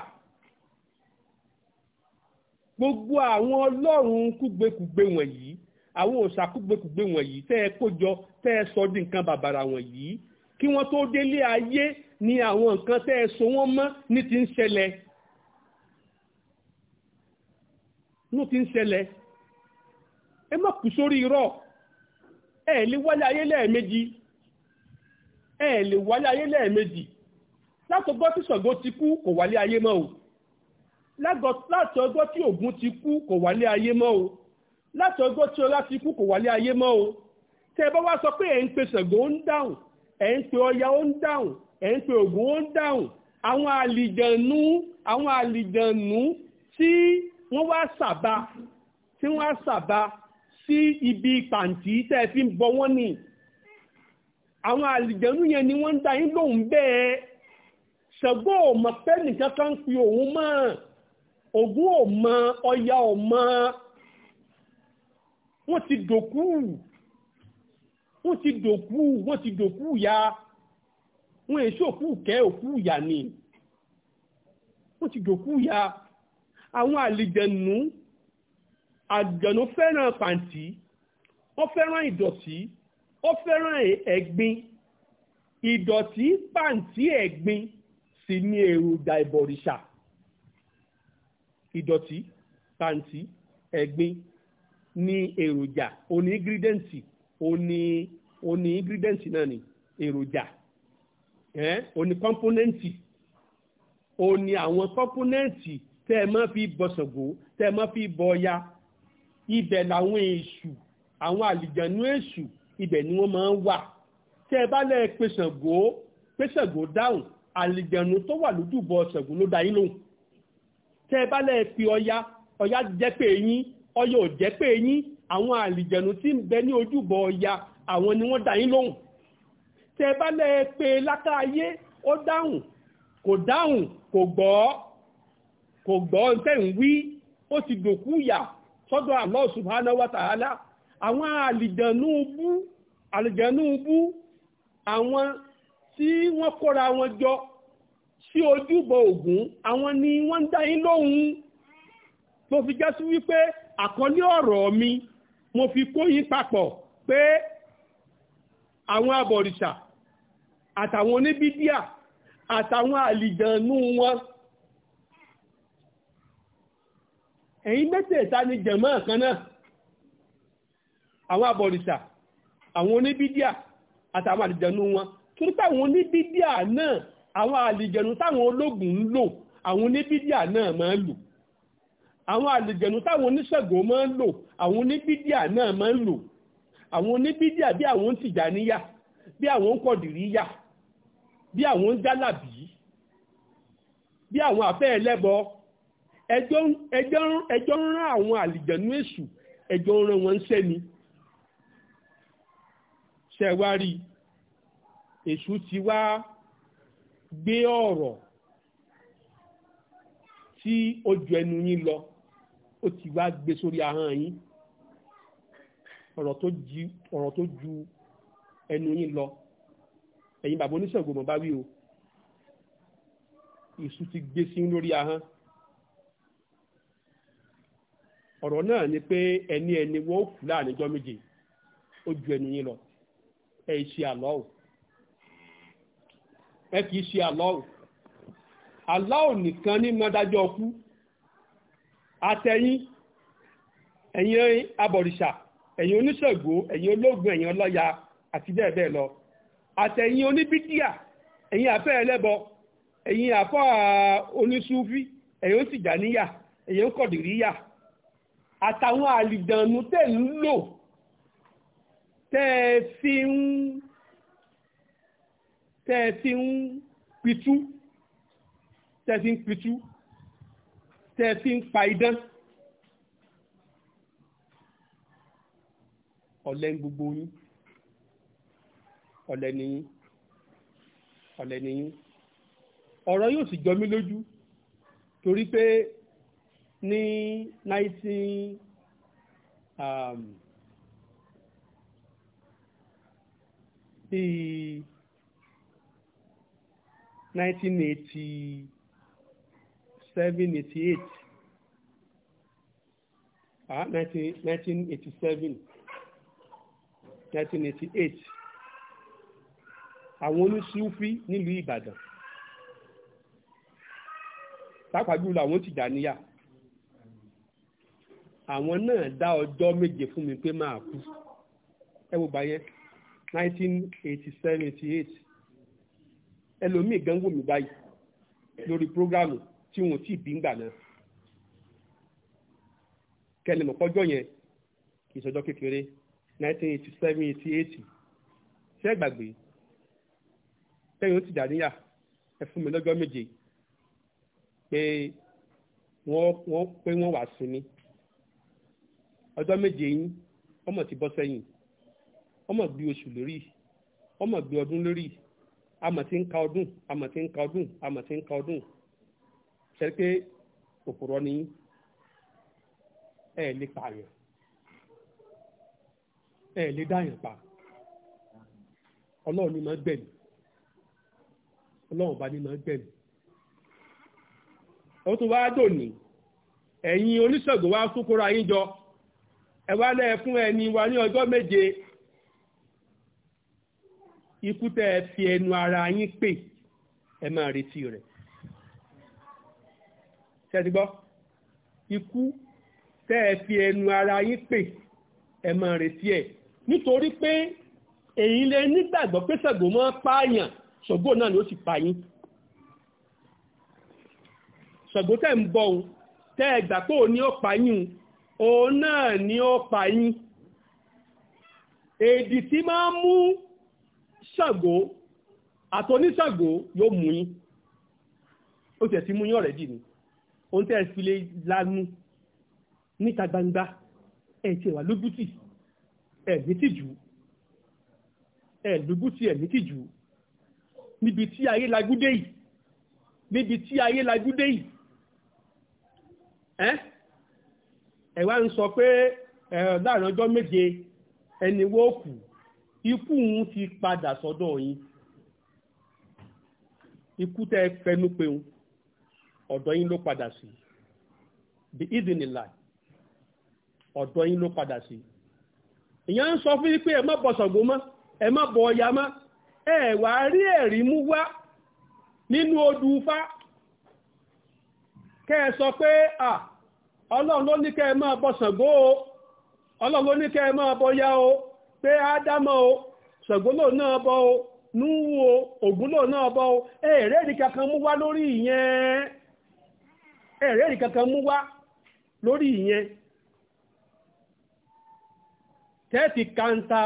gbogbo àwọn ọlọ́run kúgbekùgbe wọ̀nyí àwọn òòṣà kúgbekùgbe wọ̀nyí tẹ́ ẹ kó jọ tẹ́ ẹ sọ di nǹkan bàbàrà wọ̀nyí kí wọ́n tó délé ayé ni àwọn nǹkan tẹ́ ẹ so wọ́n mọ́ ní ti ń ṣẹlẹ̀ ní ti ń ṣẹlẹ̀ ẹ má kù sórí irọ́ ẹ lè wálé ayé lẹ́ẹ̀mejì ẹ lè wálé ayé lẹ́ẹ̀mejì láti ọgbọ́ tí Ṣàngó ti kú kò wálé ayé mọ́ o láti ọgbọ́ tí Ògún ti kú kò wálé ayé mọ́ o láti ọgbọ́ tí ọlá ti kú kò wálé ayé mọ́ o tẹ́ ẹ bá wá sọ pé ẹ̀ ń pe Ṣàngó ń dáhùn ẹ̀ ń pe ọya ó ń dáhùn ẹ̀ ń pe ògún ó ń dáhùn àwọn àlìjànú àwọn àlìjànú tí wọ́n wá sàbà tí wọ́n wá sàbà sí ibi pàǹtí tẹ́ ẹ fi ń bọ wọ́n ni àwọn àlìjànú yẹn ni wọ́n ń dá yín lóhùn bẹ́ẹ̀ ṣùgbọ́n ò mọ̀ pé nìkan kan fi òun mọ́ ògún ò mọ ọya ò ti dòkú wọ́n ti dòkú wọ́n ti dòkú ya wọ́n èso òkú kẹ́ òkú ya ni wọ́n ti dòkú ya àwọn àlìjẹ̀nù àjọ̀nù fẹ́ràn pàǹtí wọ́n fẹ́ràn ìdọ̀tí wọ́n fẹ́ràn ẹ̀gbin ìdọ̀tí pàǹtí ẹ̀gbin sì ni èròjà ìbọ̀rìṣà ìdọ̀tí pàǹtí ẹ̀gbin ni èròjà oní gírídẹ́ǹtì oní ó ní ingredients náà ni èròjà ẹ̀ ó ní kọ́mpónẹ́ǹtì ó ní àwọn kọ́mpónẹ́ǹtì tẹ́ ẹ máa fi bọ Ṣàngó tẹ́ ẹ máa fi bọ Ọya ibẹ̀ làwọn èṣù àwọn àlìjànú èṣù ibẹ̀ ni wọ́n máa ń wà tẹ́ ẹ bá lẹ́ẹ̀ pe Ṣàngó pe Ṣàngó dáhùn àlìjànú tó wà lójúbọ Ṣàngó ló dá yín lóhùn tẹ́ ẹ bá lẹ́ẹ̀ pe Ọya Ọya jẹ́ pé yín Ọya jẹ́ pé yín àwọn àlìjànú tí ń bẹ ní ojúbọ Ọya àwọn ni wọ́n dá yín lóhùn tẹ bá lẹ́ pé láká ayé ó dáhùn kò dáhùn kò gbọ́ kò gbọ́ tẹ̀ ń wí ó ti dòkú ìyà sọ́dọ̀ Allah subhanahu wa ta'ala àwọn àlìjànú bú àlìjànú bú àwọn tí wọ́n kóra wọn jọ sí ojúbọ Ògún àwọn ni wọ́n ń dá yín lóhùn tó fi já sí wípé àkọlé ọ̀rọ̀ mi mo fi kó yín papọ̀ pé àwọn abọ̀rìṣà àtàwọn oníbídíà àtàwọn àlìjànú wọn ẹ̀yin mẹ́tẹ̀ẹ̀ta ni jẹ̀mọ́ kan náà àwọn abọ̀rìṣà àwọn oníbídíà àtàwọn àlìjànú wọn torí táwọn oníbídíà náà àwọn àlìjànú táwọn ológun ń lò àwọn oníbídíà náà máa ń lò àwọn àlìjànú táwọn oníṣègùn máa ń lò àwọn oníbídíà náà máa ń lò àwọn oníbídíà bí àwọn ń tìjàníyà bí àwọn ń kọ̀dìríyà bí àwọn ń jálàbí bí àwọn àfẹ́ ẹlẹ́bọ ẹjọ́ ń rán àwọn àlìjẹ̀nú èṣù ẹjọ́ ń rán wọn ń sẹ́ni ṣẹ̀wárí èṣù ti wá gbé ọ̀rọ̀ tí ó ẹnu yín lọ ó ti wá gbé sórí ahọ́n yín ọ̀rọ̀ tó ju ẹnu yín lọ ẹ̀yin bàbá oníṣègùn mọ̀ bá wí o ìṣù ti gbé sí lórí ahọ́n ọ̀rọ̀ náà ni pé ẹni ẹni wọ́n kú láàrin ọjọ́ méje ó ju ẹnu yín lọ ẹ ṣe àlọ́ ẹ kì ṣe àlọ́ o nìkan ní mọ́dájọ́ ọkú àtẹ̀yìn ẹ̀yin abọ̀rìṣà ẹ̀yin oníṣègbò ẹ̀yin ológun ẹ̀yin ọlọ́ya àti bẹ́ẹ̀ bẹ́ẹ̀ lọ àtẹ̀yin oníbídíà ẹ̀yin àfẹ́ ẹlẹ́bọ ẹ̀yin àfọ́ oníṣúfí ẹ̀yin oṣìjàníyà ẹ̀yin kọ̀dìríyà àtàwọn àlìdànù tẹ̀ ń lò tẹ́ ẹ fi ń tẹ́ ẹ fi ń pitú tẹ́ ẹ fi ń pitú tẹ́ ẹ fi ń pa idán. ọ̀lẹ ń gbogbo yín ọ̀lẹ ni yín ọ̀lẹ ni yín ọ̀rọ̀ yóò sì jọ mí lójú torí pé ní nineteen um, bíi 1980 1987 ah, 19, 1987 1988 àwọn oníṣúfí nílùú Ìbàdàn pàápàá jùlọ àwọn Tìjàníyà àwọn náà dá ọjọ́ méje fún mi pé máa kú ẹ wò 1987-88 ẹlòmíì gan wò mí báyìí lórí prógrámù tí wọn ti bí ngbà náà kẹlẹmọkọjọ yẹn kì kékeré. 1987 88 ṣé gbàgbé tẹ́yìn ó ti dàníyà ẹ fún mi lọ́jọ́ méje pé wọ́n pé wọ́n wà sinmi ọjọ́ méje yín ọmọ ti bọ́ sẹ́yìn ọmọ gbé oṣù lórí ọmọ gbé ọdún lórí àmọ̀ tí ń ka ọdún àmọ̀ tí ń ka ọdún àmọ̀ tí ń ka ọdún ṣe pé òpùrọ̀ ni ẹ lè pààyàn ẹ̀ lè dáyàn pa ọlọ́run ni máa gbẹ̀mí ọlọ́run bá ní máa gbẹ̀mí ó tún wá dòní ẹ̀yin oníṣègùn wá fún kóra yín jọ ẹ wá lẹ́ fún ẹni wa ní ọjọ́ méje ikú tẹ́ ẹ fi ẹnu ara yín pè ẹ máa retí rẹ̀ ṣẹ́ni gbọ́ ikú tẹ́ ẹ fi ẹnu ara yín pè ẹ máa retí ẹ̀. nítorí pé èyí lè nígbàgbọ́ pé Ṣàngó máa pààyàn Ṣàngó náà ni ó sì pààyàn Ṣàngó tẹ́ ń bọ̀ òun tẹ́ ẹ gbà pé òun ni ó pààyàn òun náà ni ó pààyàn èdè tí máa mú Ṣàngó àtọ́níṣàgò yóò mú yín ó tẹ̀ sí mú yín ọ̀rẹ́ dì ní ohun tẹ́ ẹ fi lè lanu níta gbangba ẹ̀ tiẹ̀ wà lójútì ẹ̀mí tìjú ẹ̀lúgbú ti ẹ̀mí tìjú níbi tí ayé lagúdé yìí níbi tí ayé lagúdé yìí ẹ́ ẹ wá ń sọ pé láàrin ọjọ́ méje ẹni wó kù ikú ń ti padà sọ́dọ̀ yín ikú tẹ́ fẹnu peun ọ̀dọ̀ yín ló padà sí bí ìdìnnìlà ọ̀dọ̀ yín ló padà sí. Si ìyá ń sọ fún pé ẹ bọ mọ́ má bọ Ọya mọ́ ẹ rí ẹ̀rí mú wá nínú odù Ifá sọ pé à ọlọ́run ló ní kẹ́ ẹ o ọlọ́run ló ní kẹ́ ẹ o pé Ádámọ̀ o náà bọ́ o núwú o náà bọ o ẹ̀rẹ́ kankan wá lórí ìyẹn tẹ́ẹ̀tì kanta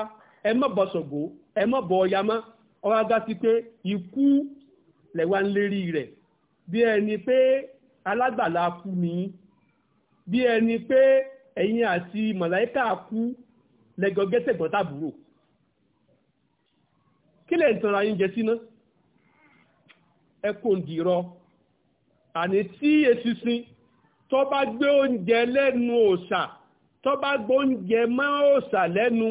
ẹ mọ̀ bọ̀ ṣògo ẹ mọ̀ bọ̀ ọ̀yà mọ́ ọ̀rọ̀ ga sí pé ikú lẹ̀wá ń lérí rẹ̀ bí ẹni pé alágbàlá kú ni bí ẹni pé ẹ̀yin àti màláíkà kú lẹ́gọ̀gẹ́sẹ̀ gbọ́tàbúrò kí lè ń yín jẹ síná ẹ kò ń dìrọ àní tí eṣinṣin tó bá gbé oúnjẹ lẹ́nu òòṣà tó bá gbóúnjẹ mọ́ òòṣà lẹ́nu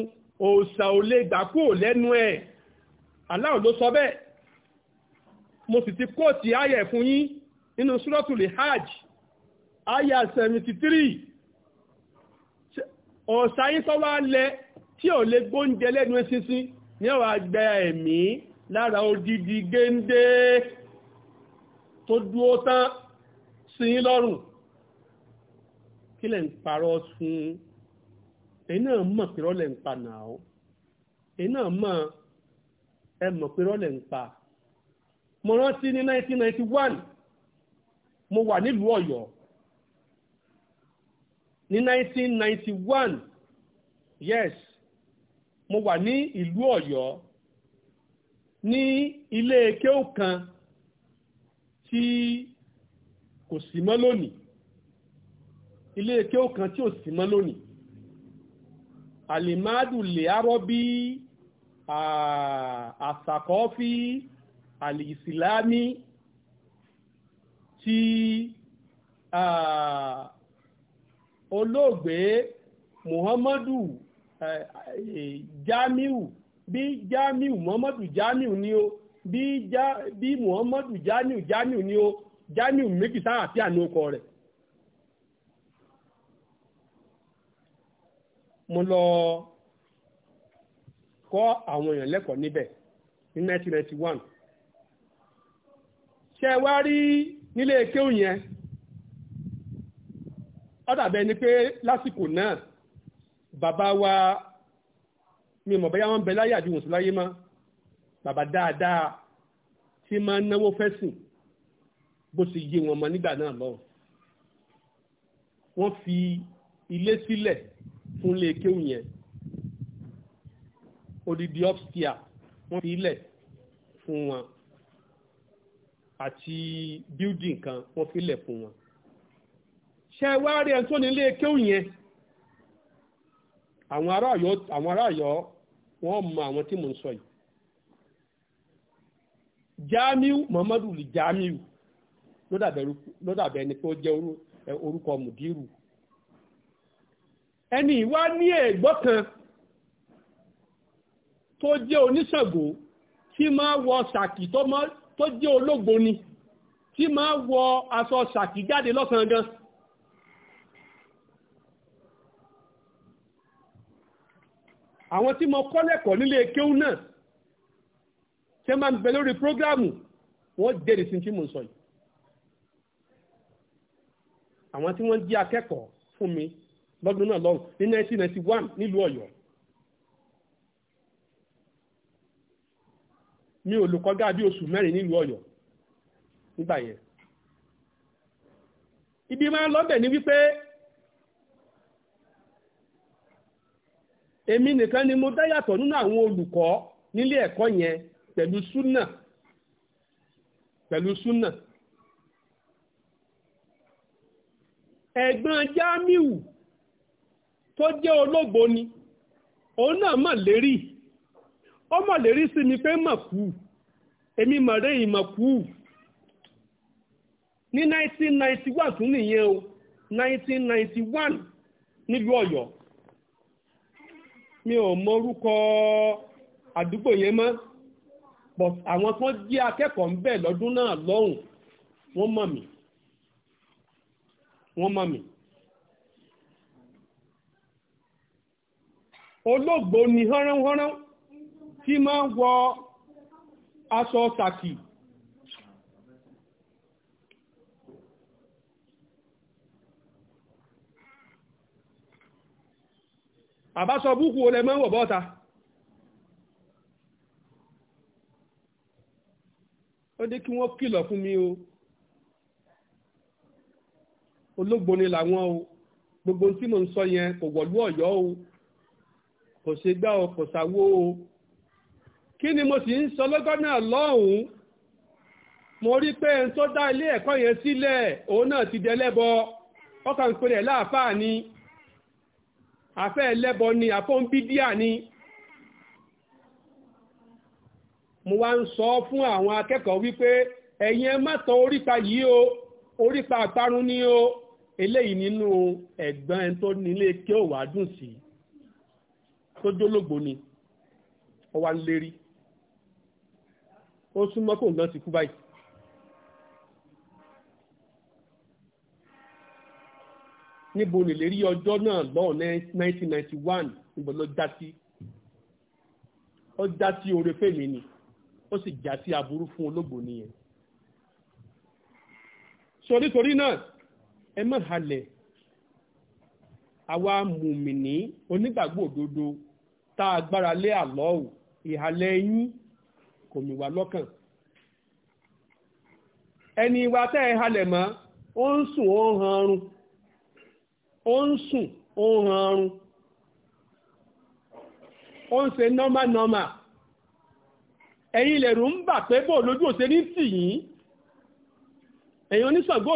òòṣà ò lè gbà kúrò lẹ́nu ẹ̀ Allah ló sọ bẹ́ẹ̀ mo sì ti kóòtì ayẹ̀ fún yín nínú suratul hajj ayà 73 òòṣà yín tó wá lẹ tí ò lè gbóúnjẹ lẹ́nu ẹ̀ ní ọ̀rọ̀ àgbẹ̀ ẹ̀mí lára odidi géńdé tó dúó tán sí lọ́rùn kí lẹ̀ ń parọ́ sun èyí náà mọ̀ pé rọ́lẹ̀ ń pa nàá èyí náà mọ̀ ẹ mọ̀ pé rọ́lẹ̀ ń pa mo rántí ní 1991 mo wà nílùú Ọ̀yọ́ ní 1991 yes mo wà ní ìlú Ọ̀yọ́ ní ilé kéwù kan tí kò sí mọ́ lónìí ilé kéwù kan tí ò sí mọ́ lónìí alimadu learobi asakọfi alisilami ti olóògbé muhammadu jamiu bi jamiu muhammadu jamiu ni o bi muhammadu jamiu jamiu ni o jamiu méjì sáà àti àná ọkọ mo lọ kọ́ àwọn èèyàn lẹ́kọ̀ọ́ níbẹ̀ ní 1991 ṣe wá rí nílé kéwù yẹn ó dàbẹ́ ni pé lásìkò náà bàbá wa mi mọ̀ bẹ́yà wọ́n bẹ láyé àbí wọ́n sí láyé mọ́ bàbá dáadáa tí máa ń náwó fẹ́sìn bó ti yé wọn mọ́ nígbà náà lọ wọ́n fi ilé sílẹ̀ fún lè kéwù yẹn odidi ọpstia wọn fi ilẹ̀ fún wọn àti bíldìn kan wọn fi ilẹ̀ fún wọn ṣe wá rí ẹni tó nílé kéwù yẹn àwọn aráàyọ àwọn aráàyọ wọ́n mọ àwọn tí mò ń sọ yìí jamiu muhammadu jamiu ló dàbẹ̀ ẹni pé ó jẹ́ orúkọ mùdírù ẹni ìwá ní ẹ̀gbọ́n kan tó jẹ́ oníṣàngó tí máa wọ sàkì tó jẹ́ ológbò ni tí máa wọ aṣọ sàkì jáde lọ́sàn-án gan àwọn tí mo kọ́ lẹ́kọ̀ọ́ nílé kéwú náà tí máa ń bẹ lórí prógrámù wọ́n jẹ́rìí sí tí mo sọ yìí àwọn tí wọ́n jẹ́ akẹ́kọ̀ọ́ fún mi lọ́dún náà lọ́hùn ní 1991 nílùú ọ̀yọ́ mi ò lò kọjá bí oṣù mẹ́rin nílùú ọ̀yọ́ nígbà yẹ. ibi máa ń lọ́bẹ̀ ni wípé èmi nìkan ni mo dá nínú àwọn olùkọ́ nílé ẹ̀kọ́ yẹn pẹ̀lú súnà pẹ̀lú súnà ẹ̀gbọ́n Jamiu tó jẹ́ olóògbó ni òun náà mọ̀ lérí ó mọ̀ lérí sí mi pé mọ̀ kú èmi mọ̀ rẹ́ ìmọ̀ kú ní 1991 tún nìyẹn o 1991 nílùú Ọ̀yọ́ mi ò mọ orúkọ àdúgbò yẹn mọ́ but àwọn kan jẹ́ akẹ́kọ̀ọ́ ń bẹ̀ lọ́dún náà lọ́hùn wọ́n mọ̀ mí wọ́n mọ̀ mí olóògbò ni hánránhánrán tí máa ń wọ aṣọ sàkì àbáṣọ búkú olè máa ń wọ̀ bọ́ta ó dé kí wọ́n kìlọ̀ fún mi o olóògbò ni làwọn o gbogbo tí mo ń sọ yẹn kò wọ̀lú ọ̀yọ́ o kò ṣe gbá o kò ṣàwó o kí ni mo sì ń sọ lọ́gọ́ náà lọ́hùn-ún mo rí pé ẹni tó dá ilé ẹ̀kọ́ yẹn sílẹ̀ òun náà ti dẹ́lẹ́bọ ọkàn pé rẹ̀ láàfáà ni àfẹ́ ẹlẹ́bọ ni àfọ́nbídíà ni mo wá ń sọ fún àwọn akẹ́kọ̀ọ́ wípé ẹ̀yin ẹ má tàn orípa yìí o orípa àparun ni o eléyìí nínú ẹ̀gbọ́n ẹni tó nílé kí ó wàá dùn sí i. tó jólógbò ni ó wá ń lérí ó súnmọ́ kó nǹkan ti kú báyìí. níbo ni lérí ọjọ́ náà lọ́ọ̀ 1991 níbo ló já sí ó já sí oore fèmí ni ó sì já sí aburú fún ológbò nìyẹn. sọ náà ẹ má halẹ̀ àwa mùmìnì onígbàgbọ́ òdodo ta agbara lé àlọ́ ò ìhàlẹ̀ yín kò mì lọ́kàn ẹni wa tẹ́ ẹ halẹ̀ mọ́ ó ń sùn ó ń han arun ó ń sùn ó ń han arun ó ń ṣe nọ́mà nọ́mà ẹ̀yin ìlẹ̀rù ń bà pé bó lójú òṣè ní tì yín ẹ̀yin oníṣàngó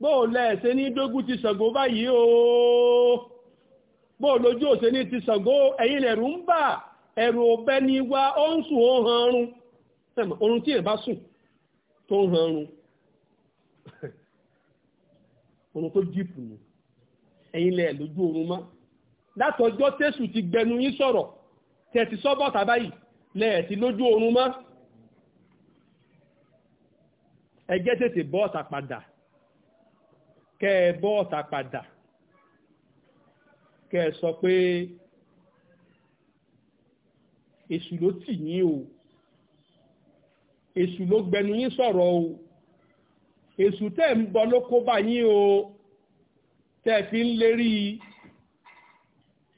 bóòlẹ̀ ní dógún ti Ṣàngó báyìí ooo bóòlójú ní ti ẹ̀yìn ń bà ẹ̀rù ọ̀bẹ ni wá ó ń sùn ó tí ẹ̀ bá sùn tó ń han ọrùn ọrùn tó ẹ̀yìn lójú látọjọ́ ti gbẹnu yín sọ̀rọ̀ tẹ̀sí sọ́bọ̀tà báyìí lójú ẹgẹ́ tètè kẹ́ ẹ bọ́ ọ̀tá padà kẹ́ ẹ sọ pé èṣù ló tì yín o èṣù ló gbẹnu yín sọ̀rọ̀ o èṣù tẹ́ ń bọ ló kó bá yín o tẹ́ fi ń lérí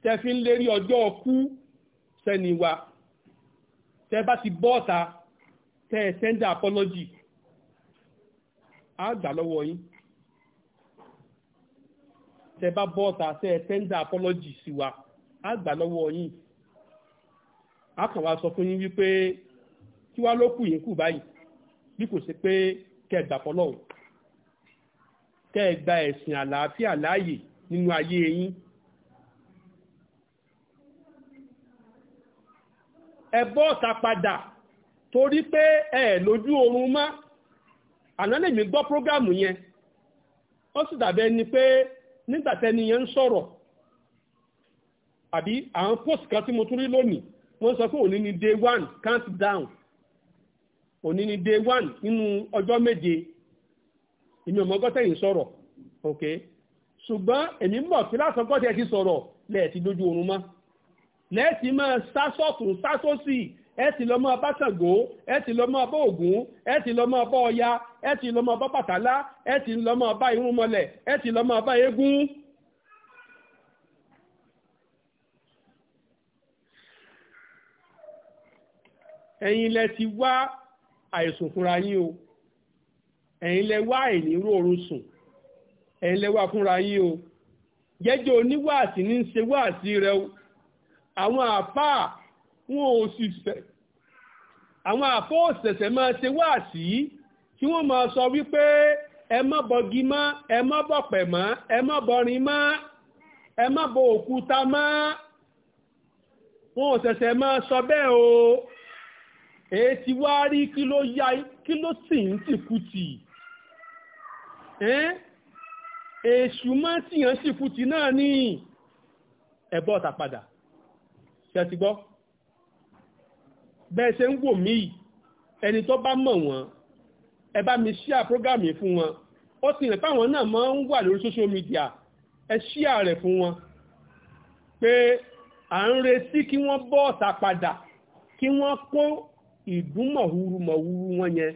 tẹ́ fi ń lérí ọjọ́ ọkú sẹ́ni wa tẹ́ bá ti bọ́ ọ̀tá tẹ́ ẹ sẹ́ńdà apọ́lọ́jì á gbà lọ́wọ́ yín. tẹ bá bọ́ ase sẹ́ tẹ́ndà apọ́lọ́jì sí wa á gbà lọ́wọ́ yín á kàn wá sọ fún wípé kí wá ló kù yín kù báyìí bí kò sí pé kẹ́ gbà fọlọ́hùn gba ẹ̀sìn àlàáfíà láàyè nínú ayé yín. ẹ bọ́ padà torí pé ẹ lójú oorun mọ́ àná lèmi gbọ́ prógámù yẹn ó sì dàbẹ́ ni pé nígbà tẹni yẹn ń sọ̀rọ̀ àbí àwọn post kan tí mo tún rí lónìí wọ́n sọ pé òní ni day one count down òní ni day one nínú ọjọ́ méje èmi ọmọ ọgọ́tẹ̀yìn sọ̀rọ̀ ok ṣùgbọ́n èmi mọ̀ sí lásọgọ́tẹ̀ ti sọ̀rọ̀ lẹ́ẹ̀tì dojú oorun mọ́ lẹ́ẹ̀tì máa sásọ̀tún sásọ́sì ẹ ti lọ mọ bá Ṣàngó ẹ ti lọ mọ bá Ògún ẹ ti lọ mọ bá Ọya ẹ ti lọ mọ bá Bàtálá ẹ ti lọ mọ́ bá Irúnmọlẹ̀ ẹ ti lọ mọ bá eégún. ẹ̀yin lẹ ti wá àìsùn fúnra yín o ẹ̀yin lẹ wá àìníró oorun sùn ẹ̀yin lẹ wá fúnra yín o jẹ́jọ́ oníwàásí ní í ṣe wáàsí rẹ o àwọn àáfàá wọn ò sì sẹ̀ àwọn àfọ́ọ̀sẹ̀sẹ̀ máa ṣe wá sí tí wọ́n máa sọ wípé ẹ má bọgi mọ́ ẹ má bọ̀pẹ̀ mọ́ ẹ má bọrin mọ́ ẹ má bọ òkúta mọ́ wọn ò ṣẹ̀ṣẹ̀ máa sọ bẹ́ẹ̀ o èyí ti wá rí kí ló yá kí ló sì ń tìkùtì èṣù má tìyàn sì kùtì náà ní ẹ̀bọ́ ọ̀tà padà ṣe ti gbọ́ bẹ́ẹ̀ ṣe ń wò mí yìí ẹni tó bá mọ̀ wọ́n ẹ bá mi ṣíà program yìí fún wọn ó ti rìn fáwọn náà máa ń wà lórí social media ẹ ṣíà rẹ̀ fún wọn pé à ń retí kí wọ́n bọ́ ọ̀tà padà kí wọ́n kó ìdúnmọ̀húrúmọ̀húrú wọn yẹn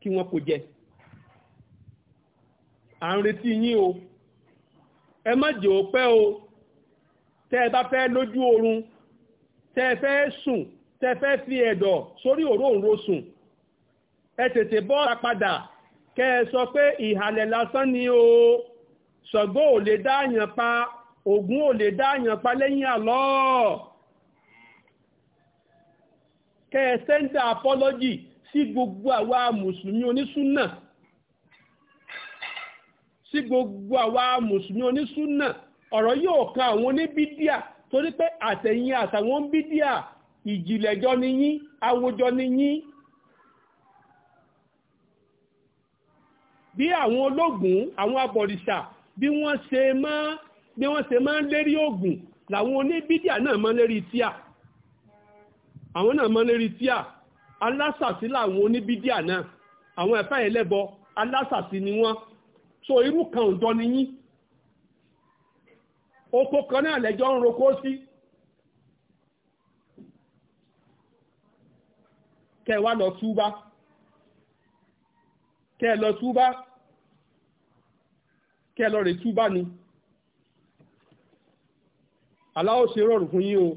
kí wọ́n kó jẹ à ń retí yín o ẹ má jẹ́ òpẹ́ o tẹ́ ẹ bá fẹ́ lójú oorun tẹ́ ẹ fẹ́ sùn tẹ fẹ́ fi ẹ̀dọ̀ sórí òróǹro sùn ẹ tètè bọ́ padà kẹ́ ẹ sọ pé ìhàlẹ̀ lásán ni o Ṣàngó ò lè dáàyàn pa Ògún ò lè dáàyàn pa lẹ́yìn àlọ́ kẹ́ ẹ sẹ́ńdà apọ́lọ́jì sí gbogbo àwa mùsùlùmí onísùnà sí gbogbo àwa mùsùlùmí onísúnà ọ̀rọ̀ yóò kan àwọn oníbídíà torí pé àtẹ̀yìn àtàwọn bídíà ìjìnlẹ̀jọ ni yín awojọ ni yín bí àwọn ológun àwọn abọ̀rìṣà bí wọ́n ṣe máa bí wọ́n ogun làwọn oníbídíà náà máa ń lérí tíà àwọn náà máa ń lérí tíà alásàsí làwọn oníbídíà náà àwọn ẹlẹ́bọ ni wọ́n so irú kan jọ ni yín oko kan náà lẹ́jọ́ ń si kẹ́ wá lọ túbá kẹ́ lọ túbá kẹ́ lọ rè túbá ni Allah ó ṣe rọrùn fún yín o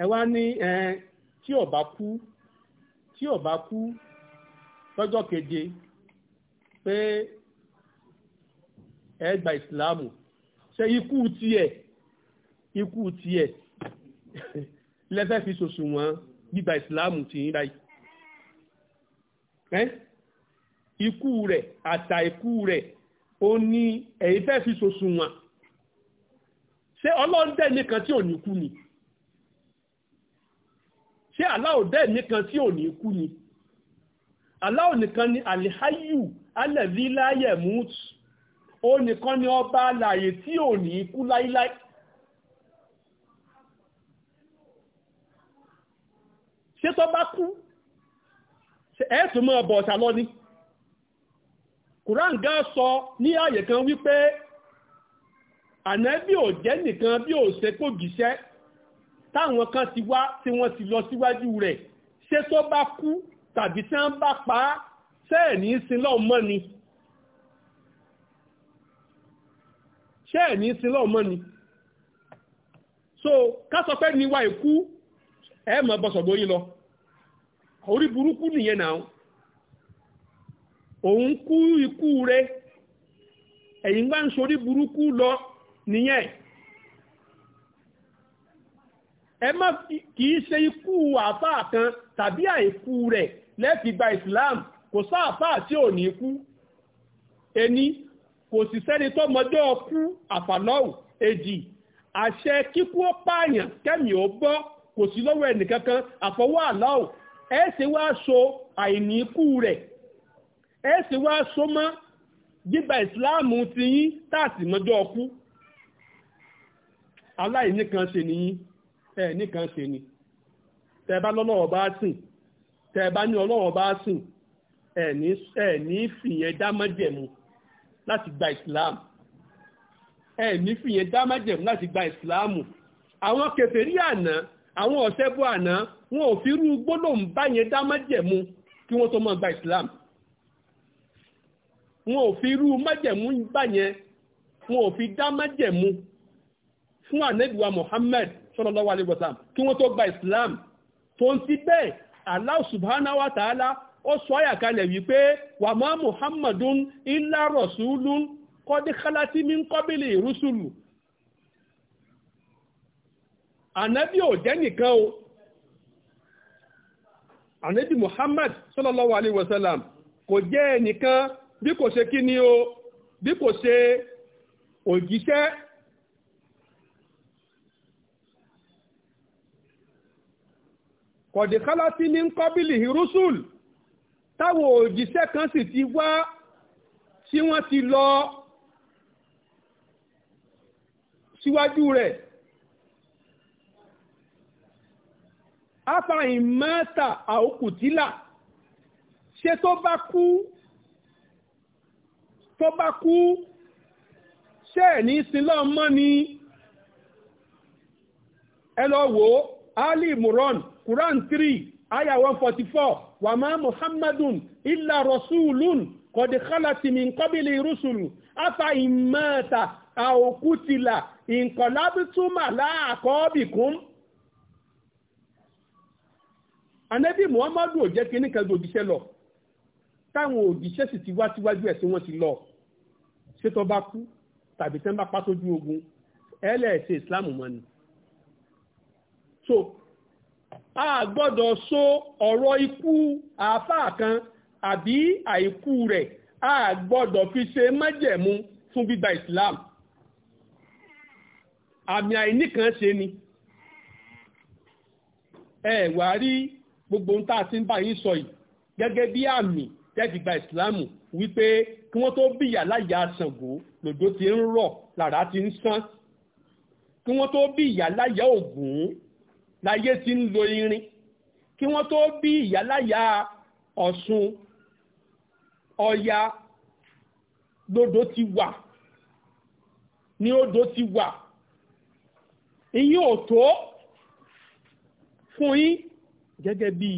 ẹ wá ní ẹ tí ó bá kú tí ó bá kú lọ́jọ́ keje pé ẹ gba ìsìláàmù ṣe ikú tiẹ̀ ikú tiẹ̀ lẹ́fẹ́ fi sòṣùwọ̀n gbígba ìsìláàmù tì yín báyìí ikú rẹ̀ àtà ikú rẹ̀ ó ní ẹ̀yin fẹ́ fi sòṣùwọ̀n ṣé ọlọ́ọ̀dẹ́ nìkan tí ò ní kú ni ṣé aláòdẹ́ nìkan tí ò ní kú ni aláò nìkan ni alihayu alẹ́bí láyẹ̀ mú ó nìkan ni ọba alàyè tí ò ní kú láíláí. ṣé tó bá kú ẹ̀ẹ́sùn mọ́ ọbọ̀ ọ̀sà lọ́ní Kùrán gan sọ ní ààyè kan wípé ànábì ò jẹ́ nìkan bí ò ṣe kó gìṣẹ́ táwọn kan ti wá tí wọ́n ti lọ síwájú rẹ̀ ṣé tó bá kú tàbí tí wọ́n bá pa á ṣẹ́ẹ̀ ní sinlọ́ mọ́ ni ṣẹ́ẹ̀ ní sinlọ́ mọ́ ni so ká sọ pé niwa ìkú ẹ mọ̀ bọ́sọ̀gbó lọ orí burúkú nìyẹn náà òun kú ikú rẹ ẹ̀yìn gbá ń sorí burúkú lọ nìyẹn ẹ kìí ṣe ikú kan tàbí àìkú rẹ lẹ́fi gba Islam kò sáàfáà tí ò ní kú ẹni kò sì sẹ́ni tó mọjọ́ kú àfàlọ́wù èjì àṣẹ kíkú ó pààyàn kò sí lọ́wọ́ ẹnìkankan àfọwọ́ àláò ẹ ṣe wá so àìníkù rẹ̀ ẹ ṣe wá so mọ́ gbígba ìsìláàmù ti yín táàsì mọ́jọ́ ọkú aláìníkan ṣe nìyí ẹ níkan ṣe ni tẹ́ bá lọ́lọ́wọ́ bá sìn tẹ́ bá ní ọlọ́wọ́ bá sìn ẹ ní fìyẹn dá májẹ̀mú láti gba ìsìláàmù ẹ fìyẹn dá láti gba ìsìláàmù àwọn kèfèrí àná àwọn ọ̀sẹ́ bó àná wọn ò fi irú gbólóhùn báyẹn dá májẹ̀mú kí wọ́n tó gba Islam wọn ò fi rú májẹ̀mú báyẹn wọn ò fi dá májẹ̀mú fún ànẹ́bíwá Muhammad sallallahu alaihi kí wọ́n tó gba Islam tó ń ti bẹ́ẹ̀ subhanahu wa ta'ala ó sọ wípé wàmọ́ Muhammadun ànábì ò jẹ́ nìkan o ànábì Muhammad sallallahu alaihi wasallam kò jẹ́ ẹnìkan bí kò ṣe kí ni o bí kò ṣe òjíṣẹ́ kọ̀dìkálá sí ní kọ́bílì hirusul táwọn òjíṣẹ́ kan sì ti wá tí wọ́n ti lọ síwájú rẹ̀ afa imata aokutila ṣe tó bá kú tó bá kú ṣe ní sílọ́n mọ́ ni ẹlọ́wọ́ ali muran quran 3 aya 144 wa ma muhammadun illa rasulun qad khalat min qabli rusulu afa imata aokutila inqalabtum ala aqabikum anabi muhammadu ò jẹ́ kínní kan gbòdìṣẹ́ lọ táwọn òdìṣẹ́ sì ti wá síwájú ẹ̀ tí wọ́n ti lọ ṣé tó bá kú tàbí tẹ́ ń bá pátójú ogun ẹlẹ́ẹ̀ṣẹ̀ ìsìláàmù mọ́ ni. so a gbọ́dọ̀ so ọ̀rọ̀ ikú àáfàá kan àbí àìkú rẹ̀ a gbọ́dọ̀ fi ṣe májẹ̀mú fún gbígba ìsìláàmù àmì àìníkan ṣe ni ẹ wá rí gbogbo ohun tá a ti ń bá yín sọ yìí gẹ́gẹ́ bí àmì tẹ́ẹ̀fì gba ìsìláàmù wípé kí wọ́n tó bìyà láyà Ṣàngó lòdó ti ń rọ̀ làrá ti ń sán kí wọ́n tó bí ìyá láyà Ògún láyé ti ń lo irin kí wọ́n tó bí láyà Ọ̀ṣun Ọya lódò ti wà ní odò ti wà ìyín ò tó fún yín gẹ́gẹ́ bí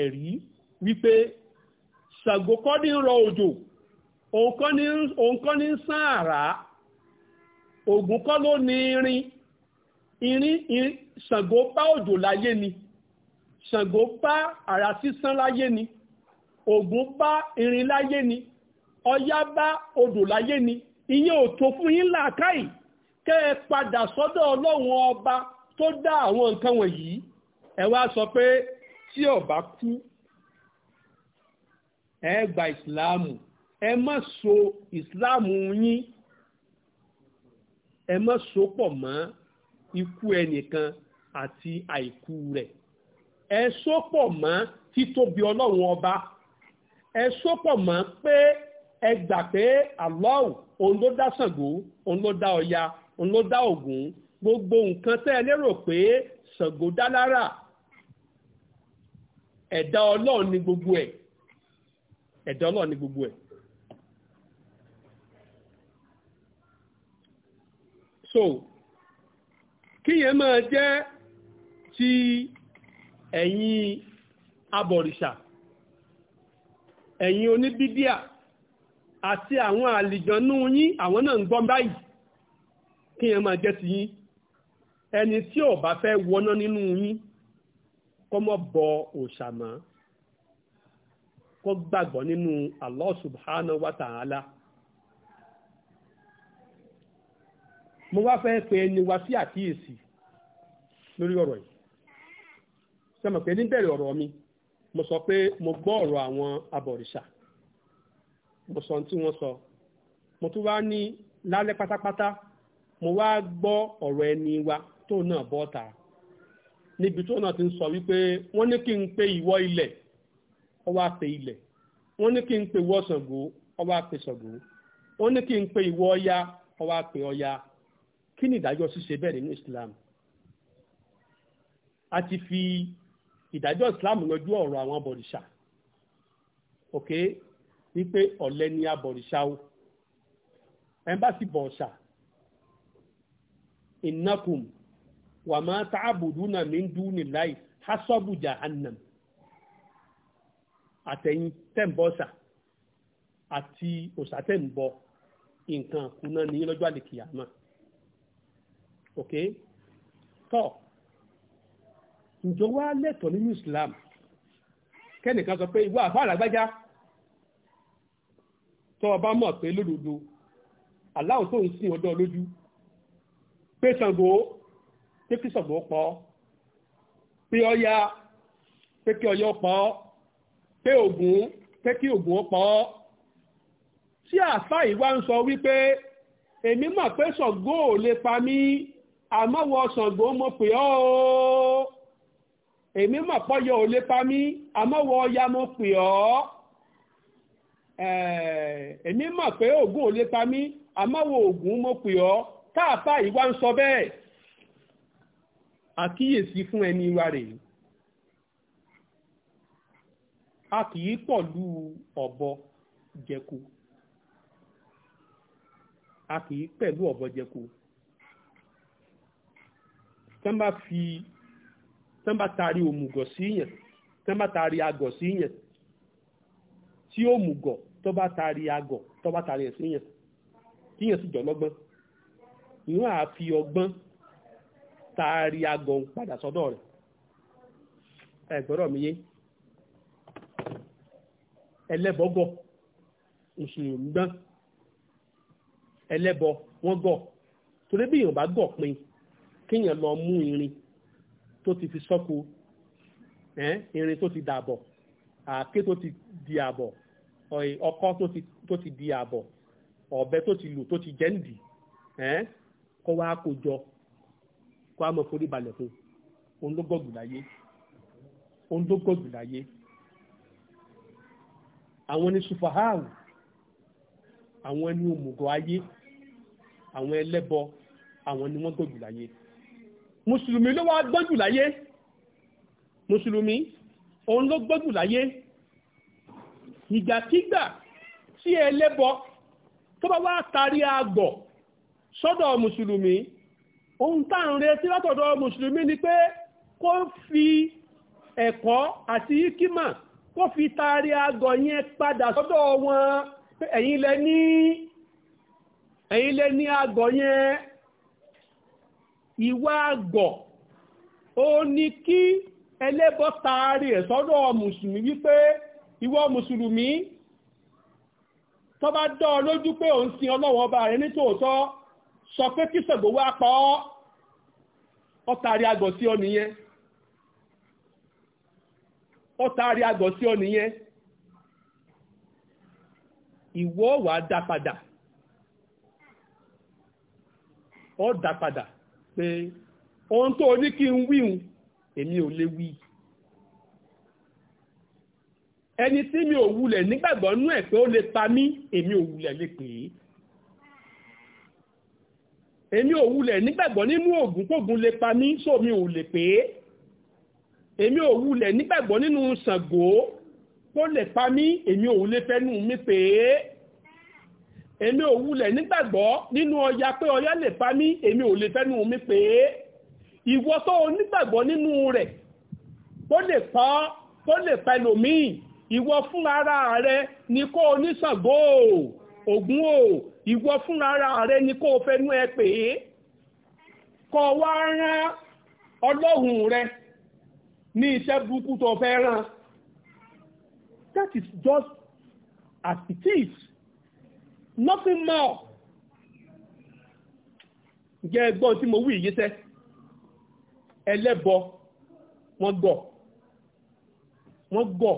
ẹ̀rí wípé Ṣàngó kọ́ ní rọ òjò òun kọ́ ní sán àrá Ògún kọ́ ló ní irin irin Ṣàngó bá òjò láyé ni Ṣàngó bá àrá sísán láyé ni Ògún bá irin láyé ni Ọya bá odò láyé ni ìyẹn ò tó fún yín làákàyè kẹ́ ẹ padà sọ́dọ̀ ọlọ́run ọba tó dá àwọn nǹkan wọ̀nyí ẹ wá sọ pé tí ó bá kú ẹ gba ìsìláàmù ẹ má so ìsìláàmù yín ẹ má so pọ̀ mọ́ ikú ẹnìkan àti àìkú rẹ̀ ẹ so pọ̀ mọ́ títóbi ọlọ́run ọba ẹ so pọ̀ mọ́ pé ẹ gbà pé àlọ́ọ̀ òun ló dá Ṣàngó òun ló dá Ọya òun ló dá Ògún gbogbo nǹkan tẹ́ ẹ lérò pé Ṣàngó dá lára ẹ̀dá ọlọ́run ni gbogbo ẹ̀ ẹ̀dá ọlọ́run ni gbogbo ẹ̀. so kíyẹn máa jẹ́ ti ẹ̀yin abọ̀rìṣà ẹ̀yin oníbídíà àti àwọn àlìjọ́nú yín àwọn náà ń gbọ́ báyìí kíyẹn máa jẹ́ ti yín ẹni tí ò fẹ́ wọná nínú yín kó mọ́ bọ òòṣà mọ́ gbàgbọ́ nínú Allah subhanahu wa ta'ala. mo wá fẹ́ pe ẹni wa sí àkíyèsí lórí ọ̀rọ̀ yìí sẹ́mọ̀ pé níbẹ̀rẹ̀ ọ̀rọ̀ mi mo sọ pé mo gbọ́ ọ̀rọ̀ àwọn abọ̀rìṣà mo sọ tí wọ́n sọ mo tún wá ní lálẹ́ pátápátá mo wá gbọ́ ọ̀rọ̀ ẹni wa tó náà bọ́ ta níbi tó náà ti ń sọ wípé wọ́n ní kí n pe ìwọ ilẹ̀ ó wá pe ilẹ̀ wọ́n ní kí n pe ìwọ Ṣàngó ó wá pe Ṣàngó wọ́n ní kí n pe ìwọ Ọya ó wá pe Ọya kí ni ìdájọ́ ṣíṣe bẹ́ẹ̀ nínú Islam a ti fi ìdájọ́ Islam yanjú ọ̀rọ̀ àwọn abọ̀rìṣà ok wípé ọ̀lẹ ni abọ̀rìṣà o ẹ̀ńbàṣì bọ̀ọ̀ṣà ìnákùn wà máa ta'buduna min dunillahi hasabu jahannam àtẹ̀yìn tẹ̀m̀bọ́sà àti òsàtẹ̀m̀bọ nǹkan kùnà ní lọ́jọ́ àlèkìyàmà ok tọ́ ǹjọ́ wá lẹ́tọ̀ọ́ nínú Islam kẹ́nìkan sọ pé ìwọ àfọ́ àlágbájá tọ́ ọba mọ̀ pé lódodo aláwọ̀ tó ń sìn ọdọ́ lójú pé Ṣàngó pé kí sọ̀gbọ́ pọ̀ pé ọya pé kí ọya pọ̀ pé ògún pé kí ògún pọ̀ tí àfá ìwá ń sọ wípé èmi mọ̀ pé Ṣàngó ò lè pa mí àmọ́wọ́ Ṣàngó mo pè ọ́ o èmi mọ̀ pọ́yọ ò lè pa mí àmọ́wọ́ Ọya mo pè ọ́ èmi mọ̀ pé Ògún ò lè pa mí àmọ́wọ́ Ògún mo pè ọ́ táàfá ìwá ń sọ bẹ́ẹ̀ àkíyèsí fún ẹni wa rèé a kì í pọ̀lú ọ̀bọ jẹku a kì í pẹ̀lú ọ̀bọ jẹku tán bá fi tán bá taari òmùgọ̀ sí yẹn tán bá taari agọ̀ sí yẹn tí òmùgọ̀ tó bá taari agọ̀ tó taari ẹ̀ sí yẹn kí yẹn sì jọ lọ́gbọ́n ìwọ̀n àfi ọgbọ́n taari agọ̀n padà sọ́dọ̀ rẹ̀ ẹ̀gbọ́rọ̀ mi yé ẹlẹ́bọ̀gọ̀ mùsùlùmí gbọ́n ẹlẹ́bọ wọ́n gọ̀ torí bí èèyàn bá gọ̀ pin kéèyàn lọ mú irin tó ti fi sọ́kù irin tó ti dàbọ̀ àáké tó ti di àbọ̀ ọkọ́ tó ti di àbọ̀ ọ̀bẹ tó ti lù tó ti jẹ́ǹdì kó wá kó jọ kó a mọ̀ forí balẹ̀ fún òun ló gọ̀gù láyé òun ló gọ̀gù láyé àwọn ni sùfàháù àwọn ni òmùgọ̀ ayé àwọn ẹlẹ́bọ àwọn ni wọ́n gọ̀gù láyé mùsùlùmí ló wá gbọ́jù láyé mùsùlùmí òun ló gbọ́jù láyé ìgbàkígbà tí ẹlẹ́bọ tó bá wá tarí àgbọ̀ sọ́dọ̀ mùsùlùmí ohun tá à ń retí látọ̀dọ̀ mùsùlùmí ni pé kó fi ẹ̀kọ́ àti ikima kó fi taari agọ̀ yẹn padà sọ́dọ̀ wọn ẹ̀yin lẹ ní ẹ̀yin lẹ ní agọ̀ yẹn ìwà agọ̀ ó ní kí ẹlẹ́bọ taari ẹ̀ sọ́dọ̀ mùsùlùmí wípé ìwọ mùsùlùmí tó bá dá ọ lójú pé òun sin ọlọ́wọ́ ọba rẹ nítòótọ́ sọ pé kí Ṣàngó wá pa ọ́ ó taari àgọ̀ sí ọ nìyẹn ó taari àgọ̀ sí ọ nìyẹn ìwọ wà á dá padà dá padà pé ohun tó ní kí n wíhun èmi ò lè wí ẹni tí mi ò wulẹ̀ nígbàgbọ́ nú ẹ̀ pé ó lè pa mí èmi ò wulẹ̀ lè pè é èmi ò wulẹ̀ nígbàgbọ́ nínú oògùn kóògùn lè pa mí sómi ò lè pé èmi ò wulẹ̀ nígbàgbọ́ nínú Ṣàngó kó lè pa mí èmi ò lè fẹ́nu mi pé èmi ò wulẹ̀ nígbàgbọ́ nínú Ọya pé Ọya lè pa mí èmi ò lè fẹ́nu mi pé ìwọ tó onígbàgbọ́ nínú rẹ̀ kó lè pa kó lè pa ẹlòmíì ìwọ fún ara rẹ ni kó oníṣàngó ògún o ìwọ fúnra rẹ ni kó o fẹnu ẹ pè é kó wá rán ọlọ́hun rẹ ní iṣẹ́ burúkú tó fẹ́ rán that is just as it is nothing more jẹ́ ẹgbọ́n tí mo wí ìyíṣẹ́ ẹlẹ́bọ wọ́n gọ̀ wọ́n gọ̀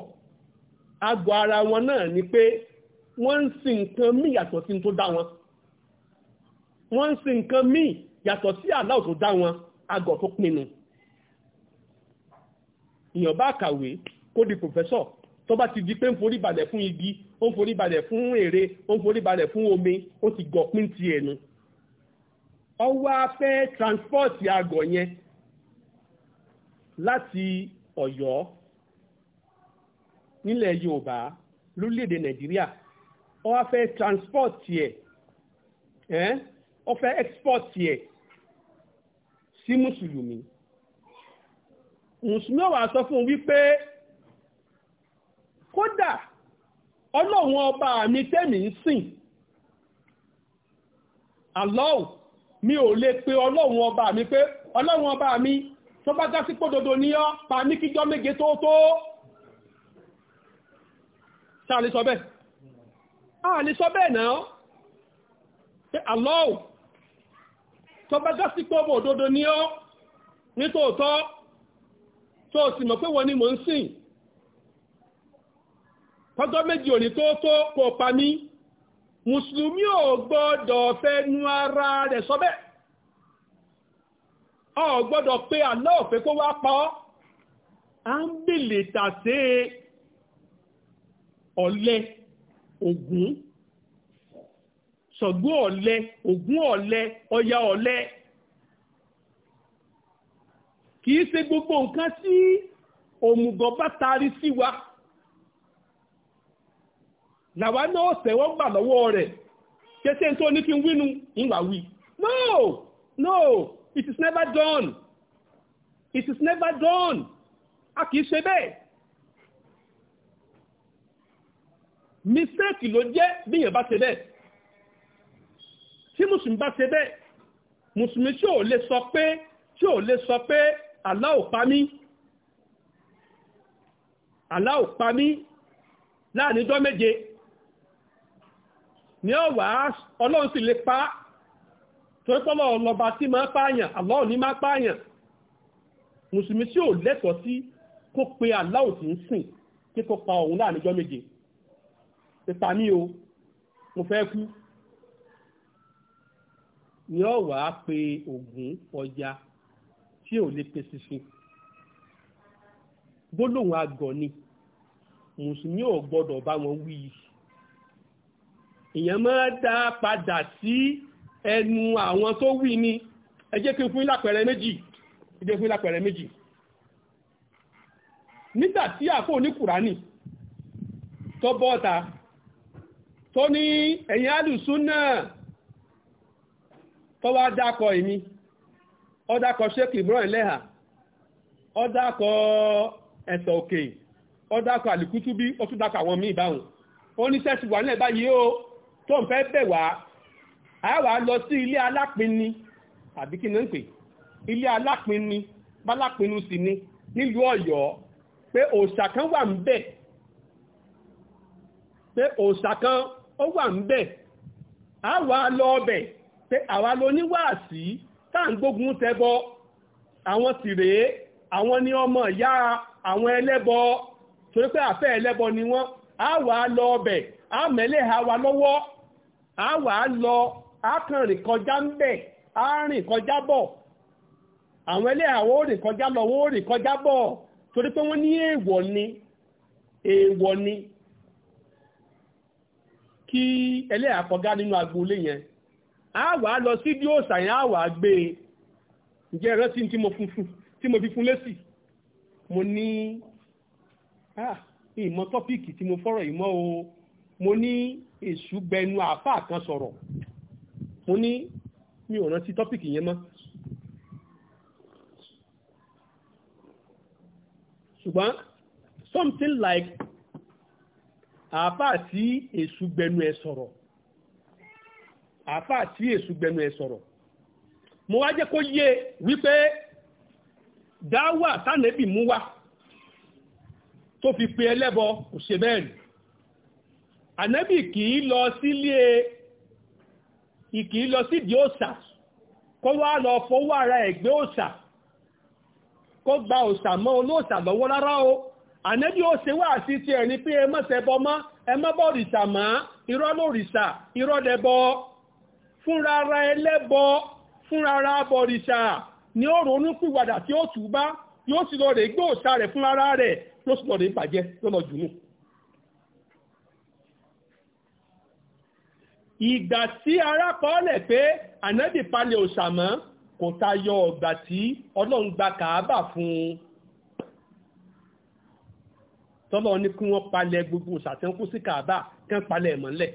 agọ̀ ara wọn náà ni pé wọ́n ń sin nǹkan míì yàtọ̀ sí tó dá wọn wọ́n ń sin nǹkan míì yàtọ̀ sí aláwọ̀ tó dá wọn agọ̀ tó pinnu èèyàn bá kàwé kó di pòfẹ́sọ̀ tó bá ti di pé ń forí balẹ̀ fún igi ó ń forí balẹ̀ fún èrè ó ń forí balẹ̀ fún omi ó ti gọ̀ pín ti ẹnu ọwọ́ afẹ́ transport agọ̀ yẹn láti ọ̀yọ́ nílẹ̀ yorùbá lórílẹ̀‐èdè nàìjíríà ó wá fẹ́ transport yẹ ẹ́ ó fẹ́ export yẹ sí mùsùlùmí mùsùlùmí ó wá sọ fún un wípé kódà ọlọ́run ọba mi tẹ́mi ń sìn àlọ́ọ̀ mi ò lè pe ọlọ́run ọba mi pé ọlọ́run ọba mi tó bá já sí pódodo ní ọ́ pa ní kíjọ́ méje tó tó sáà lè sọ bẹ́ẹ̀ a lè sọ bẹ́ẹ̀ náà pé àlọ́ò tó bá gásí pé ọmọ òdodo ní ọ́ ní tòótọ́ tó sì mọ̀ pé wọ́n ni mò ń sìn kọjọ́ méjì òní tó tó kò pa mí mùsùlùmí ò gbọ́dọ̀ fẹ́ nu ara rẹ̀ sọ bẹ́ẹ̀ ọ gbọ́dọ̀ pé àlọ́ òfẹ́ kó wá pa ọ́ à ń bèlè tàṣe ọ̀lẹ́ ògún ṣọ̀gbọ́n ọ̀lẹ ògún ọ̀lẹ ọya ọ̀lẹ kìí ṣe gbogbo nǹkan tí òmùgọ̀ bá taari sí wa làwa náà tẹ̀wọ́ gbà lọ́wọ́ rẹ̀ kẹsẹ̀ tó ní kí n wínú ìwà wí no no it is never done it is never done a kìí ṣe bẹ́ẹ̀ mistake ló jẹ́ bí èèyàn bá ṣe bẹ́ẹ̀ tí mùsùlùmí bá ṣe bẹ́ẹ̀ mùsùlùmí tí ò lè sọ pé tí ò lè sọ pé Allah ò Allah ò pa mí láàrin ọjọ́ méje ní ọ̀wà ọlọ́run sì lè pa á torí pọ́lọ̀ ọlọ́ba tí máa pààyàn Allah ní máa pààyàn mùsùlùmí tí ò lẹ́tọ̀ọ́ sí kó pe Allah tí ń sìn kí kó pa òun láàrin ọjọ́ méje pípa mí o mo fẹ́ kú ni ọ wàá pe ògún ọya tí ò lè pe sísun gbólóhùn àgọ̀ ni mùsùlùmí ò gbọ́dọ̀ bá wọn wí ìyẹn máa dá padà sí ẹnu àwọn tó wí ni ẹ jẹ́ kí n fún yín méjì ẹ jẹ́ fún yín méjì nígbà tí àpò oníkùránì tó bọ́ ọ̀ta tó ní ẹ̀yin alùsùn náà tó wá dákọ̀ èmi ó dákọ̀ sheik ibrahim lẹ́hà ó dákọ̀ ẹ̀sọ̀ òkè ó dákọ̀ àlìkútú bí ó tún dákọ̀ àwọn míì báwọn ó ní sẹ́sì wà nílẹ̀ báyìí ó tó ń fẹ́ bẹ̀ wá a wà lọ sí ilé alápinni àbí kí ni ń pè ilé alápinni bálápinnu sì ni nílùú ọ̀yọ́ pé òòṣà kan wà ń bẹ̀ pé òòṣà kan ó wà ń bẹ̀ á wà lọ ọbẹ̀ pé àwa ló níwàásí tá à ń gbógun tẹbọ àwọn sì rèé àwọn ni ọmọ ìyá àwọn ẹlẹ́bọ torí pé àfẹ́ ẹlẹ́bọ ni wọ́n á wà lọ ọbẹ̀ á mẹ́lẹ̀ ha wa lọ́wọ́ á wà lọ á kàn rìn kọjá ń bẹ̀ á rìn kọjá bọ̀ àwọn ẹlẹ́hà wọ́n rìn kọjá lọ wọ́n rìn kọjá bọ̀ torí pé wọ́n ní èèwọ̀ ni èèwọ̀ ni kí ẹlẹ́yà kọgá nínú agboolé yẹn a wà lọ sí bí òòsà yẹn a wà gbé e ǹjẹ́ ìrántí tí mo funfun tí mo fi fún lésì mo ní ìmọ̀ tọ́píìkì tí mo fọ́rọ̀ ìmọ̀ o mo ní èṣù gbẹnu àáfàá kan sọ̀rọ̀ mo ní mi ò rántí tọ́píìkì yẹn mọ́ ṣùgbọ́n something like àáfàá sí gbẹnu ẹ gbẹnu ẹ sọ̀rọ̀ mo wá jẹ́ kó yé wípé dáwà tánẹ́bì mú wá tó fi pe ẹlẹ́bọ kò ṣe bẹ́ẹ̀ rí ànẹ́bì kì í lọ sílé ìkì í lọ sídìí kó wá lọ fọwọ́ ara ẹ̀gbẹ́ òòṣà kó gba mọ́ lọ́wọ́ rárá o. ànẹ́bí ó ṣe wá sí ti ẹ̀rin pé ẹ má ṣẹbọ mọ́ ẹ má bọ òrìṣà mọ́ irọ́ lòrìṣà irọ́ dẹbọ fúnra ara ẹlẹ́bọ fúnra ara abọ̀rìṣà ni ó ronú pìwàdà tí ó tù bá yóò sì lọ rè gbé òòṣà rẹ̀ fúnra ara rẹ̀ ló sì lọ rè bàjẹ́ lọ́nà jù nù. ìgbà tí ara kọ́lẹ̀ pé ànẹ́bí palẹ̀ òòṣà mọ́ kò tayọ ọ̀gbà tí ọlọ́run gba kàábà fún un tọ́lọ́ ní kí wọ́n palẹ̀ gbogbo òṣàtẹ́ kó sí kàbá kán palẹ̀ mọ́lẹ̀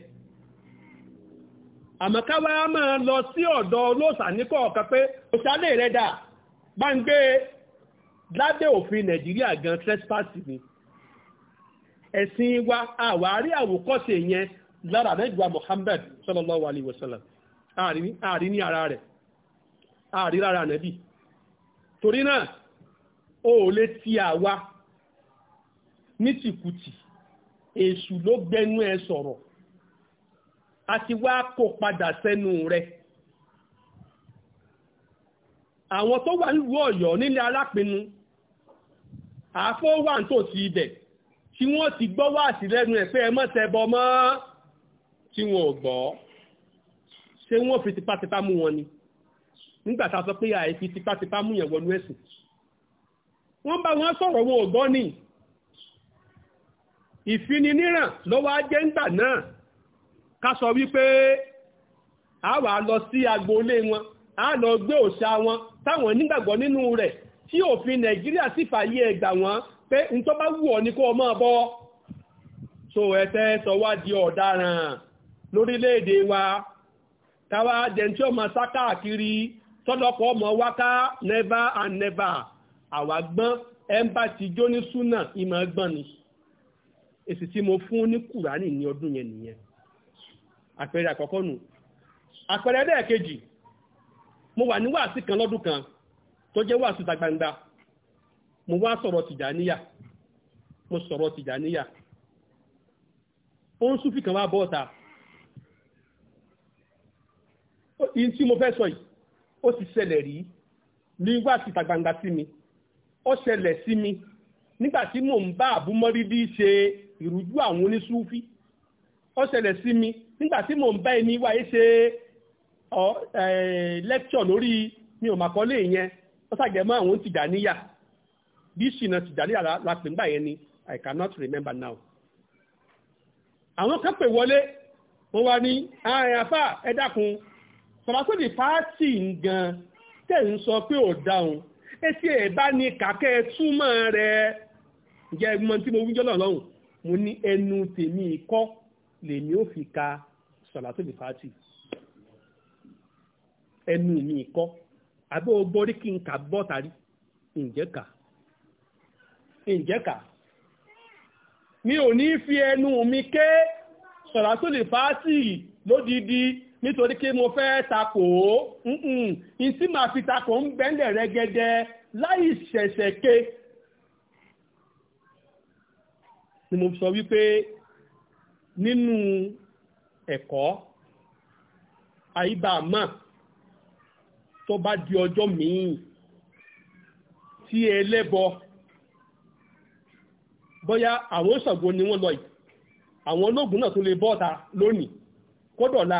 àmọ́ káwá máa lọ sí ọ̀dọ̀ olóòṣà ní kọ̀ọ̀kan pé òṣàlẹ̀ rẹ̀ dà bá ń gbé lábẹ́ òfin nàìjíríà gan trespass ni ẹ̀sìn wa àwárí àwòkọ́ṣe yẹn lára àdẹ́gbà Muhammad sallallahu alaihi wasallam ààrí ní ara rẹ̀ ààrí lára nàbì torí o ò lè ti ní tìkùtì èṣù ló gbẹnu ẹ sọ̀rọ̀ àti wá kó padà sẹ́nu rẹ̀ àwọn tó wà nílùú Ọ̀yọ́ nílé alápinnu àáfó wà ní tòsí ibẹ̀ tí wọ́n ti gbọ́ wá sí lẹ́nu ẹ̀ pé ẹ mọ́ tẹbọ mọ́ tí wọn ò gbọ́ ṣé wọ́n fi tipátipá mú wọn ni nígbà tá a sọ pé àìfi tipátipá mú yẹn wọnú ẹ̀sìn wọ́n bá wọn sọ̀rọ̀ wọn ò gbọ́ nìyí ìfininíràn ló wá jẹ́ ńgbà náà ká sọ wípé a wà lọ sí agboolé wọn a lọ gbé òṣà wọn táwọn nígbàgbọ́ nínú rẹ̀ tí òfin nàìjíríà sì fàyè ẹgbà wọn pé n tó bá wù ọ ní kó o máa bọ so ẹtẹ sọ wá di ọ̀daràn lórílẹ̀-èdè wa káwá jẹntí ọmọ sá káàkiri tọ́lọ́pọ̀ ọmọ wáká never and never àwa gbọ́n ẹ̀ ń bá ti jó ní súnà ìmọ̀ gbọ́n ni. èsì tí mo fún ní kùránì ní ọdún yẹn nìyẹn àpẹẹrẹ àkọ́kọ́ nù àpẹẹrẹ ẹlẹ́ẹ̀kejì mo wà ní wàásì kan lọ́dún kan tó jẹ́ wàásù mo wá sọ̀rọ̀ tìjàníyà mo sọ̀rọ̀ tìjàníyà ó ń kan wá bọ́ ọ̀ta tí mo fẹ́ sọ yìí ó ti ṣẹlẹ̀ rí ní wàásù gbangba sí mi ó ṣẹlẹ̀ sí mi nígbà mò ń bá àbúmọ́rídì ṣe ìrújú àwọn oníṣúfí ó ṣẹlẹ̀ sí mi nígbà mò ń bá ẹni wáyé ṣe lẹ́kṣọ̀ lórí mi ò màkọ́lé yẹn ó ṣàjẹmọ́ àwọn Tìjàníyà bí ṣìnà Tìjàníyà la pè ńgbà yẹn ni I cannot remember now. àwọn kan pè wọlé wọ́n wá ní àárín afá ẹ dákun sọ̀rọ̀ pé the party gan tẹ̀ ń sọ pé ò dáhùn etí ẹ̀ bá ní kàkẹ́ túmọ̀ rẹ̀ jẹ́ ẹgbọ́n tí mo wí jọ́lọ̀ lọ́hùn mo ní ẹnu tèmi kọ́ lèmi ò fi ka Salatul Fati ẹnu mi kọ́ àbẹ́ o gbọ́rí kí n kà bọ́ tàrí ǹjẹ́ kà ǹjẹ́ kà mi ò ní fi ẹnu mi ké Salatul Fati lódìdí nítorí pé mo fẹ́ takò ó n tí màá fi takò ń bẹ́ńdẹ̀ rẹ́gẹ́dẹ́ láì ṣẹ̀ṣẹ̀ ké ni mo sọ wípé nínú ẹ̀kọ́ àyíbàmà tó bá di ọjọ́ míì tí ẹlẹ́bọ bóyá àwọn Ṣàngó ni wọ́n lọ yìí àwọn ológun náà tún lè bọ́ta lónìí kódọ̀la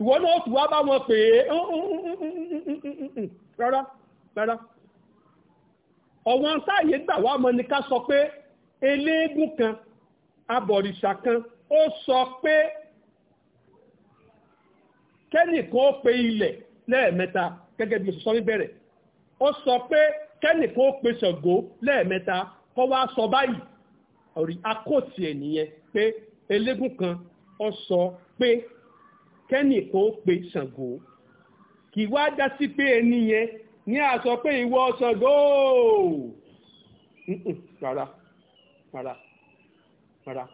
ìwọ náà tù wá bá wọn pè é rárá rárá ọ̀wọ́n táyé gbà wá mọ́ ni ká sọ pé eléégún kan abọ̀rìṣà kan ó sọ pé kẹ́nìkan ó pe ilẹ̀ lẹ́ẹ̀mẹ́ta gẹ́gẹ́ bí sọ́rí bẹ̀rẹ̀ ó sọ pé kẹ́nìkan ó pe Ṣàngó lẹ́ẹ̀mẹ́ta kọ́ wá sọ báyìí ọ̀rí akóòtì ẹ̀ nìyẹn pé eléégún kan ó sọ pé kẹ́nì kan pe Ṣàngó kì wá dá sí pé ẹni yẹn ní àsọ pé ìwọ Ṣàngó rárá rárá rárá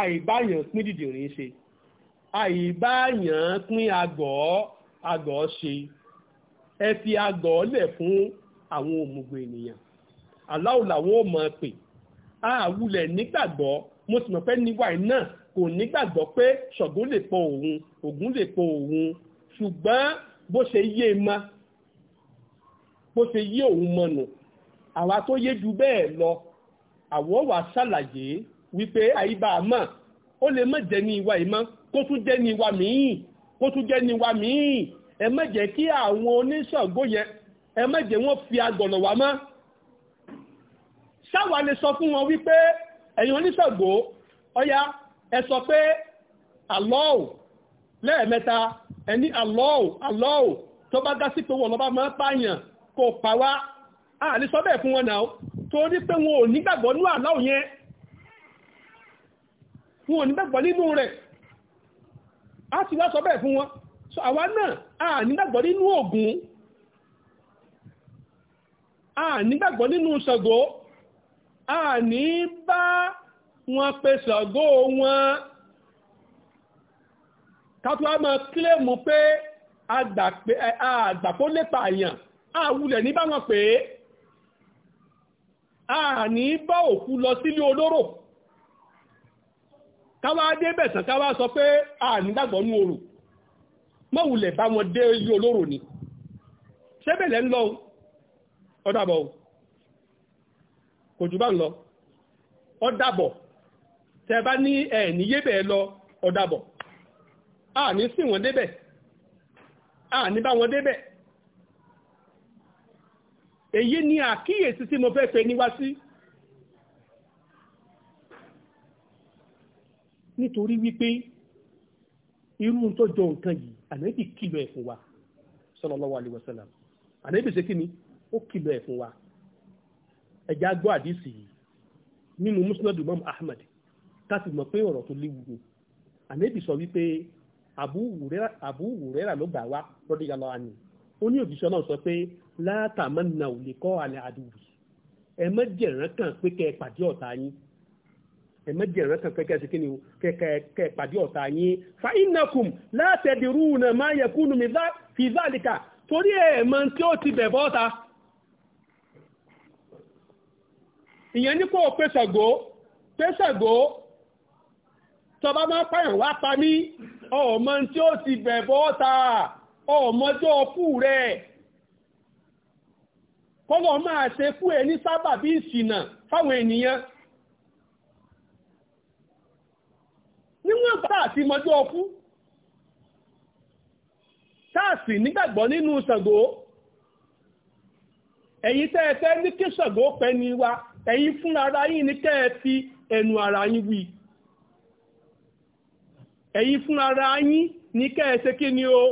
àìbáyàn pín dìdìrín ṣe àìbáyàn pín àgọ́ àgọ́ ṣe ẹ fi àgọ́ lẹ̀ fún àwọn òmùgbò ènìyàn aláwọ̀ mọ̀ pé àwùlẹ̀ nígbàgbọ́ mo sì mọ̀ pé níwáyé náà kò nígbàgbọ́ pé ṣọ̀gún lè pọ̀ òun ògún lè pọ̀ òun ṣùgbọ́n bó ṣe yé ma bó ṣe yé òun mọ̀nà àwa tó yé ju bẹ́ẹ̀ lọ àwọn wà ṣàlàyé wípé àyíbá àmọ́ ó lè má jẹ́ ní ìwà ìmọ̀ kó tún jẹ́ ní ìwà míì kó tún jẹ́ ní ìwà míì ẹ má jẹ́ kí àwọn oníṣàngó yẹn ẹ má jẹ́ wọ́n fi agbọ̀nà wá mọ́ sáwa lè sọ fún wọn wípé ẹ̀yin oníṣàngó ọya ẹ sọ pé Allahu lẹ́ẹ̀mẹ́ta ẹni Allahu Allahu tó bá dá sí pé wọ́n lọ́ba máa pààyàn kò pa wá a ní sọ bẹ́ẹ̀ fún wọn náà torí pé wọn ò nígbàgbọ́ nínú Allahu yẹn wọn ò nígbàgbọ́ nínú rẹ̀ a sì wá sọ bẹ́ẹ̀ fún wọn so àwa náà a nígbàgbọ́ nínú ògùn a nígbàgbọ́ nínú Ṣàngó a ní bá wọ́n pe Ṣàngó wọn kátó a máa kílèmù pé àgbàpó lè pààyàn àwulẹ̀ ní báwọn pé a ní bá òkú lọ sílé olóró káwá dé bẹ̀sán káwá sọ pé a ní dàgbọ́ ní orò mọ́wulẹ̀ bá wọn dé ilé olóró ni ṣébẹ̀lẹ̀ ń lọ ọ̀dàbọ̀ kò jù bá ń lọ ọ̀dàbọ̀ tẹ bá ní ẹ níyé bẹ́ẹ̀ lọ ọ̀dàbọ̀ a ní sí wọn débẹ̀ a ní bá wọn débẹ̀ èyí ni àkíyèsí tí mo fẹ́ fẹ́ níwá sí nítorí wípé irú tó jọ nǹkan yìí ànábì kìlọ̀ ẹ̀ wa sallallahu alaihi wasallam ànábì ṣe ni ó kìlọ̀ ẹ̀ wa ẹ̀já gbọ́ àdìsí yìí nínú musnad ahmed ká sì mọ̀ pé ọ̀rọ̀ tó léwu ni ànábì sọ wípé Abu Huraira ló gbà wá lọ́dún yàrá àná ó ní òjíṣẹ́ náà sọ pé látàmọ́ nà ò lè kọ́ àlẹ́ àdúgbò ẹ má jẹ̀rán kan pé kẹ́ ẹ pàdé ọ̀tá yín ẹ má jẹ̀rán kan pé kẹ́ ẹ sì kíni kẹ́ ẹ pàdé ọ̀tá yín fa innakum látẹ̀dìrú nà má yẹ kúnnù mi fi zálìkà torí ẹ mọ̀ tí ó ti bẹ̀ bọ́ta. ìyẹn ní kó o pèsè tọba máa pààyàn wá pa mí ọmọ tí ó ti bẹ̀bọ̀ ta ọmọ tó kú rẹ̀ kọ́lọ̀ máa ṣe kú ẹ ní sábà bí ìṣìnà fáwọn ènìyàn níwọ̀n bá àti mọjọ́ ọkú táàsì nígbàgbọ́ nínú Ṣàngó ẹ̀yin tẹ́ ní kí Ṣàngó pẹ́ ni wa ẹ̀yin fúnra ara yín ni kẹ́ ẹ fi ẹnu ara yín wí ẹ̀yin fún ara yín ní kẹ́ẹ̀ṣe kí ni o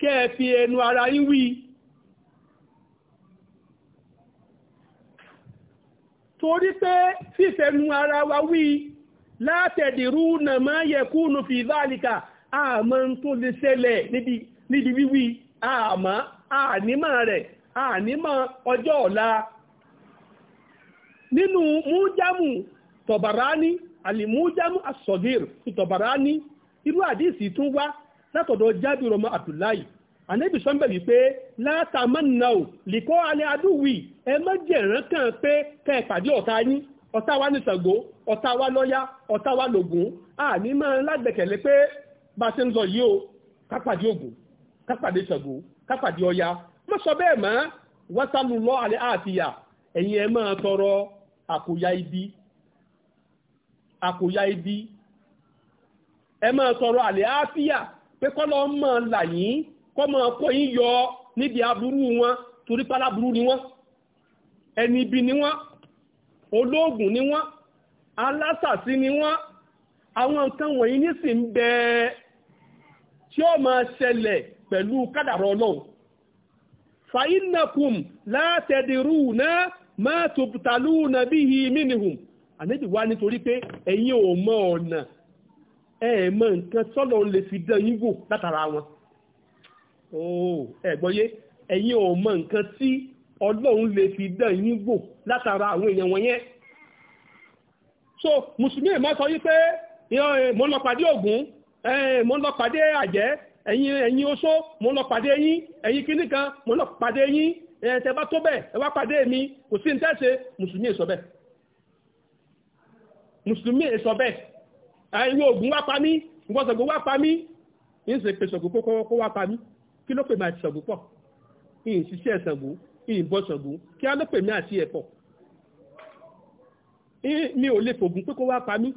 kẹ́ẹ̀ fi ẹnu ara yín wí torí pé fífẹnu ara wa wí látẹ̀dìrú nà máa yẹkúnù fi ìbáàlìkà àmọ́ tó lè ṣẹlẹ̀ níbi wíwí àmọ́ ànímọ̀ rẹ̀ ànímọ̀ ọjọ́ ọ̀la nínú mújámù tọ̀bàrá ní alimujamu asọ̀gìr ìtọ̀bàrání irú àdíìsì tún wá látọ̀dọ̀ jábìrì ọmọ abdullahi ànábì sọ́nbẹ̀ wípé látàmánàù lìkọ́ alẹ́ adúwì ẹ má jẹ̀rán kàn pé kẹ́ pàdé ọ̀tá yín ọ̀tá wa ní Ṣàngó ọ̀tá wa lọ́yá ọ̀tá wa lògùn àní máa lágbẹ̀kẹ̀lé pé bá ṣe ń lọ yìí o kápàdé ògùn kápàdé Ṣàngó kápàdé Ọya má sọ bẹ́ẹ̀ mọ́ wásálù lọ́ alẹ́ àfihà ẹ̀yin ẹ máa tọrọ àkóyá ibi àkóyá ibi ẹ máa sọ̀rọ̀ àlẹ́ àáfíà pé kọ́lọ́ máa là yín kọ́ máa kó yín yọ níbi aburú wọn torí buru ni wọ́n ẹni ibi ni wọ́n ológun ni wọ́n alásàsí ni wọ́n àwọn nǹkan wọ̀nyí nísìn bẹ tí ó máa ṣẹlẹ̀ pẹ̀lú kádàrọ̀ ọlọ́run fàyínàkùm látẹ̀dìrú náà máa tòbùtàlú nàbí yìí mínìhùn ànábì wá nítorí pé ẹ̀yin ò mọ ọ̀nà ẹ̀ mọ nǹkan tọ́lọ̀ lè fi dán yín wò látara wọn ẹ̀gbọ́yé ẹ̀yin ò mọ nǹkan tí ọlọ́run lè fi dán yín wò látara àwọn èèyàn wọn yẹn so mùsùlùmí ẹ̀ máa sọ yí pé mo lọ pàdé Ògún mo lọ pàdé àjẹ́ ẹ̀yin oṣó mo lọ pàdé yín ẹ̀yin kíní kan mo lọ pàdé yín ẹ̀ tó bẹ́ẹ̀ ẹ wá pàdé mi kò sí ní tẹ́sẹ̀ mùsùlùmí ẹ̀ sọ bẹ́ẹ̀ mùsùlùmí èso bẹ́ẹ̀ ìwé ògùn wá pa mí nǹkan ṣògùn wá pa mí ní ṣe pé ṣògùn kókó wá pa mí kí ló pè mí àti ṣògùn pọ̀ ìyìn ṣiṣẹ́ ṣògùn ìyìn bọ́ ṣògùn kí á ló pè mí àti ẹ̀ pọ̀ mi ò lè fògùn pé kó wá pa mí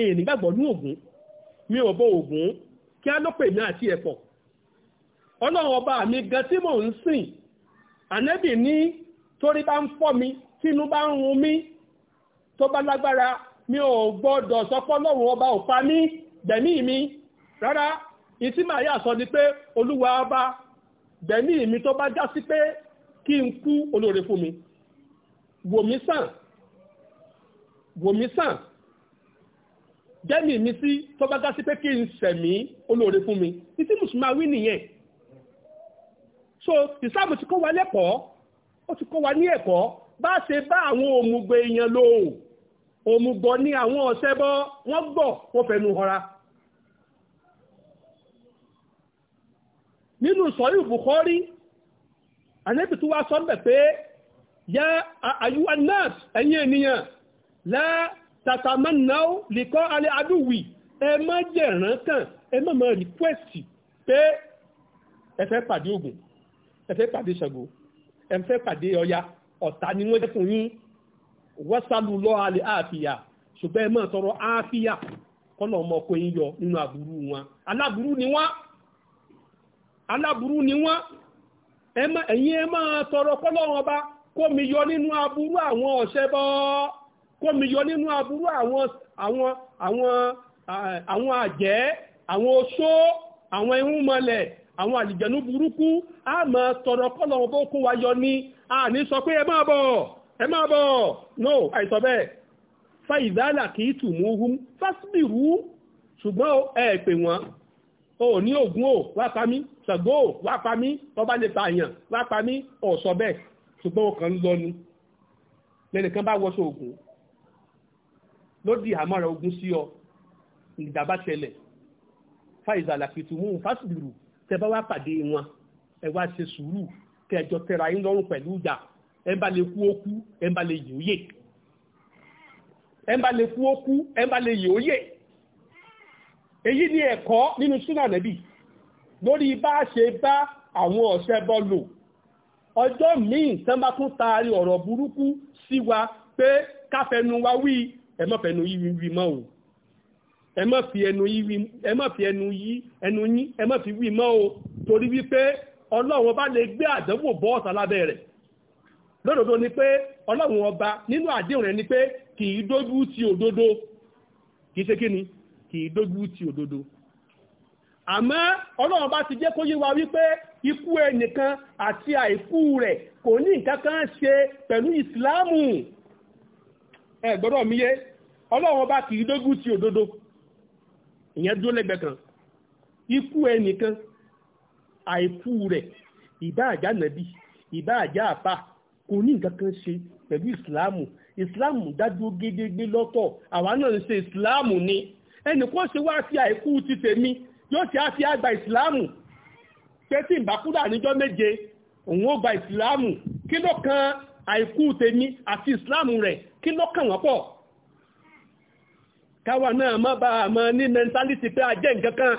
ìyìn nígbàgbọ́ ní ògùn mi ò bọ ògùn kí á ló pè mí àti ẹ̀ ọlọ́run ọba mi gan tí mò ń sìn ànẹ́bì ní torí bá ń fọ́ mi tínú bá ń run mí tó bá lágbára mi ò gbọ́dọ̀ sọ pé ọlọ́run ọba ò pa mí dẹ̀mí mi rárá ìtí màá yà sọ ni pé olúwa ọba dẹ̀mí mi tó bá já sí pé kí n kú olóore fún mi wò mí sàn wò mí sàn dẹ́mì mi sí tó bá já sí pé kí n sẹ̀mí olóore fún mi ìtí mùsùlùmá wí nìyẹn so ìsáàmù ti kó wa lẹ́kọ̀ọ́ ó ti kó wa ní ẹ̀kọ́ bá ṣe bá àwọn òmùgbé èèyàn lóòó òmùgọ ni àwọn ọ̀sẹ́ bọ́ wọ́n gbọ́ wọ́n fẹnu họra nínú sọ́yí Bukhari anẹ́bì tó wá sọ́bẹ̀ pé yá àyúwà náà ẹ̀yìn ènìyàn lá tàtàmánáà lìkọ́ alẹ́ adúwì ẹ má jẹ́ ránkàn ẹ má má rìkwẹ́sì pé ẹ fẹ́ pàdé Ògún ẹ fẹ́ pàdé Ṣàngó ẹ fẹ́ pàdé Ọya ọ̀tá ni wọ́n jẹ́ fún yín wọ́sàlù lọ́ alẹ́ àfíà ṣùgbọ́n ẹ tọrọ àfíà kọ́nà ọmọ yọ nínú àbúrú wọn aláburú ni wọ́n ẹ̀yìn ẹ máa tọrọ kọ́nà ọba kó yọ nínú àbúrú àwọn ọ̀ṣẹ́ bọ́ kó yọ nínú àbúrú àwọn àjẹ́ àwọn oṣó àwọn àwọn àlìjẹ̀nú a máa tọrọ kọ́nà ẹ máa bọ̀ no àìsọ bẹ́ẹ̀ fa ìdálà kì í tù mú hum fásibìrú ṣùgbọ́n ẹ pè wọ́n o ní ògún o wá pa mí ṣàgbó o wá pa mí tọ́ba lè pa àyàn wá pa mí bẹ́ẹ̀ ṣùgbọ́n o kàn ń lọ ni lẹ́nìkan bá wọṣọ ògún ló di àmọ́ra ogun sí ọ ìdàbá ṣẹlẹ̀ fáìzà làkìtù mú fásitì tẹ bá wá pàdé wọn ẹ wá ṣe sùúrù kẹjọ tẹra yín lọ́rùn pẹ̀lú ìjà ẹnba lè kú ó kú ẹnba lè yìí ó yè ẹnba lè kú ó kú ẹnba lè yìí ó èyí ni ẹ̀kọ́ nínú súnà nẹ́bì lórí bá a ṣe bá àwọn ọ̀ṣẹ́ bọ́ lò ọjọ́ míì tán bá tún taari ọ̀rọ̀ burúkú sí wa pé káfẹnu wa wí ẹ má fẹnu yí wí mọ́ o ẹ má fi ẹnu yí ẹ ẹnu yín ẹ má fi wí mọ́ o torí wípé ọlọ́run bá lè gbé àdánwò bọ́ọ̀sà lábẹ́ rẹ̀ lódodo ni pé ọlọ́run ọba nínú àdéhùn rẹ̀ ni pé kì í dójú ti òdodo kì í ṣe kí ni kì í dójú ti òdodo àmọ́ ọlọ́run ọba ti jẹ́ kó yé wa wípé ikú ẹnìkan àti àìkú rẹ̀ kò ní nǹkan kan ṣe pẹ̀lú ìsìláàmù ẹ gbọ́dọ̀ mi yé ọlọ́run ọba kì í dójú ti òdodo ìyẹn dúró lẹ́gbẹ̀ẹ́ kan ikú ẹnìkan àìkú rẹ̀ ìbá àjá nàbí ìbá àjá àpá kò ní nǹkan kan ṣe pẹ̀lú ìsìláàmù ìsìláàmù dájú gédégbé lọ́tọ̀ àwa náà ń ṣe ìsìláàmù ni ẹnì kan ṣe wá sí àìkú ti tèmi yóò ti á fi àgbà ìsìláàmù pé tí ìbákúrà níjọ́ méje òun ó gba ìsìláàmù kí ló kan àìkú tèmi àti ìsìláàmù rẹ̀ kí ló kàn wọ́n pọ̀ káwa náà má bá a mọ ní mẹntálítì pé a jẹ́ nǹkan kan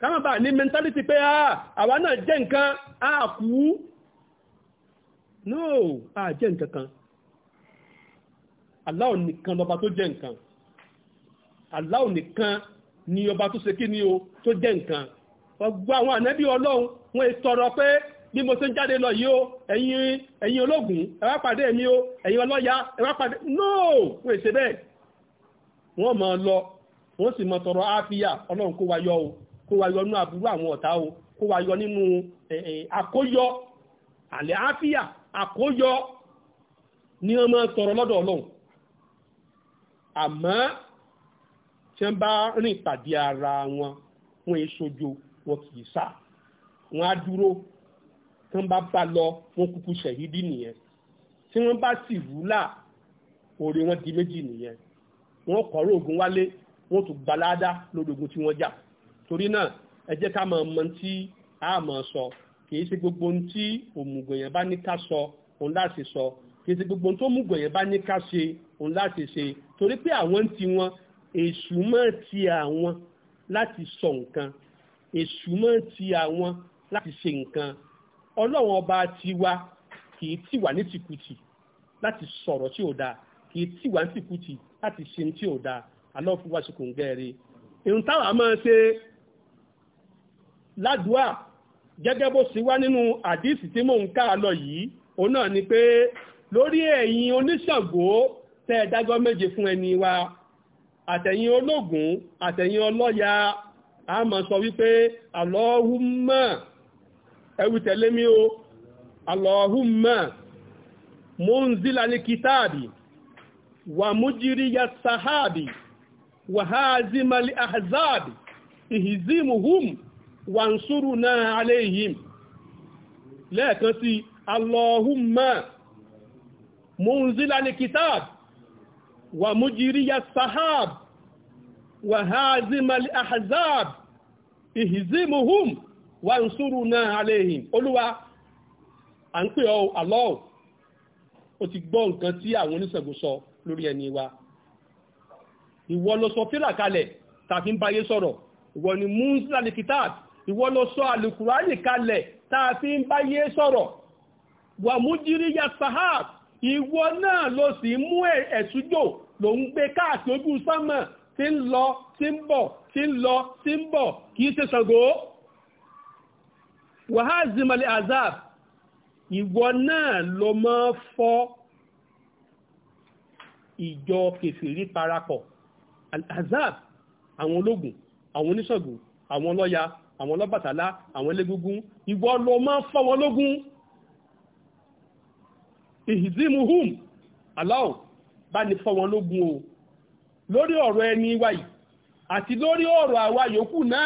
káwa bá a ní mẹntálítì pé ah, àwa náà jẹ́ nǹkan a kú no a jẹ́ nǹkan kan Allah nìkan lọ́ba tó jẹ́ nǹkan Allah nìkan ni ọba tó ṣe kí ni o tó jẹ́ nǹkan ọgbọ́ àwọn ànábì ọlọ́run wọ́n tọrọ pé bí mo ṣe ń jáde lọ yìí o ẹ̀yin ẹ̀yin ológun ẹ wá pàdé o ẹ̀yin ọlọ́ya ẹ wá pàdé no wọ́n ṣe bẹ́ẹ̀ wọ́n máa lọ wọ́n sì máa tọrọ áfíà ọlọ́run kó wa yọ o kó wa yọ nínú àbúrú àwọn ọ̀tá o kó wa yọ nínú àkóyọ àlẹ́ áfíà àkójọ ni wọ́n máa tọrọ lọ́dọ̀ ọlọ́run àmọ́ tí wọ́n bá rìn pàdé ara wọn wọ́n èé sojo wọn kì í sá wọ́n á dúró tí wọ́n bá bá lọ wọ́n kúkú ṣẹ̀hídì nìyẹn tí wọ́n bá sì wúlà oore wọn di méjì nìyẹn wọ́n kọ̀ọ̀rọ̀ ogun wálé wọ́n tún gbalada lódogun tí wọ́n jà torí náà ẹ jẹ́ ká máa mọ tí a máa sọ. So kìí ṣe gbogbo ohun tí òmùgọ̀ èèyàn bá ní ká sọ òun láti sọ kìí ṣe gbogbo ohun tó òmùgọ̀ èèyàn bá ní ká ṣe òun láti ṣe torí pé àwọn ti wọn èṣù mọ́ ti àwọn láti sọ nǹkan èṣù mọ́ ti àwọn láti ṣe nǹkan ọlọ́run ọba tiwa kìí tì wá ní tìkùtì láti sọ̀rọ̀ tí ò dáa kìí tì wá ní tìkùtì láti ṣe tí ò dáa alọ́ fún wáṣíkò ń gẹ́rẹ́ irun máa ṣe ládùúà gẹ́gẹ́ bó sì wá nínú àdíìsì tí mò ń kà lọ yìí òun náà ni pé lórí ẹ̀yin oníṣàngó tẹ́ ẹ dájọ́ méje fún ẹni wa àtẹ̀yin ológun àtẹ̀yin ọlọ́ya a máa sọ wípé àlọ́hùnmá ẹwù tẹ̀lé mi o àlọ́hùnmá munzilali ya wa mujiriya sahabi wa hazimali ahzabi ihizimuhum wansuruna alayhim lẹ́ẹ̀kan sí allahumma munzilal kitab wa mujiriyas sahab wa hazimal ahzab ihzimuhum wansuruna alayhim olúwa a ń pè ọ́ Allah o ti gbọ́ nǹkan tí àwọn oníṣègùn sọ lórí ẹni wa ìwọ ló sọ fílà kalẹ̀ tàbí ń báyé sọ̀rọ̀ ìwọ ni munzilal kitab ìwọ ló sọ àlùkùránì kalẹ̀ tá a fi ń báyé sọ̀rọ̀ wàmújírí ya sahab ìwọ náà ló sì mú ẹ̀sùjò ló ń gbé káàkiri ojú sánmà tí ń lọ tí ń bọ̀ tí ń lọ tí ń bọ̀ kìí ṣe Ṣàngó wàhálìmọ̀lì azab ìwọ náà ló máa fọ́ ìjọ kèfèrí parapọ̀ azab àwọn ológun àwọn oníṣègùn àwọn ọlọ́ya àwọn ọlọ́bàtálá àwọn elégúngún ìwọ ló máa fọ́ wọn lógún ìhìdímuhùn aláwọ̀ bá ní fọ́ wọn lógún o lórí ọ̀rọ̀ ẹni wa yìí àti lórí ọ̀rọ̀ àwa yòókù náà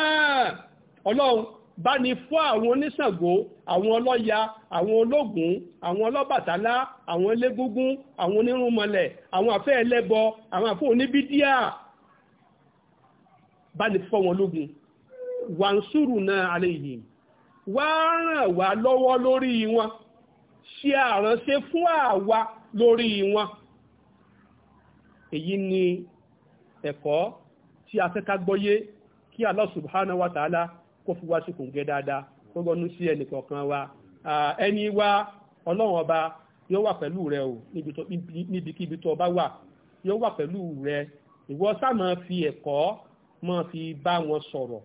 ọlọ́run bá ní fọ́ àwọn oníṣàngó àwọn ọlọ́ya àwọn ológun àwọn ọlọ́bàtálá àwọn elégúngún àwọn onírúnmọlẹ̀ àwọn àfẹ́ ẹlẹ́bọ àwọn àfẹ́ oníbídíà bá ní fọ́ wọn lógún wàǹsùrù náà àlèyìn wá ràn wá lọ́wọ́ lórí wọn ṣe àránṣe fún àwa lórí wọn èyí ni ẹ̀kọ́ tí a fẹ́ ká gbọ́yé kí Allah subhanahu wa ta'ala kó fi wá sí kò ń gẹ́ dáadáa kó gbọ́nú sí ẹnì kọ̀ọ̀kan wa ẹni wa ọlọ́run ọba yóò wà pẹ̀lú rẹ o níbikíbi tó bá wà yóò wà pẹ̀lú rẹ ìwọ sáà máa fi ẹ̀kọ́ máa fi bá wọn sọ̀rọ̀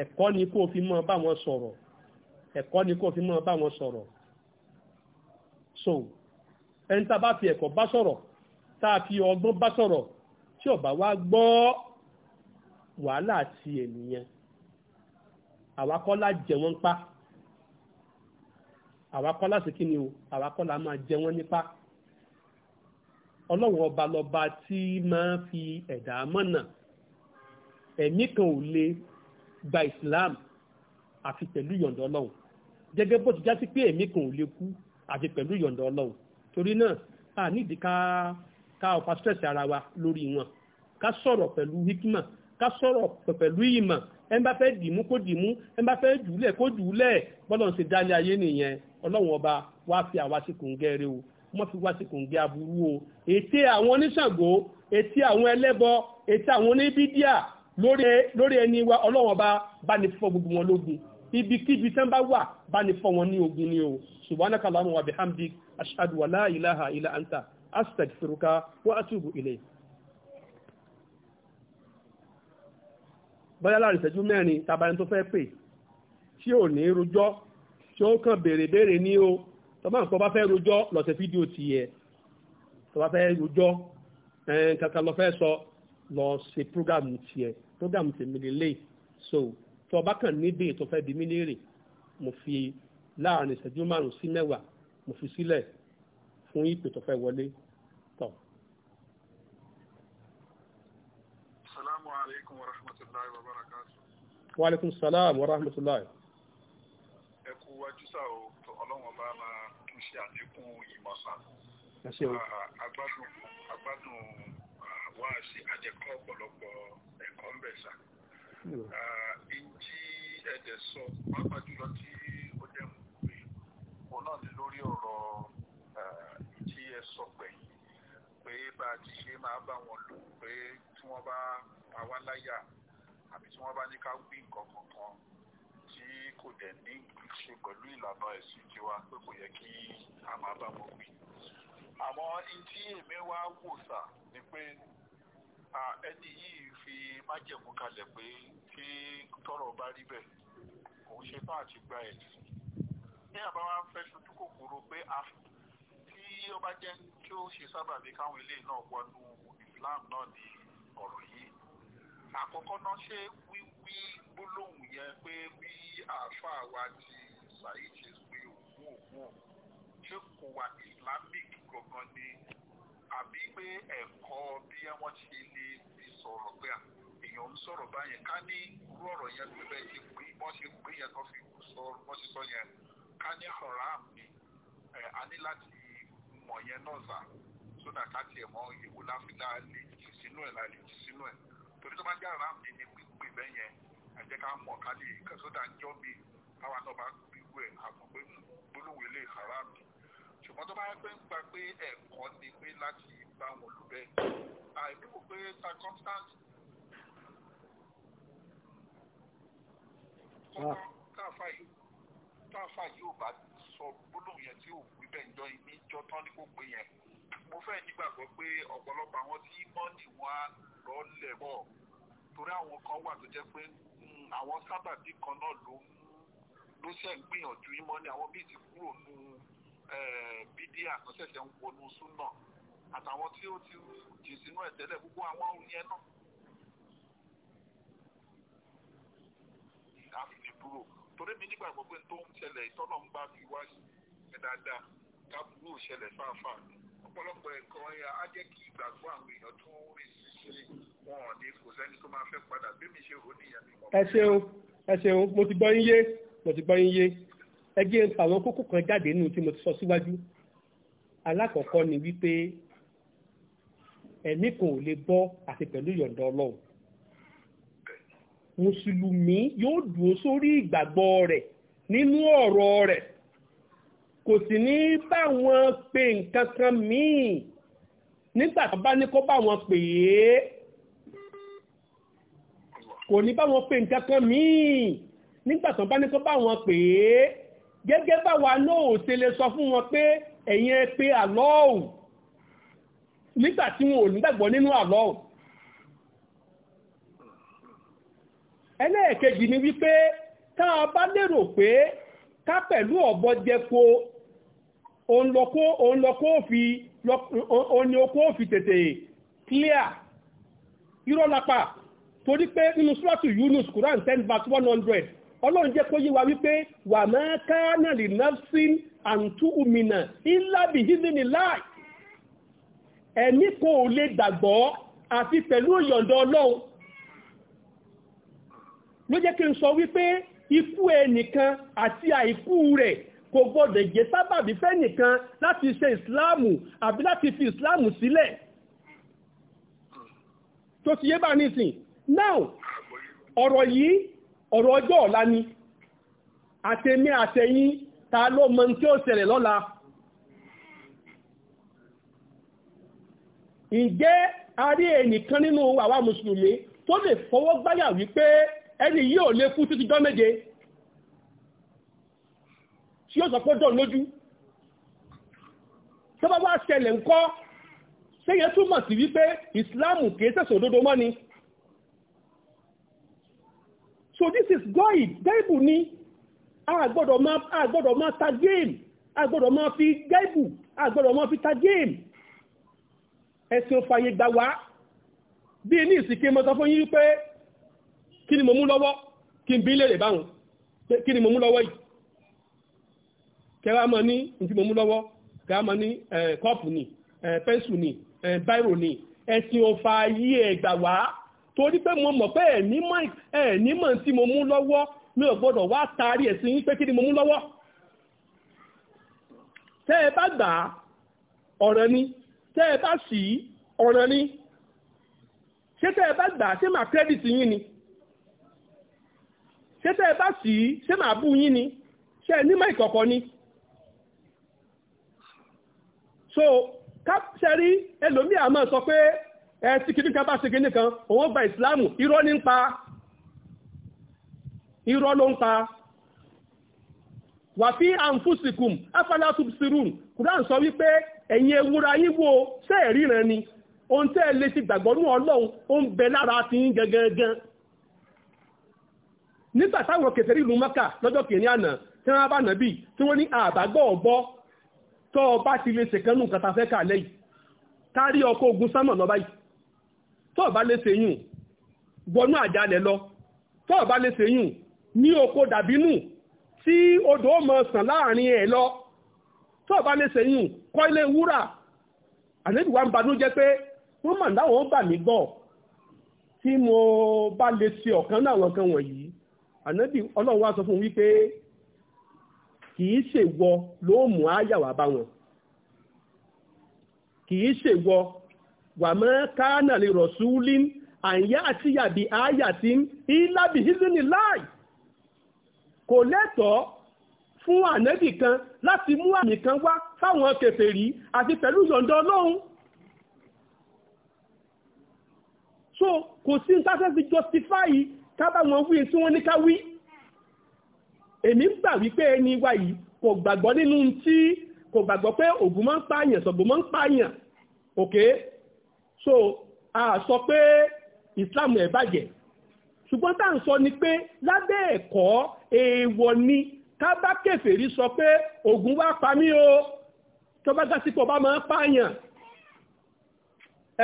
ẹ̀kọ́ ni kó o fi mọ́ bá wọn sọ̀rọ̀ ẹ̀kọ́ ni kó o fi mọ́ bá wọn sọ̀rọ̀ so ẹni tá a bá fi ẹ̀kọ́ bá sọ̀rọ̀ tá a fi ọgbọ́n bá sọ̀rọ̀ tí ó bá wá gbọ́ wàhálà ti ènìyàn àwa kọ́ la jẹ wọ́n pa àwa kọ́ la ṣe kí ni o àwa kọ́ la máa jẹ wọ́n nípa ọlọ́run ọba lọ́ba tí máa fi ẹ̀dá mọ̀nà ẹ̀mí kan ò le gba islam àfi pẹ̀lú ìyọ̀ǹda ọlọ́run gẹ́gẹ́ bó ti já sí pé èmi kan ò lè kú àfi pẹ̀lú ìyọ̀ǹda ọlọ́run torí náà a nídìí ká ká ọ̀fà stress ara wa lórí wọn ká sọ̀rọ̀ pẹ̀lú hikma ká sọ̀rọ̀ pẹ̀lú ìmọ̀ ẹ bá fẹ́ dìímú kó dìímú ẹ bá fẹ́ jùúlẹ̀ kó jùúlẹ̀ bọ́lọ̀ ń ṣe dálé ayé nìyẹn ọlọ́run ọba wá fi àwa sí kòǹgẹ́ rẹ o wọ́n fi wá sí kòǹgẹ́ aburú o ète àwọn oníṣàngó ète àwọn ẹlẹ́bọ ète àwọn oníbídíà lórí ẹni wa ọlọ́wọ́n bá bá ní fọ́ gbogbo wọn lógun ibikíbi tán bá wà bá ní fọ́ wọn ní ogun ni o subhanaka wa bihamdik ashhadu la ilaha illa anta astaghfiruka wa atubu ilayk bóyá láàrin ìṣẹ́jú mẹ́rin tàbáyé tó fẹ́ pè tí ò ní rojọ́ tí ó kàn béèrè béèrè ní o tọ́bá nǹkan bá fẹ́ rojọ́ lọ́sẹ̀ fídíò tiẹ̀ tọ́bá fẹ́ rojọ́ kankan lọ sọ lọ ṣe prógámù tiẹ̀ prógámù tèmi lélẹ̀ so tó o bá kàn níbi ètò fẹ́ bí mí léèrè mo fi láàrin ìṣẹ́jú márùn-ún sí mẹ́wàá mo fi sílẹ̀ fún ìpè tó fẹ́ wọlé tọ̀. wa aleykum salaam wa rahmatulahi. ẹ kú wájú sáà o ọlọ́run ọba máa tún ṣe àlékún ìmọ̀sán. agbádùn agbádùn wá sí àjẹkọ́ ọ̀pọ̀lọpọ̀ ẹ̀kọ́ ń bẹ̀ sá. ìjì ẹ̀dẹ̀ sọ pàápàá jùlọ tí ó jẹ́ pé òun náà ní lórí ọ̀rọ̀ ìjì ẹ̀ sọ pẹ̀yìn pé bá a ti ṣe máa bá wọn lò pé tí wọ́n bá pa wá láyà àbí tí wọ́n bá ní ká wí nǹkan kankan tí kò dẹ̀ ní ṣe pẹ̀lú ìlànà ẹ̀sìn tiwa pé kò yẹ kí a máa bá wọn wí. àmọ́ ní èmi wá wò sà ni pé ẹni yìí fi májẹ̀mú kalẹ̀ pé kí tọrọ bá rí bẹ́ẹ̀ òun ṣe bá àti gba ẹ̀yìn ní àbáwá fẹ́ sojú kòkòrò pé a tí ó bá jẹ́ tí ó ṣe sábàbí káwọn ilé náà wọnú Islam náà ní ọ̀rọ̀ yìí àkọ́kọ́ náà ṣé wíwí gbólóhùn yẹn pé bí àáfàá wa ti ṣàyè ṣe pé òun òun ṣé kò wà Islamic gangan ni àbí pé ẹ̀kọ́ bí wọ́n ti lè fi sọ̀rọ̀ pé èèyàn ń sọ̀rọ̀ báyẹn ká ní irú ọ̀rọ̀ yẹn pé bẹ́ẹ̀ ti pín wọ́n ti pín yẹn tó fi sọ wọ́n ti sọ yẹn ká ní haram ni a ní láti mọ̀ yẹn náà sà sódà ká tiẹ̀ mọ ìwò láfíńdà lè jì sínú ẹ̀ la lè jì sínú ẹ̀ torí tó bá jẹ́ haram ni ni pípé bẹ́ẹ̀ yẹn ẹ jẹ́ ká mọ̀ ká lè sódà ń jọ́ mi táwa náà bá gbígbó ẹ̀ àmọ́ pé gbólóhùn ilé haram ni ṣùgbọ́n tó bá yẹ pé ń gbà pé ẹ̀kọ́ ni pé láti bá wọn lò bẹ́ẹ̀ àìdúró pé circumstance kọ́kọ́ ah. yìí káfà yìí ò bá sọ gbólóhùn yẹn tí ò wí bẹ́ẹ̀ jọ ní jọ tán ní kò pé yẹn mo fẹ́ nígbàgbọ́ pé ọ̀pọ̀lọpọ̀ àwọn tí mọ́ọ̀nì wa lọ bọ̀ torí àwọn kan wà tó jẹ́ pé hmm, àwọn sábàbí kan náà ló ló ṣẹ̀ ń gbìyànjú mọ́ọ̀nì àwọn bíi ti kúrò nù bídíà eh, tó ṣẹ̀ṣẹ̀ ń wọnú súnà àtàwọn tí ó ti jì sínú ẹ̀ tẹ́lẹ̀ gbogbo àwọn yẹn náà. àfìní dúró torí mi nígbàgbọ́ pé tó ń ṣẹlẹ̀ ìtọ́nà ń bá fi wá ṣe dáadáa káàbùrú ṣẹlẹ̀ fáfáà ọ̀pọ̀lọpọ̀ ẹ̀kọ́ ẹ̀yà á jẹ́ kí ìgbàgbọ́ àwọn èèyàn tó ń rìn sí ṣe wọn ní kò sẹ́ni tó máa fẹ́ padà bí mi ṣe rò níyàmí. ẹ ṣeun ẹ ṣeun mo ti gbọ́ yín yé mo ti gbọ́ yín yé ẹ jẹ́ n fa àwọn kókó kan jáde nínú tí mo ti sọ síwájú alákọ̀ọ́kọ́ ni wípé ẹ̀mí kan ò lè bọ́ àti pẹ̀lú yọ̀ǹda ọlọ́run mùsùlùmí yóò dúró sórí ìgbàgbọ́ rẹ̀ nínú ọ̀rọ̀ rẹ̀ kò sì ní bá wọn pe nǹkan kan míì nígbà tó bá ní kó bá wọn pè é kò ní bá wọn pe nǹkan kan míì nígbà tó bá ní kó bá wọn pè é gẹ́gẹ́ báwa náà ò ṣe lè sọ fún wọn pé ẹ̀yin ẹ pé àlọ́ọ̀hù nígbà tí wọn ò nígbàgbọ́ nínú àlọ́ọ̀hù ẹlẹ́ẹ̀kejì ni wípé tá a bá lérò pé ká pẹ̀lú ọ̀bọ jẹko òun lọ́kọ́ òfi òní okó òfi tètè clear irọ́ lápá torí pé nínú súrátù Yunus Quran ten verse one hundred ọlọ́run jẹ́ kó yí wa wípé wà máa ká náà lè nafsin àǹtú òmìnà ìlàbí hídínì láì ẹ̀mí kò lè dàgbọ́ àti pẹ̀lú ìyọ̀ǹda ọlọ́run ló jẹ́ kí n sọ wípé ikú ẹnìkan àti àìkú rẹ̀ kò gbọ́dọ̀ jẹ́ sábàbí fẹ́nìkan láti ṣe ìsìláàmù àbí láti fi ìsìláàmù sílẹ̀ tó ti yé bá nísìn now ọ̀rọ̀ yìí ọ̀rọ̀ ọjọ́ ọ̀la ni àtẹ̀mí àtẹ̀yìn ta ló mọ tí ó ṣẹlẹ̀ lọ́la ǹjẹ́ a rí ẹnìkan nínú àwa mùsùlùmí tó lè fọwọ́ gbáyà wípé ẹni yìí ò lè kú títí jọ́ méje tí ó sọ pé dọ̀ lójú tó bá wá ṣẹlẹ̀ ńkọ́ ṣé yẹn túmọ̀ sí wípé ìsìláàmù kìí ṣẹ̀sọ̀ òdodo mọ́ ni so this is goid gaibu ni a gbọ́dọ̀ máa a gbọ́dọ̀ máa ta game a gbọ́dọ̀ máa fi gaibu a gbọ́dọ̀ máa fi ta game ẹ̀sìn òfààyè gbà wá bí ní ìsìnkí mo sọ fún yín pé kí ni mo mú lọ́wọ́ kí n bí lè rè báwọn kí ni mo mú lọ́wọ́ yìí kẹwàá mọ ní ntí mo mú lọ́wọ́ kẹwàá mọ ní kọ́ọ̀pù eh, ni eh, pẹ́ńsù ni eh, báírò ni ẹ̀sìn òfààyè ẹ̀gbà wá. torí pé mo mọ̀ pé ẹ̀ní mọ̀ tí mo mú lọ́wọ́ ní ò gbọ́dọ̀ wá taari ẹ̀sìn yín pé kí ni mo mú lọ́wọ́ tẹ́ ẹ bá gbà ọ̀rọ̀ ni tẹ́ ẹ bá sì ọ̀rọ̀ ni ṣé tẹ́ ẹ bá gbà ṣé màá kírẹ́dìtì yín ni ṣé tẹ́ ẹ bá sì ṣé màá bú yín ni ṣé ẹ nímọ̀ ìkọ̀kọ̀ ni so ṣe rí ẹlòmíà máa sọ pé ẹ tí kan bá ṣe kìnnìkan òun gba ìsìláàmù irọ́ ní ń pa irọ́ ló ń pa wà fí àǹfùsìkùm afálàtúbsirùn kùrán sọ wípé ewúra yín wo ni ohun tẹ́ ẹ lè ti gbàgbọ́ ní ọlọ́run ó ń bẹ lára ti ń gangan nígbà táwọn kẹsẹ̀rí ìlú mọ́kà lọ́jọ́ kìíní àná tí wọ́n bá nàbí tí wọ́n ní àbágbọ́ ọ̀gbọ́ ti lè ṣèkánú kàtàfẹ́ tó bá lé ṣe yùn àjálẹ̀ lọ tó bá lé ṣe ní oko dàbínú tí odò mọ̀ sàn láàrin ẹ̀ lọ tó bá lé ṣe kọ́ ilé wúrà àlébìwá ń banú jẹ́ pé wọ́n mà láwọn bà mí gbọ́ tí mo bá lè ṣe ọ̀kan kan wọ̀nyí ànábì ọlọ́run wá sọ fún wípé kìí ṣèwọ ló mú àyàwó àbáwọn kìí wàmọ́ kánà lè rọ̀súlín àyà àti yàbí àyà tí ń ìlàbí hízínì láì kò lẹ́tọ̀ọ́ fún ànẹ́bì kan láti mú àmì kan wá fáwọn kèfèrí àti pẹ̀lú yọ̀ǹda ọlọ́run so kò sí ntáfẹ́ fi justify kábà wọn wí tí wọ́n ní ká wí èmi ń gbà wípé ẹni wa yìí kò gbàgbọ́ nínú tí kò gbàgbọ́ pé ògùn máa ń pààyàn sọ̀gbọ̀n máa ń pààyàn òkè okay? so a sọ pé islam ẹ̀ bàjẹ́ ṣùgbọ́n tá à ń sọ ni pé lábẹ́ ẹ̀kọ́ èèwọ̀ ni ká bá kèfèrí sọ pé ògùn wá pa mí o tó bá gásípọ̀ bá máa pààyàn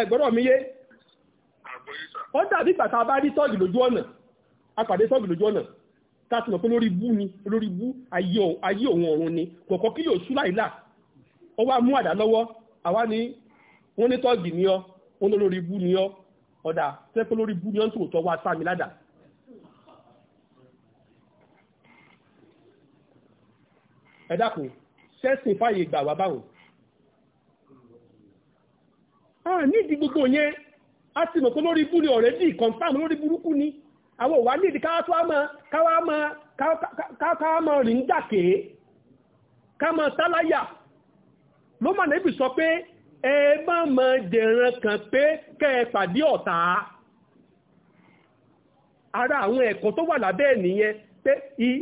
ẹ̀gbọ́rọ̀ mi yé ó dàbí pàtà bá rí tọ́ọ̀gì lójú ọ̀nà apàdé tọ́ọ̀gì lójú ọ̀nà táti mọ̀ pé lórí bú ni lórí bú ayé òun ọ̀run ni kọ̀ọ̀kan kí lè ò ó wá mú àdá lọ́wọ́ àwa ni wọ́n ní tọ́ọ̀gì ni ọ́ wọn lórí ibú ni ọ́ ọ̀dà tẹ́pẹ́ lórí ibú ni ọ́ ń tòótọ́ wá sáàmì ládàá ẹ dákun fàyè gbà gbogbo yẹn a ti mọ̀ pé lórí ibú ni ọ̀rẹ́ dì ni àwọn òwà nídìí káwá máa rìn ń dàkè ká ló sọ pé ẹ má mọ jẹran kan pé kẹ́ ẹ pàdé ọ̀tá ara àwọn ẹ̀kọ́ tó wà lábẹ́ nìyẹn pé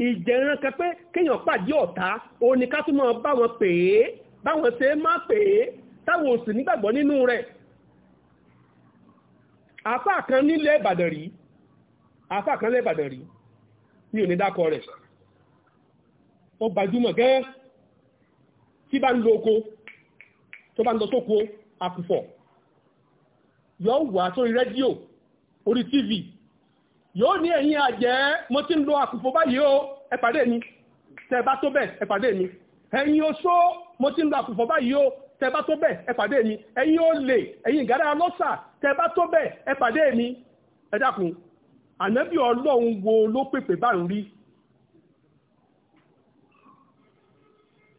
ìjẹran kan pé kéèyàn pàdé ọ̀tá ó ní ká túnmọ̀ báwọn pè é báwọn ṣe má pè é táwọn ò sì nígbàgbọ́ nínú rẹ̀ apá kan nílẹ̀ Ìbàdàn rí apá kan nílẹ̀ Ìbàdàn rí mi ò ní dákọ rẹ̀ ó gbajúmọ̀ gẹ́ẹ́ tí bá ń lo oko tó bá ń lọ sóko àkùfọ̀ yóò wà sórí rédíò orí tv yóò ní ẹ̀yin àjẹ́ mo ti ń lo àkùfọ̀ báyìí o ẹ pàdé mi tẹ bá tó bẹ́ẹ̀ ẹ pàdé mi ẹ̀yin oṣó mo ti ń lo àkùfọ̀ báyìí o tẹ bá tó bẹ́ẹ̀ ẹ mi ẹ̀yin olè ẹ̀yin ìgárá lọ́sà tẹ bá tó bẹ́ẹ̀ ẹ mi ẹ dákun ànábì ọlọ́run wo ló pèpè bá ń rí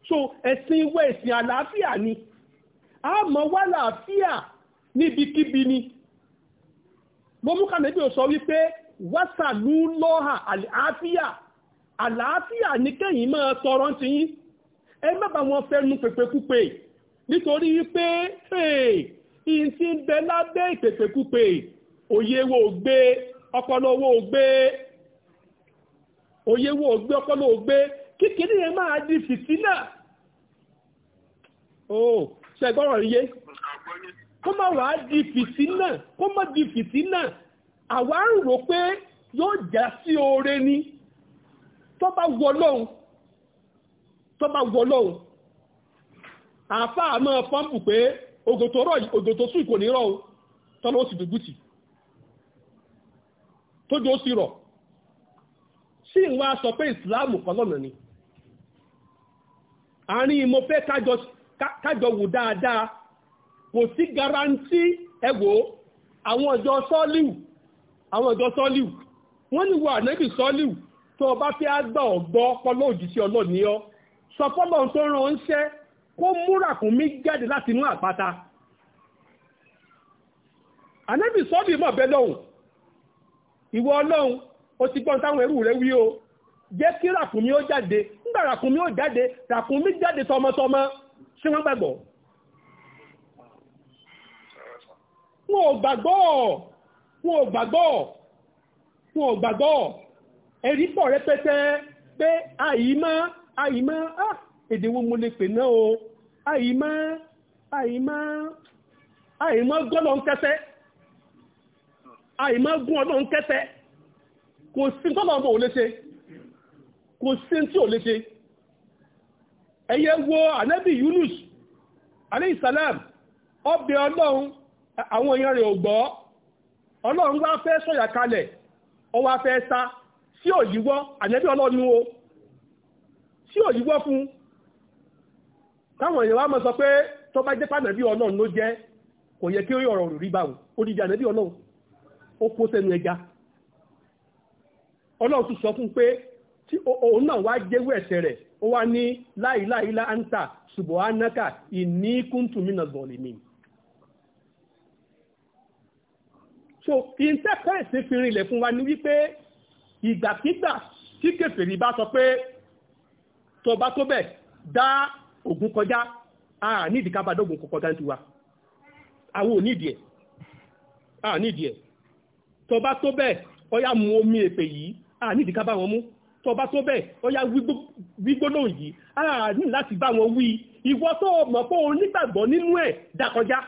so ẹ̀sìn ìwé ẹ̀sìn àlàáfíà ni a mọ̀ wá làáfíà níbikíbi ni mo mú kànẹ́bí ò sọ wípé wásàlú lọ́hà àlàáfíà àlàáfíà ní kẹ́yìn máa tọrọ ti yín ẹ má bá wọn fẹ́nu pèpèkúpè nítorí wípé ìyìn tí ń bẹ lábẹ́ ìpèpèkúpè òye wo gbé ọpọlọ wo gbé ọpọlọ ogbe gbé kíkiri yẹn máa di fìtínà. Oh, ṣẹ̀gbọ́rọ̀ yé kó má wàá di fìtínà kó má di fìtínà àwa ń rò pé yóò já sí oore ni tó bá wọ lọ́hùn tó bá wọ lọ́hùn àáfàá máa pọ́ǹpù pé ògòtò sùn kò ní rọ̀ o tọ́lọ́ sì dùgbùtì tójú ó sì rọ̀ sí ìwọ́n a sọ pé ìsìláàmù kan lọ́nà ni àárín mo fẹ́ kájọ kájọ wò dáadáa kò sí garanti ẹ̀wò àwọn ìjọ sọ́líù àwọn ìjọ sọ́líù wọ́n ní wà nẹ́bì sọ́líù tó o bá fẹ́ gbà ọ́ gbọ́ pọ́lọ́ òjìṣẹ́ ọlọ́ni ọ́ sọ pọ́lọ́ tó ràn án ṣẹ́ kó múra kùn mí jáde láti inú àpáta ànẹ́bì sọ́líù mọ̀ bẹ́ lọ́hùn ìwọ ọlọ́hun o ti gbọ́n táwọn ẹrú rẹ wí o jẹ́ kí ràkùnmí ó jáde nígbà ràkùnmí ó jáde ràkùnmí jáde tọmọtọmọ ṣé wọ́n gbàgbọ́ wọn ò gbàgbọ́ wọn ò gbàgbọ́ wọn ò gbàgbọ́ ẹ̀rí pọ̀ rẹpẹtẹ pé àyímọ́ àyímọ́ èdè wo mo lè pè náà o àyímọ́ àyímọ́ àyímọ́ gọ́lọ̀ ń kẹsẹ́ àyímọ́ gún ọlọ́ ń kẹsẹ́ kò sí gọ́lọ̀ ọmọ ò lè kò sí tí ò lè ẹ̀yẹ wo anabi Yunus aleyhisalam ọbẹ̀ ọlọ́run àwọn èèyàn rẹ̀ ò gbọ́ ọlọ́run wá fẹ sí o sí fún èèyàn sọ pé tó bá jẹ́ pàdánàbí ọlọ́run ló jẹ́ kò yẹ kí ó rí odidi anabi ọlọ́run ó kó sẹ́nu ẹja ọlọ́run tún sọ fún pé tí òun náà wá jẹ́wọ́ ó wá ní láìláìlá áńtà subhanaka inni kuntu minaz zalimin so interface fi rinlẹ̀ fún wa ní wípé ìgbàkígbà tí kèfèrí bá sọ pé tó bá tó bẹ̀ dá ògùn kọjá a nídìí ká bá dógùn kọjá tiwa àwọn ò nídìí ẹ̀ a nídìí ẹ̀ tó tó bẹ̀ ọyá mu omi èpè yìí a nídìí ká bá wọn mú tó bá tó bẹ́ẹ̀ ó yá wígbóná yìí a ní láti bá wọn wí ìwọ tó mọ̀ pé o nígbàgbọ́ nínú ẹ̀ dàkọjá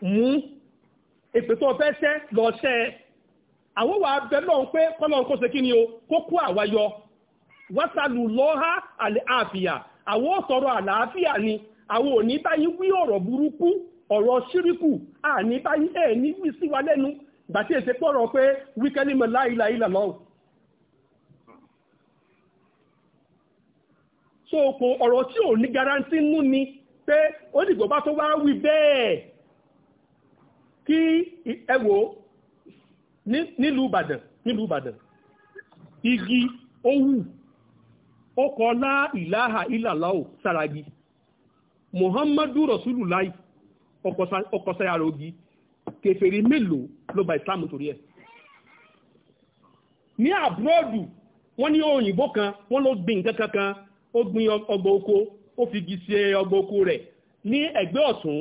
mú èpè tó fẹ́ sẹ́ lọ sẹ́ ẹ àwọn wà bẹ náà pé kọ́lọ́ kó ṣe kí ni o kó kó àwa yọ wásàlù lọ́ha àlẹ́ àfìyà àwọn sọ̀rọ̀ àlàáfíà ni àwọn ò ní báyìí wí ọ̀rọ̀ burúkú ọ̀rọ̀ ṣíríkù àní báyìí ẹ̀ ní wí sí wa lẹ́nu gbàtí èsèpọ̀ rọ̀ pé wíkẹ́lì mọ̀ láìláìlà lọ́wọ́ so okun ọ̀rọ̀ tí ò ní garanti mú ni pé ó bá tó wá wí bẹ́ẹ̀ kí ẹ wò nílùú ìbàdàn nílùú ìbàdàn igi owú ó kọ ìláhà ìlàláò sáragi muhammadu mélòó ló ba islam torí ẹ̀ ní àbúròdù wọ́n ní òyìnbó kan wọ́n ló kan ó gbin ọgbà oko ó fi igi ṣe ọgbà oko rẹ̀ ní ẹ̀gbẹ́ ọ̀tún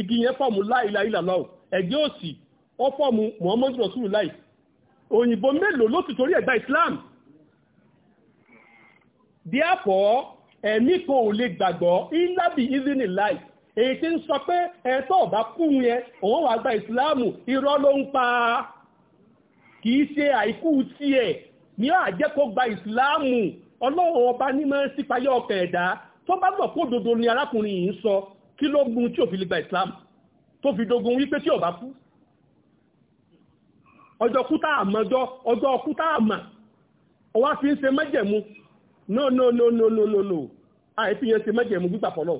igi yẹn fọ́ọ̀mù láìláìláìláò ẹ̀gbẹ́ òsì ó fọ́ọ̀mù muhammadu rasulullah òyìnbó mélòó ló ti torí ẹ̀gbà islam therefore ẹ̀mí kan ò lè gbàgbọ́ ìlàbí ìzínì láì èyí tí ń sọ pé ẹ̀tọ́ ọ̀bá kún yẹn òun wà gba ìsìláàmù irọ́ ló ń pa kìí ṣe àìkú tiẹ̀ ní àjẹ́kó gba ìsìláàmù ọlọ́run ọba ní máa ń ọkàn ẹ̀dá tó bá gbọ̀ kó dodo ni arákùnrin yìí ń sọ kí ló gun tí ò fi lè gba Islam tó fi dogun wípé tí ò kú ọjọ́ kú tá ọjọ́ kú tá ọwá fi ń ṣe májẹ̀mú no no no no no no no àìfi yẹn ṣe májẹ̀mú gbígbà fọlọ́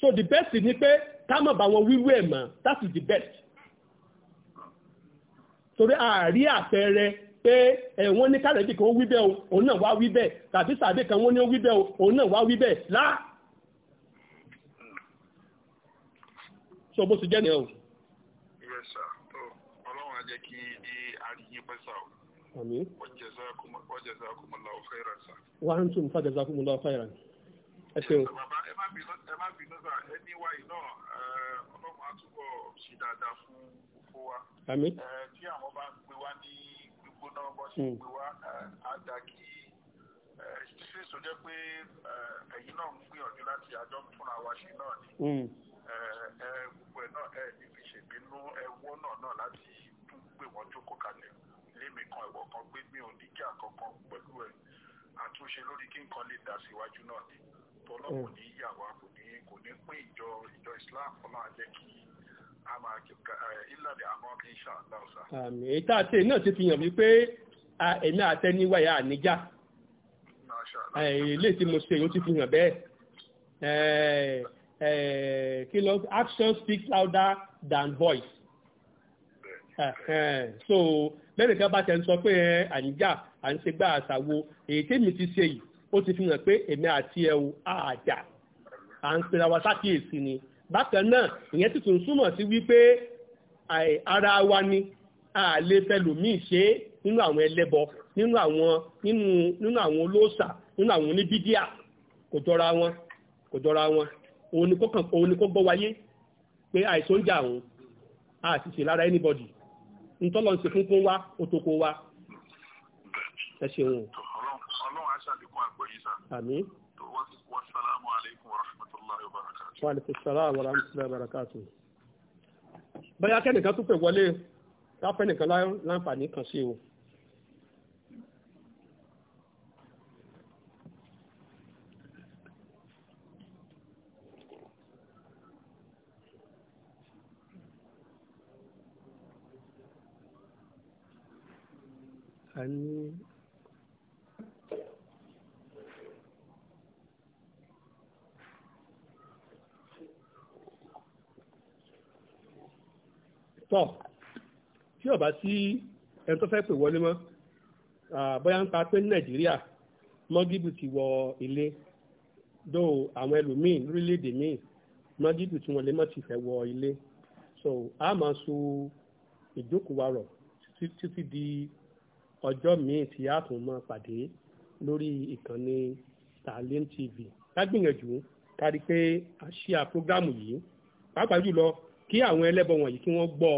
so the best ni pé ká mọ̀ bá wọn wíwú ẹ̀ mọ́ that is the best torí àárí àpẹẹrẹ pé ẹ̀ ní kárẹ́bì kan ó o òun náà wá wí bẹ́ẹ̀ tàbí sàbí kan wọ́n ní ó wí o òun náà wá wí bẹ́ẹ̀ lá. sọ jẹ́ nìyẹn o. ìwé sà tó ọlọ́run á kí àríyìn pẹ́ sà o. àmín. wọ́n jẹ́ jazakumullahu khairan sà. wa antum fa àwọn bá ń pè wá ní gbóná bọ́ sí pé wá àgbà kí ṣèṣò jẹ́ pé ẹ̀yin náà ń gbìyànjú láti àjọ fúnra wa ṣe náà ni hmm. gbogbo ẹ̀ náà ẹ̀ níbi ìṣèbínú ẹ̀wọ́ náà náà láti tún pè wọ́n jókòó kalẹ̀ lémi kan ẹ̀wọ̀ kan gbé mi ò ní jà kankan pẹ̀lú ẹ̀ àtúnṣe lórí kí nǹkan lè dà síwájú náà ni tọ́lọ́ kò ní yà wá kò ní pín ìjọ ìjọ Islam fọlọ́ àjẹ́ kí àmì èyí tá a ṣe náà ti fi hàn mí pé ẹ̀mí àtẹniwá yà níjà ilé tí mo ṣe yóò ti fi hàn bẹ́ẹ̀ kí ló action speak louder than voice so lẹ́nu kan bá tẹ̀ ń sọ pé àníjà à ń ṣe gbá àṣàwo èyí tèmi ti ṣe yìí ó ti fi hàn pé èmi àti ẹ̀ o àjà à ń pera wa sákìyèsí ni. bákan náà ìyẹn sì tún súnmọ̀ wípé ara wa ni a lè fẹlòmíì ṣe nínú àwọn ẹlẹ́bọ nínú àwọn nínú nínú àwọn olóòṣà nínú àwọn oníbídíà kò jọra wọn kò jọra wọn òun ni kó kàn òun ni kó gbọ́ wáyé pé àìsàn ń jà a sì ṣe lára anybody ntọ́lọ́ ń ṣe fún kó otoko wa ẹ ṣeun. ọlọ́run aṣáájú kún sá. wàlẹ́kùsọ́lá àwọn àmì bàràkàtù. bóyá kẹ́nìkan tún pè wọlé láfẹ́ nìkan láǹfààní kan sí o. a ní tọ́ tí ó bá sí ẹni tó fẹ́ pè wọlé mọ́ bóyá ń pa pé ní nàìjíríà mọ́gìbù ti wọ ilé dó àwọn ẹlòmíín lórílẹ̀‐èdè míì mọ́gìbù tí wọ́n lè mọ́ ti fẹ́ wọ ilé so a máa so ìjókòó wa rọ̀ títí di ọjọ́ míì tí a tún máa pàdé lórí ìkànnì Taalim TV lágbìyànjú kárí pé a ṣí a prógámù yìí pàápàá jùlọ kí àwọn ẹlẹ́bọ wọ̀nyí kí wọ́n gbọ́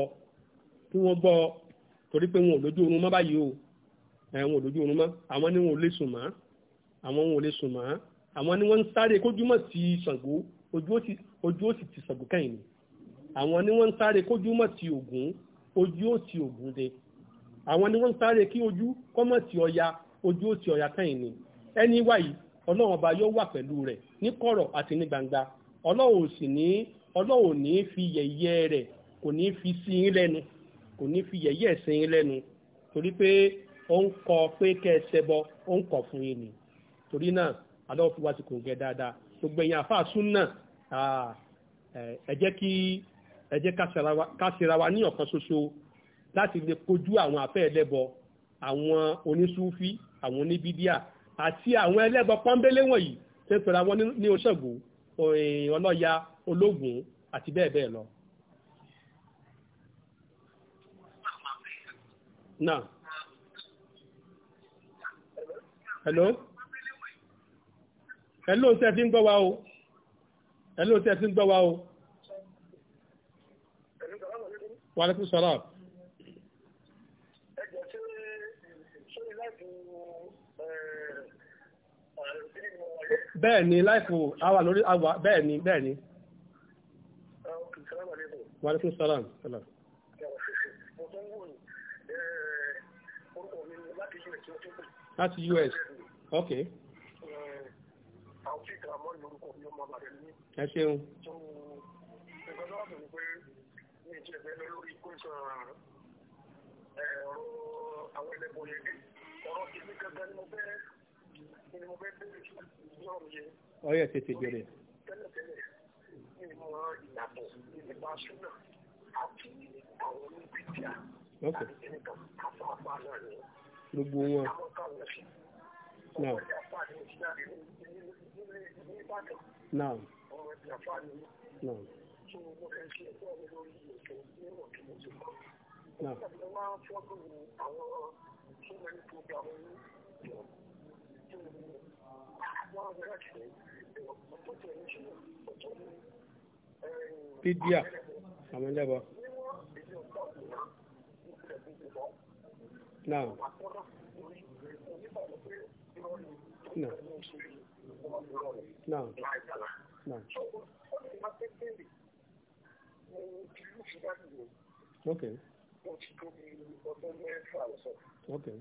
kí wọ́n gbọ́ torí pé wọn ò lójú oorun mọ́ báyìí o wọn ò lójú oorun mọ́ àwọn ni wọn ò lè sùn mọ́ àwọn wọn ò lè sùn mọ́ àwọn ni wọ́n ń sáré kójúmọ́ sí Ṣàngó ojú ó sì ti Ṣàngó kẹ́yìn ni àwọn ni wọ́n ń sáré kójúmọ́ sí Ògún ojú ó ti Ògún de àwọn ni wọ́n ń sáré kí ojú kọ́mọ̀ sí Ọya ojú ó ti Ọya kẹ́yìn ni ẹni wáyìí ọlọ́run ọba yóò wà pẹ̀lú rẹ̀ ní kọ̀rọ̀ àti ní gbangba ọlọ́run ò sì ní ọlọ́run ò ní fi yẹ̀yẹ́ rẹ̀ kò ní fi sí yín lẹ́nu kò ní fi yẹ̀yẹ́ sí yín lẹ́nu torí pé ó ń kọ pé kẹ́ ẹ ṣẹbọ ó ń kọ fún yín ni torí náà aláwọ̀ fi wá sí kòǹgẹ́ dáadáa gbogbo ẹ̀yìn àfa súnà ẹ jẹ́ kí ẹ jẹ́ wa ní ọ̀kan ṣoṣo láti lè kojú àwọn àfẹ́ ẹlẹ́bọ àwọn onísúfí àwọn oníbídíà àti àwọn ẹlẹ́bọ pọ́nbélé wọ̀nyí tẹ́tọ̀ra wọn ní oṣègùn ọlọ́ya ológun àti bẹ́ẹ̀ bẹ́ẹ̀ lọ. náà hello hello tẹ́ fi ń gbọ́ wa o hello tẹ́ fi ń gbọ́ wa o. wàlẹ́kùn sọ̀rọ̀. bẹ́ẹ̀ ni láìpò àwà lórí àwà bẹ́ẹ̀ ni bẹ́ẹ̀ ni. Wàlékún sálàm. Láti US. Ok. Ẹ ṣeun. Àwọn ẹlẹ́bọ̀ yẹn dé, ọ̀rọ̀ ìlú kankan ni tètè bẹ̀rẹ̀ ìmọ̀ ìyàtọ̀ nípa ṣúná àti àwọn oníbìdíà Gbogbo wọn. Náà bídíà àwọn ẹlẹ́bọ. náà náà náà náà. Okay. Okay.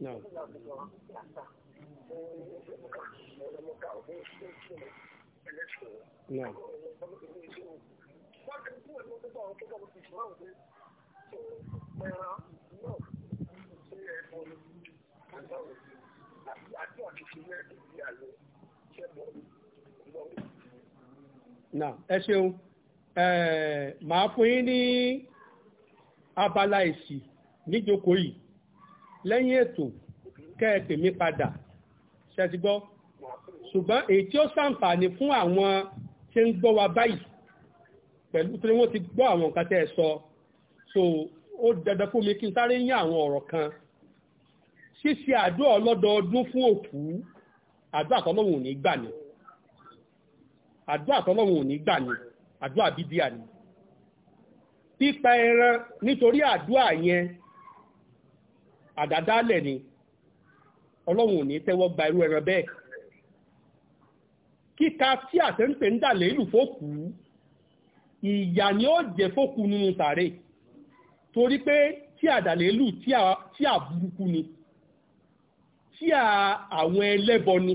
نعم نعم náà ẹ ṣeun màá fún yín ní abala èsì níjókòó yìí lẹ́yìn ètò kẹ́ẹ̀pẹ̀ mi padà ṣẹ́ti gbọ́ ṣùgbọ́n èyí tí ó ṣàǹfààní fún àwọn tí ń gbọ́ wa báyìí pẹ̀lú pé wọ́n ti gbọ́ àwọn nǹkan tẹ́ ẹ sọ so ó dandan fún mi kí n sáré yín àwọn ọ̀rọ̀ kan ṣíṣe àdúrà ọlọ́dọọdún fún òkú àdúrà tọ́lọ́wọ̀n ò ní gbà ni àdúrà tọ́lọ́wọ̀n ní gbà ni àdúrà bíbíà ni pípa ẹran nítorí àdúrà yẹn àdádálẹ̀ ni ọlọ́run ò ní tẹ́wọ́ gba irú ẹran bẹ́ẹ̀ kíka tí àtẹ́ǹtẹ̀ ń dàlẹ́ ìlú fókù ìyà ni ó jẹ́ fókù nínú tààrẹ torí pé tí àdàlẹ́ ìlú tí àbúrúkú ni tí àwọn ẹlẹ́bọ ni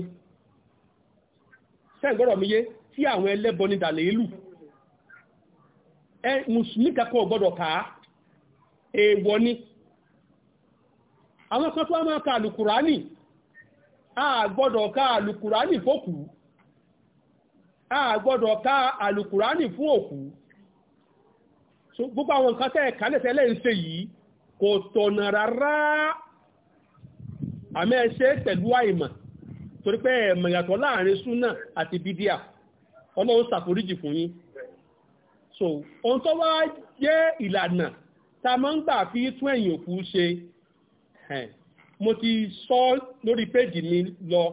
sẹ́ǹgbọ́rọ̀ mi yé tí àwọn ẹlẹ́bọ ni dàlẹ́ ìlú mùsùlùmí kankan gbọ́dọ̀ kà èèwọ̀ ni àwọn kan tó wá máa ka àlùkùránì a gbọ́dọ̀ ka àlùkùránì fókù a gbọ́dọ̀ ka àlùkùránì fún òkú gbogbo àwọn nǹkan tẹ́ ẹ̀ka lẹ́sẹ̀lẹ́ ń ṣe yìí kò tọ̀nà rárá àmẹ́ ṣe pẹ̀lú àìmọ̀ torí pé ẹ̀mọ̀ láàrin súnà àti bídíà ọlọ́run ṣàforíjì fún yín so ohun tó wá jẹ́ ìlànà tá a máa ń gbà fi tún ẹ̀yìn òkú ṣe mo ti sọ lórí péjì mi lọ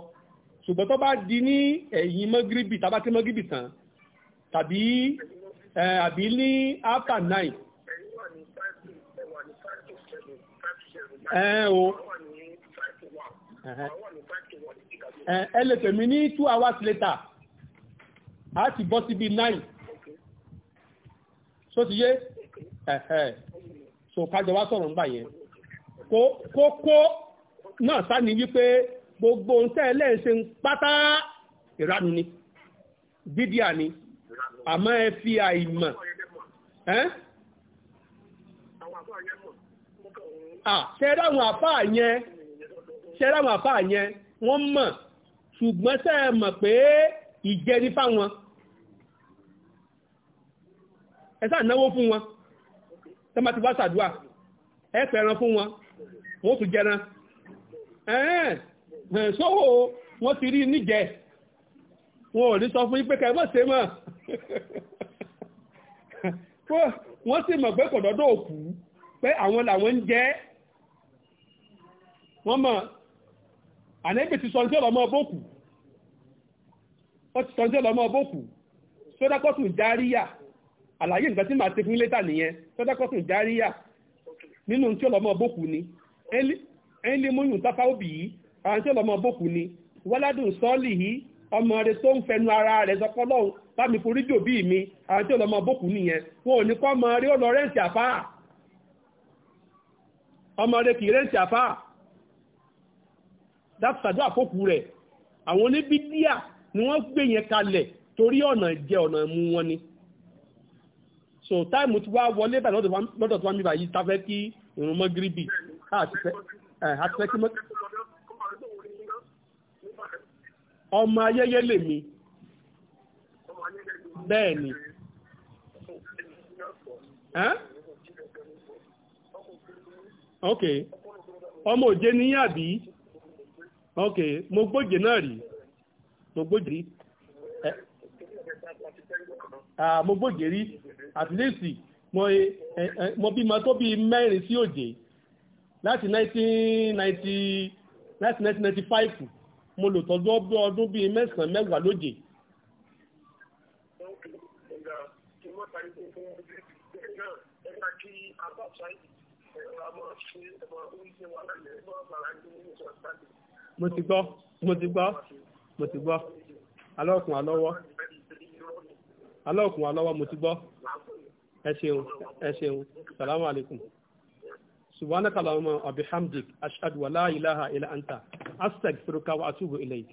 ṣùgbọ́n tó bá di ní ẹ̀yìn mọ́gíríbì tàbá tí mọ́gíríbì tán tàbí àbí ní after nine. ẹ o ẹ lè pè mí ní two hours later a ti bọ́ síbi nine so ti yé so kájọ wá sọ̀rọ̀ nígbà yẹn kókó náà sá ni wípé gbogbo ohun tẹ́ ẹlẹ́ẹ̀ṣẹ̀ ń pátá ìranu ni bídíà ni àmọ́ ẹ fi àìmọ̀ ṣẹ́rẹ́ àwọn àfáà yẹn ṣẹ́rẹ́ àwọn àfáà yẹn wọ́n mọ̀ ṣùgbọ́n ṣe é mọ̀ pé ìjẹni fáwọn ẹ sáà náwó fún wọn tẹ́mátì bá ṣàdúrà ẹ pẹ̀ràn fún wọn wọ́n tún jẹran ẹ̀ẹ́n sọ́wọ́ wọ́n ti rí níjẹ wọn ò ní sọ fún yín kẹ́ mọ́ mọ́ wọ́n sì mọ̀ pé kò dọ́dọ̀ òkú pé àwọn làwọn ń jẹ wọ́n mọ̀ ànẹ́bì ti sọ ní sọ́lọ́ bókù ó ti sọ ní sọ́lọ́ bókù sódákọ́tù járíyà àlàyé nǹkan tí màá ti fún létà nìyẹn sódákọ́tù járíyà nínú tí ọlọ́mọ bókù ni ẹ̀ńlẹ́ mọ́yún tọ́fà òbí yìí àwọn tí ọlọ́mọ bókù ni wọ́ládùn ọmọ rẹ tó ń fẹnu ara rẹ̀ sọpọ́ bámi forí jò mi àwọn tí ọlọ́mọ bókù nìyẹn wọn ò ní ọmọ rẹ ó lọ rẹ́ǹsì rẹ ni wọn ni so time táìmù ti wá wọlé báyìí lọ́dọ̀ tó wá mi báyìí ta fẹ́ kí ìrun mọ́gíríbì àti fẹ́ kí mọ́gíríbì. ọmọ ayẹyẹ lèmi bẹ́ẹ̀ ni ok ọmọ òjé ní àbí ok mo gbójè náà rí mo gbójè rí mo gbòjè rí at least mo bímọ tó bí mẹ́rin sí òjè láti 1990 láti 1995 mo lò tọ́jú ọdún bíi mẹ́sàn-án mẹ́wàá lójè. mo ti gbọ́ mo ti gbọ́ mo ti gbọ́ alọ́kùn alọ́wọ́ alọ́ọ̀kùn wa lọ́wọ́ mo ti gbọ́ ẹ ṣeun ẹ ṣeun salamu alaykum subhanaka allahumma wa bihamdik ashhadu wa la ilaha illa anta astaghfiruka wa atubu ilayk.